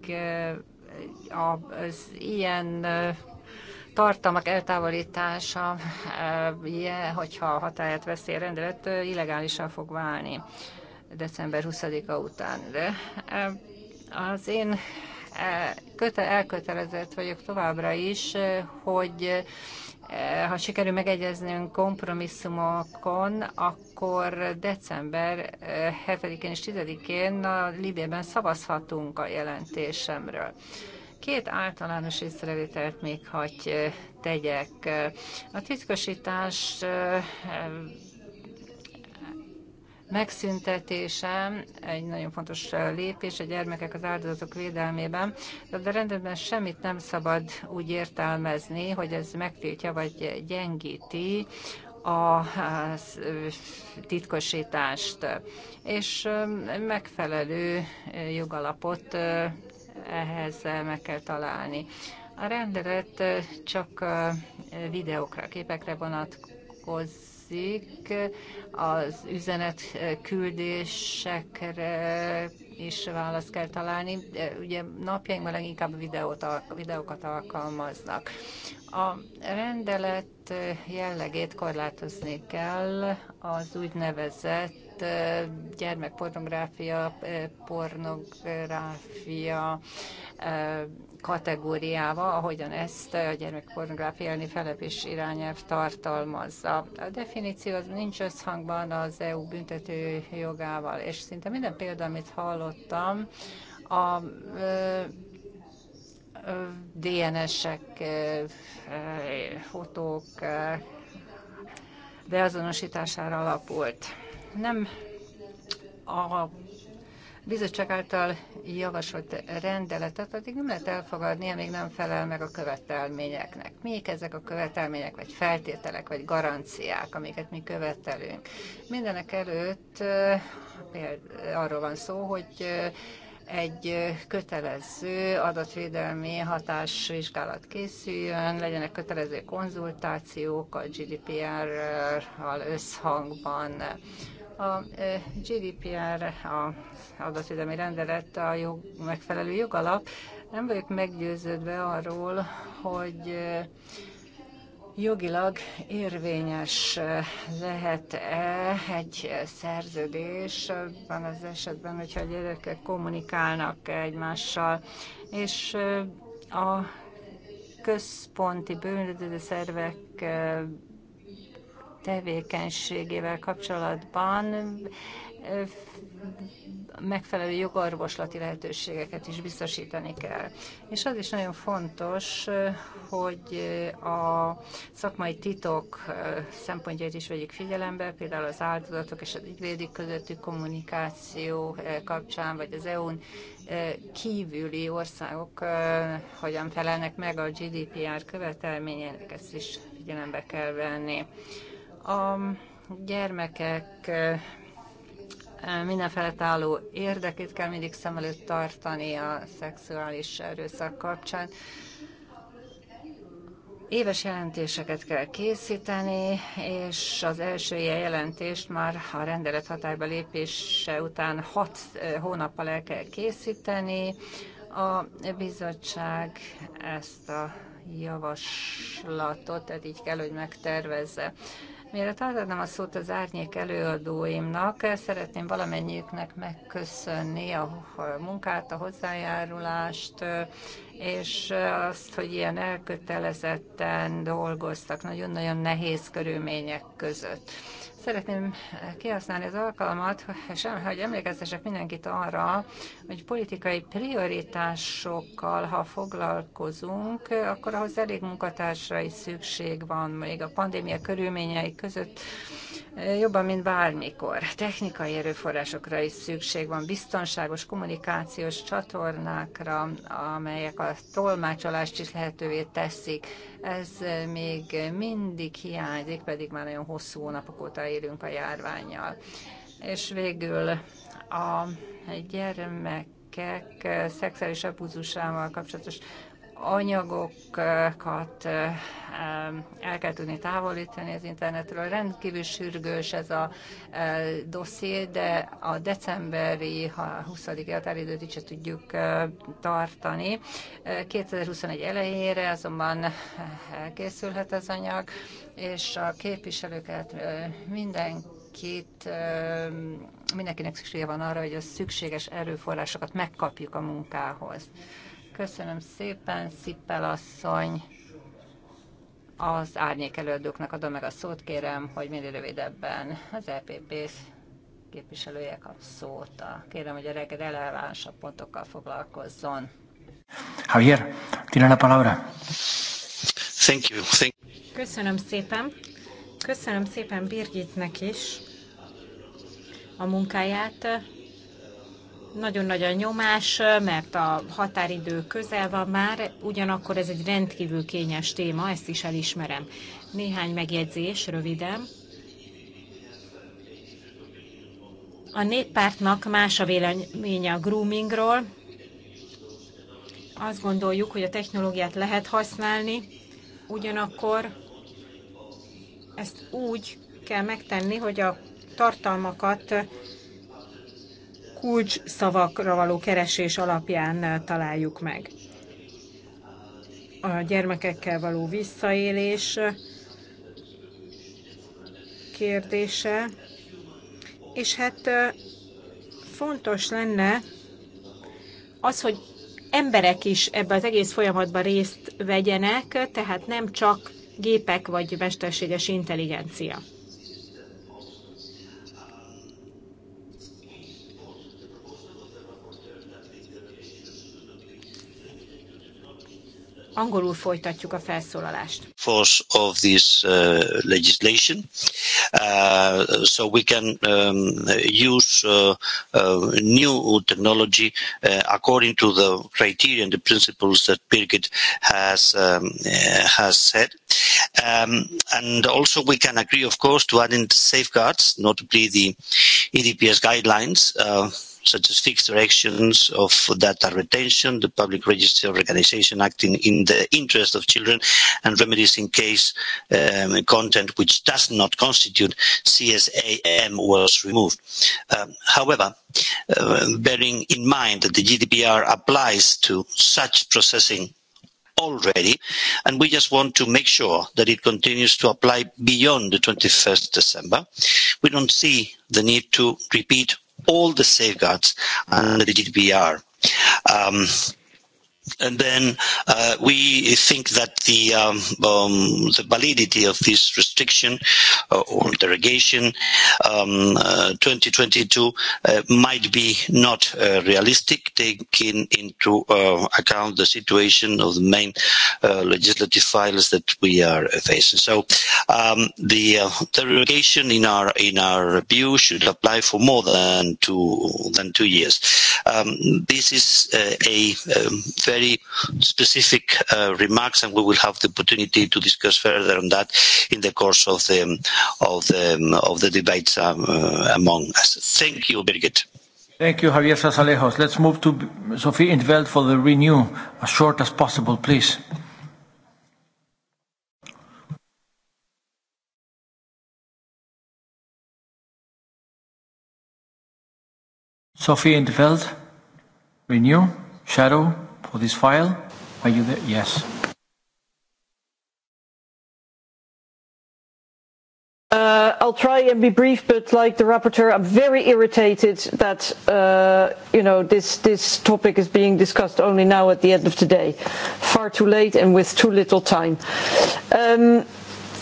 az ilyen tartalmak eltávolítása, hogyha hatáját veszi a rendelet, illegálisan fog válni december 20-a után. De e, az én e, köte, elkötelezett vagyok továbbra is, e, hogy ha sikerül megegyeznünk kompromisszumokon, akkor december 7-én és 10-én a Libében szavazhatunk a jelentésemről. Két általános észrevételt még hagy tegyek. A titkosítás megszüntetése egy nagyon fontos lépés a gyermekek az áldozatok védelmében, de a rendetben semmit nem szabad úgy értelmezni, hogy ez megtiltja vagy gyengíti a titkosítást, és megfelelő jogalapot ehhez meg kell találni. A rendelet csak videókra, képekre vonatkozik, vonatkozik, az üzenetküldésekre is választ kell találni. Ugye napjainkban leginkább videót, videókat alkalmaznak. A rendelet jellegét korlátozni kell az úgynevezett gyermekpornográfia, pornográfia kategóriába, ahogyan ezt a gyermekpornográfia elleni felepés irányelv tartalmazza. A definíció az nincs összhangban az EU büntető jogával, és szinte minden példa, amit hallottam, a DNS-ek, fotók beazonosítására alapult nem a bizottság által javasolt rendeletet addig nem lehet elfogadni, amíg nem felel meg a követelményeknek. Mik ezek a követelmények, vagy feltételek, vagy garanciák, amiket mi követelünk? Mindenek előtt arról van szó, hogy egy kötelező adatvédelmi hatásvizsgálat készüljön, legyenek kötelező konzultációk a GDPR-ral összhangban. A e, GDPR, az adatvédelmi rendelet a jog, megfelelő jogalap. Nem vagyok meggyőződve arról, hogy e, jogilag érvényes e, lehet-e egy szerződés van az esetben, hogyha a gyerekek kommunikálnak egymással, és a központi bűnöző szervek tevékenységével kapcsolatban megfelelő jogorvoslati lehetőségeket is biztosítani kell. És az is nagyon fontos, hogy a szakmai titok szempontjait is vegyük figyelembe, például az áldozatok és az ügyvédik közötti kommunikáció kapcsán, vagy az EU-n kívüli országok hogyan felelnek meg a GDPR követelményének, ezt is figyelembe kell venni. A gyermekek eh, mindenfelett álló érdekét kell mindig szem előtt tartani a szexuális erőszak kapcsán. Éves jelentéseket kell készíteni, és az első ilyen jelentést már a rendelet hatályba lépése után hat eh, hónappal el kell készíteni. A bizottság ezt a javaslatot, tehát így kell, hogy megtervezze. Mielőtt átadnám a szót az árnyék előadóimnak, szeretném valamennyiüknek megköszönni a munkát, a hozzájárulást, és azt, hogy ilyen elkötelezetten dolgoztak nagyon-nagyon nehéz körülmények között. Szeretném kihasználni az alkalmat, hogy emlékeztesek mindenkit arra, hogy politikai prioritásokkal, ha foglalkozunk, akkor ahhoz elég munkatársra is szükség van, még a pandémia körülményei között eh, jobban, mint bármikor. Technikai erőforrásokra is szükség van, biztonságos kommunikációs csatornákra, amelyek a tolmácsolást is lehetővé teszik, ez eh, még mindig hiányzik, pedig már nagyon hosszú hónapok óta élünk a járványjal. És végül a gyermekek szexuális abúzusával kapcsolatos anyagokat el kell tudni távolítani az internetről. Rendkívül sürgős ez a dosszié, de a decemberi 20-i határidőt is tudjuk tartani. 2021 elejére azonban elkészülhet az anyag, és a képviselőket mindenki mindenkit, mindenkinek szüksége van arra, hogy a szükséges erőforrásokat megkapjuk a munkához. Köszönöm szépen, Szippel asszony. Az árnyék előadóknak adom meg a szót, kérem, hogy minél rövidebben az EPP képviselője kap szót. Kérem, hogy a relevánsabb pontokkal foglalkozzon. Javier, tiene la palabra. Thank you. Thank you. Köszönöm szépen. Köszönöm szépen Birgitnek is a munkáját, nagyon nagy a nyomás, mert a határidő közel van már, ugyanakkor ez egy rendkívül kényes téma, ezt is elismerem. Néhány megjegyzés röviden. A néppártnak más a véleménye a groomingról. Azt gondoljuk, hogy a technológiát lehet használni, ugyanakkor ezt úgy kell megtenni, hogy a tartalmakat kulcs szavakra való keresés alapján találjuk meg. A gyermekekkel való visszaélés kérdése, és hát fontos lenne az, hogy emberek is ebbe az egész folyamatban részt vegyenek, tehát nem csak gépek vagy mesterséges intelligencia. Angolul folytatjuk a felszólalást. Force of this uh, legislation, uh, so we can um, use uh, uh, new technology uh, according to the criteria and the principles that Birgit has um, uh, has said. Um, and also we can agree, of course, to add in safeguards, notably the EDPS guidelines. Uh, such as fixed directions of data retention, the public register organization acting in the interest of children, and remedies in case um, content which does not constitute CSAM was removed. Um, however, uh, bearing in mind that the GDPR applies to such processing already, and we just want to make sure that it continues to apply beyond the 21st December. We don't see the need to repeat all the safeguards under the GDPR. Um, And then uh, we think that the um, um, the validity of this restriction uh, or derogation um, uh, 2022 uh, might be not uh, realistic, taking into uh, account the situation of the main uh, legislative files that we are facing. So um, the uh, derogation in our in our view should apply for more than two than two years. Um, this is uh, a very um, very specific uh, remarks, and we will have the opportunity to discuss further on that in the course of the of the of the debates um, uh, among us. Thank you, Birgit. Thank you, Javier Sasalejos. Let's move to Sophie Intveld for the renew as short as possible, please. Sophie Intveld, Renew, Shadow, for this file. Are you there? Yes. Uh, I'll try and be brief, but like the rapporteur, I'm very irritated that uh, you know this this topic is being discussed only now at the end of the day, far too late and with too little time. Um,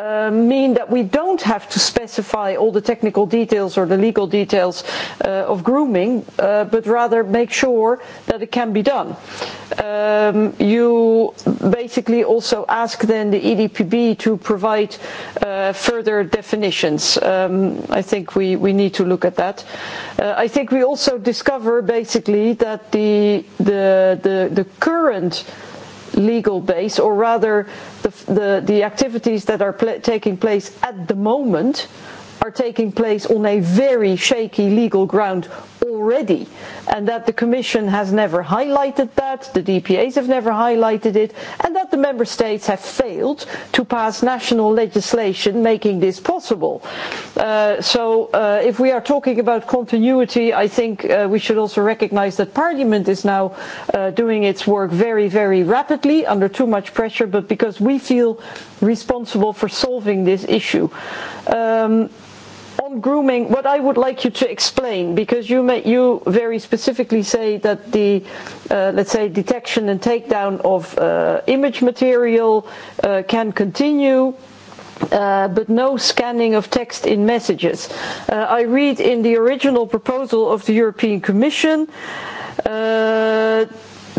Uh, mean that we don't have to specify all the technical details or the legal details uh, of grooming, uh, but rather make sure that it can be done. Um, you basically also ask then the EDPB to provide uh, further definitions. Um, I think we, we need to look at that. Uh, I think we also discover basically that the, the, the, the current legal base, or rather the, the, the activities that are pl- taking place at the moment are taking place on a very shaky legal ground already and that the Commission has never highlighted that, the DPAs have never highlighted it and that the Member States have failed to pass national legislation making this possible. Uh, so uh, if we are talking about continuity, I think uh, we should also recognize that Parliament is now uh, doing its work very, very rapidly under too much pressure, but because we feel responsible for solving this issue. Um, on grooming, what I would like you to explain, because you may, you very specifically say that the, uh, let's say, detection and takedown of uh, image material uh, can continue. Uh, but no scanning of text in messages. Uh, I read in the original proposal of the European Commission uh,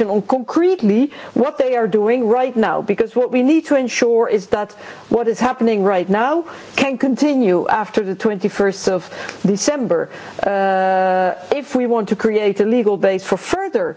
information on concretely what they are doing right now. Because what we need to ensure is that what is happening right now can continue after the 21st of December. Uh, if we want to create a legal base for further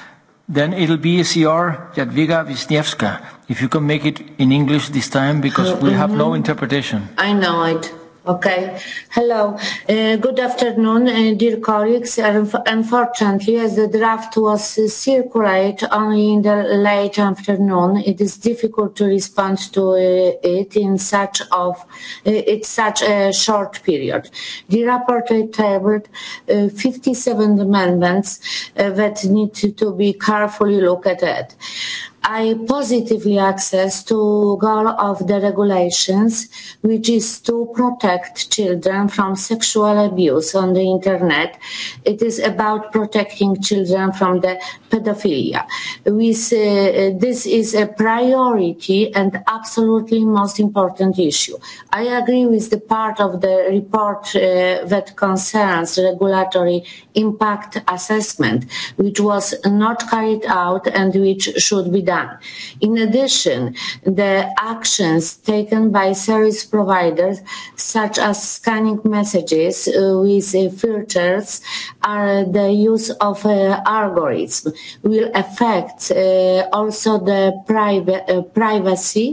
Then it'll be ECR Jadwiga Wisniewska. If you can make it in English this time, because we have no mm-hmm. interpretation. I know it. Okay. Hello. Uh, good afternoon, uh, dear colleagues. Unfortunately, as the draft was uh, circulated only in the late afternoon, it is difficult to respond to uh, it in such of uh, it's such a short period. The rapporteur tabled uh, 57 amendments uh, that need to, to be carefully looked at. I positively access to goal of the regulations, which is to protect children from sexual abuse on the internet. It is about protecting children from the pedophilia. We say, uh, this is a priority and absolutely most important issue. I agree with the part of the report uh, that concerns regulatory impact assessment, which was not carried out and which should be done done. In addition, the actions taken by service providers, such as scanning messages uh, with uh, filters, uh, the use of uh, algorithms will affect uh, also the private uh, privacy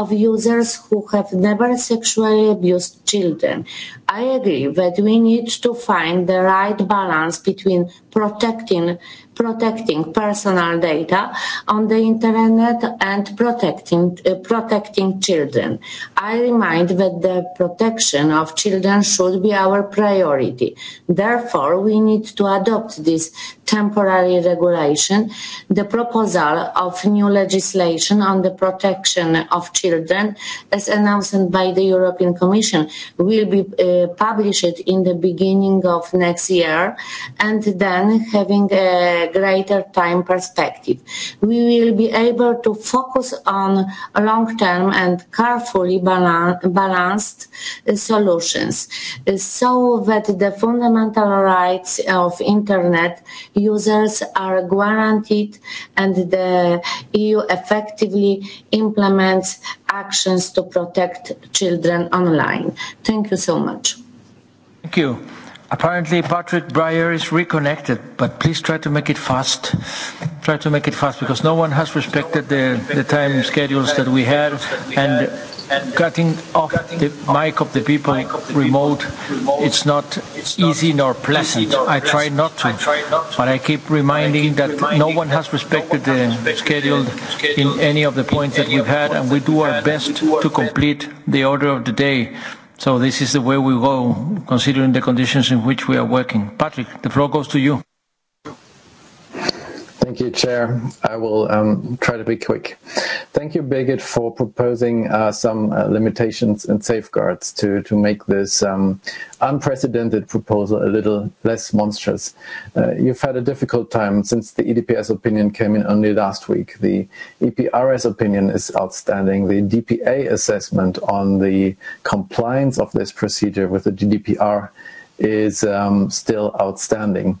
of users who have never sexually abused children. I agree that we need to find the right balance between protecting protecting personal data on the internet and protecting uh, protecting children. I remind that the protection of children should be our priority. Therefore, we need to adopt this temporary regulation, the proposal of new legislation on the protection of children, as announced by the European Commission, will be uh, published in the beginning of next year, and then having a greater time perspective. We will be able to focus on long-term and carefully balan balanced uh, solutions, uh, so that the fundamental rights of internet users are guaranteed and the EU effectively implements actions to protect children online. Thank you so much. Thank you. Apparently, Patrick Breyer is reconnected, but please try to make it fast. Try to make it fast because no one has respected the, the time schedules that we had, and cutting off the mic of the people remote, it's not easy nor pleasant. I try not to, but I keep reminding that no one has respected the schedule in any of the points that we've had, and we do our best to complete the order of the day. So this is the way we go, considering the conditions in which we are working. Patrick, the floor goes to you. Thank you, Chair. I will um, try to be quick. Thank you, Birgit, for proposing uh, some uh, limitations and safeguards to, to make this um, unprecedented proposal a little less monstrous. Uh, you've had a difficult time since the EDPS opinion came in only last week. The EPRS opinion is outstanding. The DPA assessment on the compliance of this procedure with the GDPR is um, still outstanding.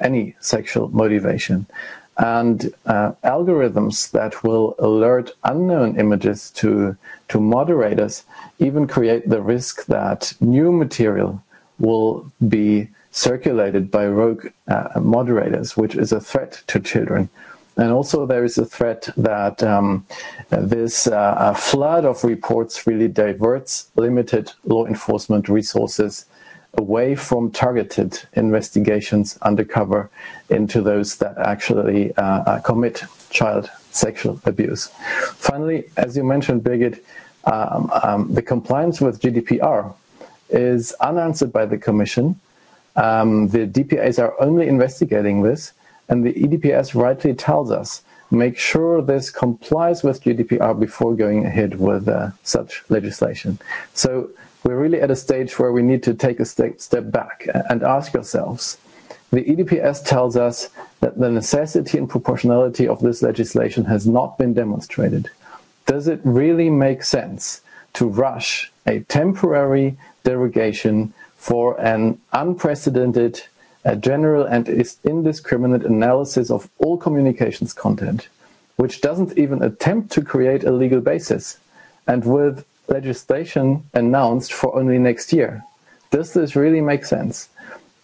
any sexual motivation. And uh, algorithms that will alert unknown images to, to moderators even create the risk that new material will be circulated by rogue uh, moderators, which is a threat to children. And also, there is a threat that um, this uh, flood of reports really diverts limited law enforcement resources away from targeted investigations undercover into those that actually uh, uh, commit child sexual abuse. Finally, as you mentioned, Birgit, um, um, the compliance with GDPR is unanswered by the Commission. Um, the DPAs are only investigating this, and the EDPS rightly tells us make sure this complies with GDPR before going ahead with uh, such legislation. So we're really at a stage where we need to take a st step back and ask ourselves. The EDPS tells us that the necessity and proportionality of this legislation has not been demonstrated. Does it really make sense to rush a temporary derogation for an unprecedented a general and indiscriminate analysis of all communications content, which doesn't even attempt to create a legal basis, and with legislation announced for only next year. Does this really make sense?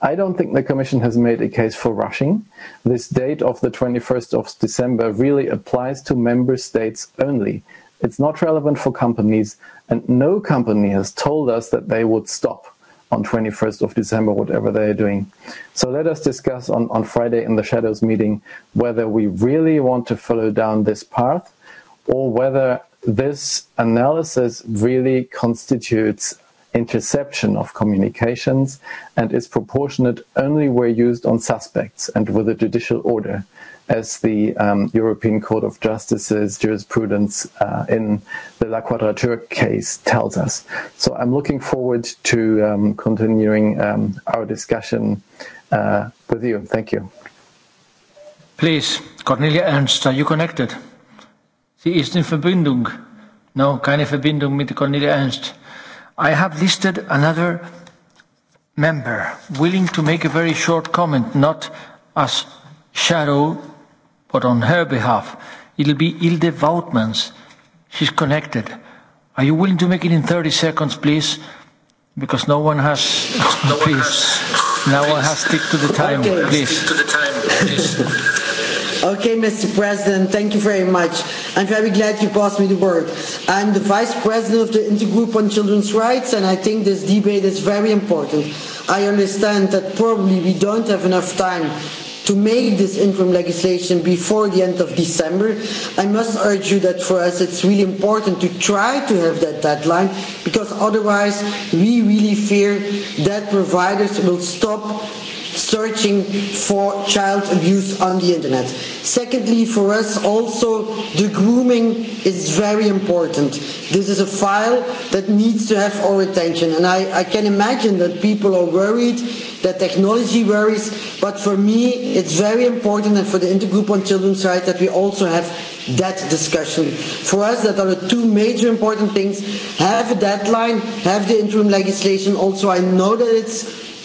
I don't think the Commission has made a case for rushing. This date of the 21st of December really applies to member states only. It's not relevant for companies, and no company has told us that they would stop on 21st of December, whatever they are doing. So let us discuss on, on Friday in the Shadows meeting whether we really want to follow down this path or whether this analysis really constitutes interception of communications and is proportionate only where used on suspects and with a judicial order as the um, European Court of Justice's jurisprudence uh, in the La Quadrature case tells us. So I'm looking forward to um, continuing um, our discussion uh, with you. Thank you. Please, Cornelia Ernst, are you connected? Sie ist in Verbindung. No, keine Verbindung mit Cornelia Ernst. I have listed another member willing to make a very short comment, not as shadow But on her behalf, it'll be Ilde Voutmans. She's connected. Are you willing to make it in 30 seconds, please? Because no one has. no please. One has, no one has stick to the time, okay. please. Stick to the time, please. okay, Mr. President, thank you very much. I'm very glad you passed me the word. I'm the Vice President of the Intergroup on Children's Rights, and I think this debate is very important. I understand that probably we don't have enough time to make this interim legislation before the end of December, I must urge you that for us it's really important to try to have that deadline because otherwise we really fear that providers will stop searching for child abuse on the internet. Secondly, for us also, the grooming is very important. This is a file that needs to have our attention. And I, I can imagine that people are worried that technology varies, but for me it's very important and for the intergroup on children's rights that we also have that discussion. For us, that are the two major important things. Have a deadline, have the interim legislation. Also, I know that it's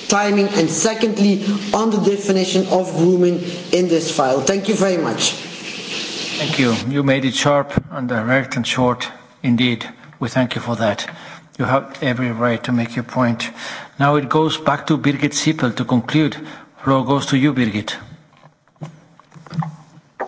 timing and secondly on the definition of grooming in this file. Thank you very much. Thank you. You made it sharp and direct and short indeed. We thank you for that. You have every right to make your point. Now it goes back to Birgit Sippel to conclude. Floor goes to you, Birgit.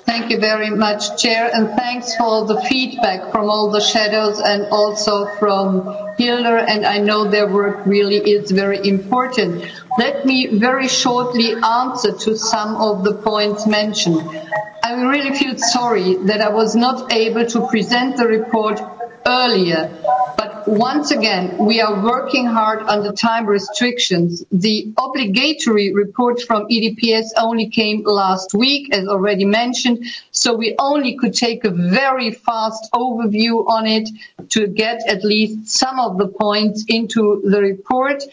Thank you very much, Chair, and thanks for the feedback from all the shadows and also from Hilder, and I know their work really is very important. Let me very shortly answer to some of the points mentioned. I really feel sorry that I was not able to present the report earlier once again, we are working hard on the time restrictions. The obligatory report from EDPS only came last week, as already mentioned, so we only could take a very fast overview on it to get at least some of the points into the report.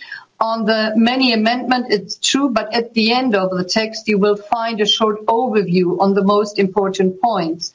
On the many amendment, it's true, but at the end of the text, you will find a short overview on the most important points.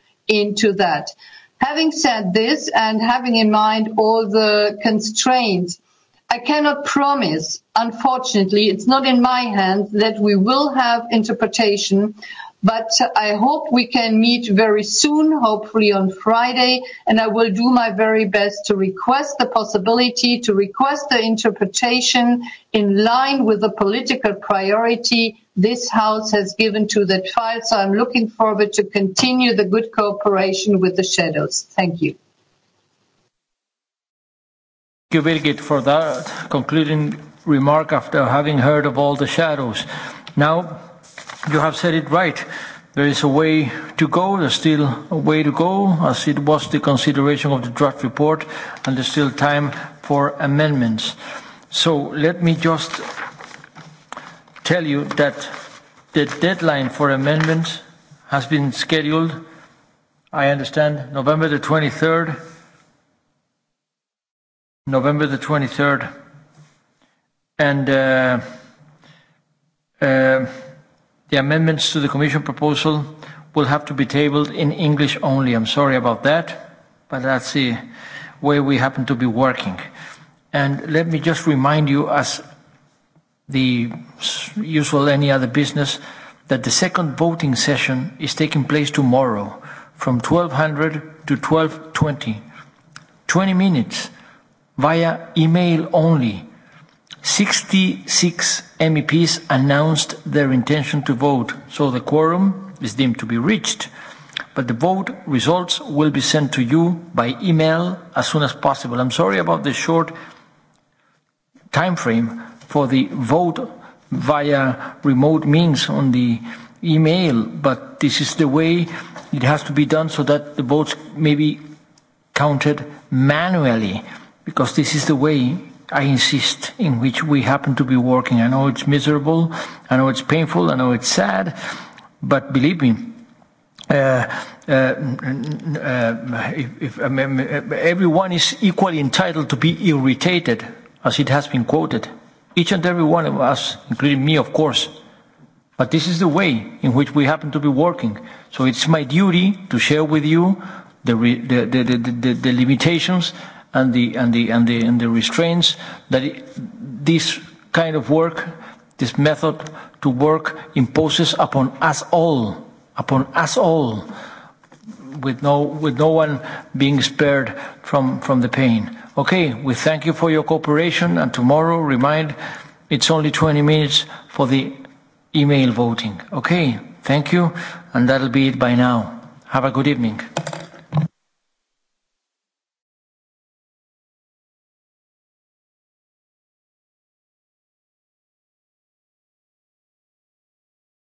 into that. Having said this and having in mind all the constraints, I cannot promise, unfortunately, it's not in my hands that we will have interpretation, but I hope we can meet very soon, hopefully on Friday, and I will do my very best to request the possibility to request the interpretation in line with the political priority this House has given to that file. So I'm looking forward to continue the good cooperation with the shadows. Thank you. Thank you, Birgit, for that concluding remark after having heard of all the shadows. Now, you have said it right. There is a way to go, there's still a way to go, as it was the consideration of the draft report, and there's still time for amendments. So let me just tell you that the deadline for amendment has been scheduled, I understand, November the 23rd. November the 23rd. And uh, uh, the amendments to the Commission proposal will have to be tabled in English only. I'm sorry about that, but that's the way we happen to be working. And let me just remind you, as the usual any other business, that the second voting session is taking place tomorrow from 1200 to 1220. 20 minutes via email only. 66 MEPs announced their intention to vote, so the quorum is deemed to be reached, but the vote results will be sent to you by email as soon as possible. I'm sorry about the short timeframe for the vote via remote means on the email, but this is the way it has to be done so that the votes may be counted manually, because this is the way I insist in which we happen to be working. I know it's miserable, I know it's painful, I know it's sad, but believe me, uh, uh, uh, if, if, mean, um, um, everyone is equally entitled to be irritated, as it has been quoted each and every one of us, including me, of course. But this is the way in which we happen to be working. So it's my duty to share with you the, re, the, the, the, the, the limitations and the, and, the, and, the, and the restraints that it, this kind of work, this method to work imposes upon us all, upon us all, with no, with no one being spared from, from the pain. Okay, we thank you for your cooperation and tomorrow, remind, it's only 20 minutes for the email voting. Okay, thank you and that'll be it by now. Have a good evening.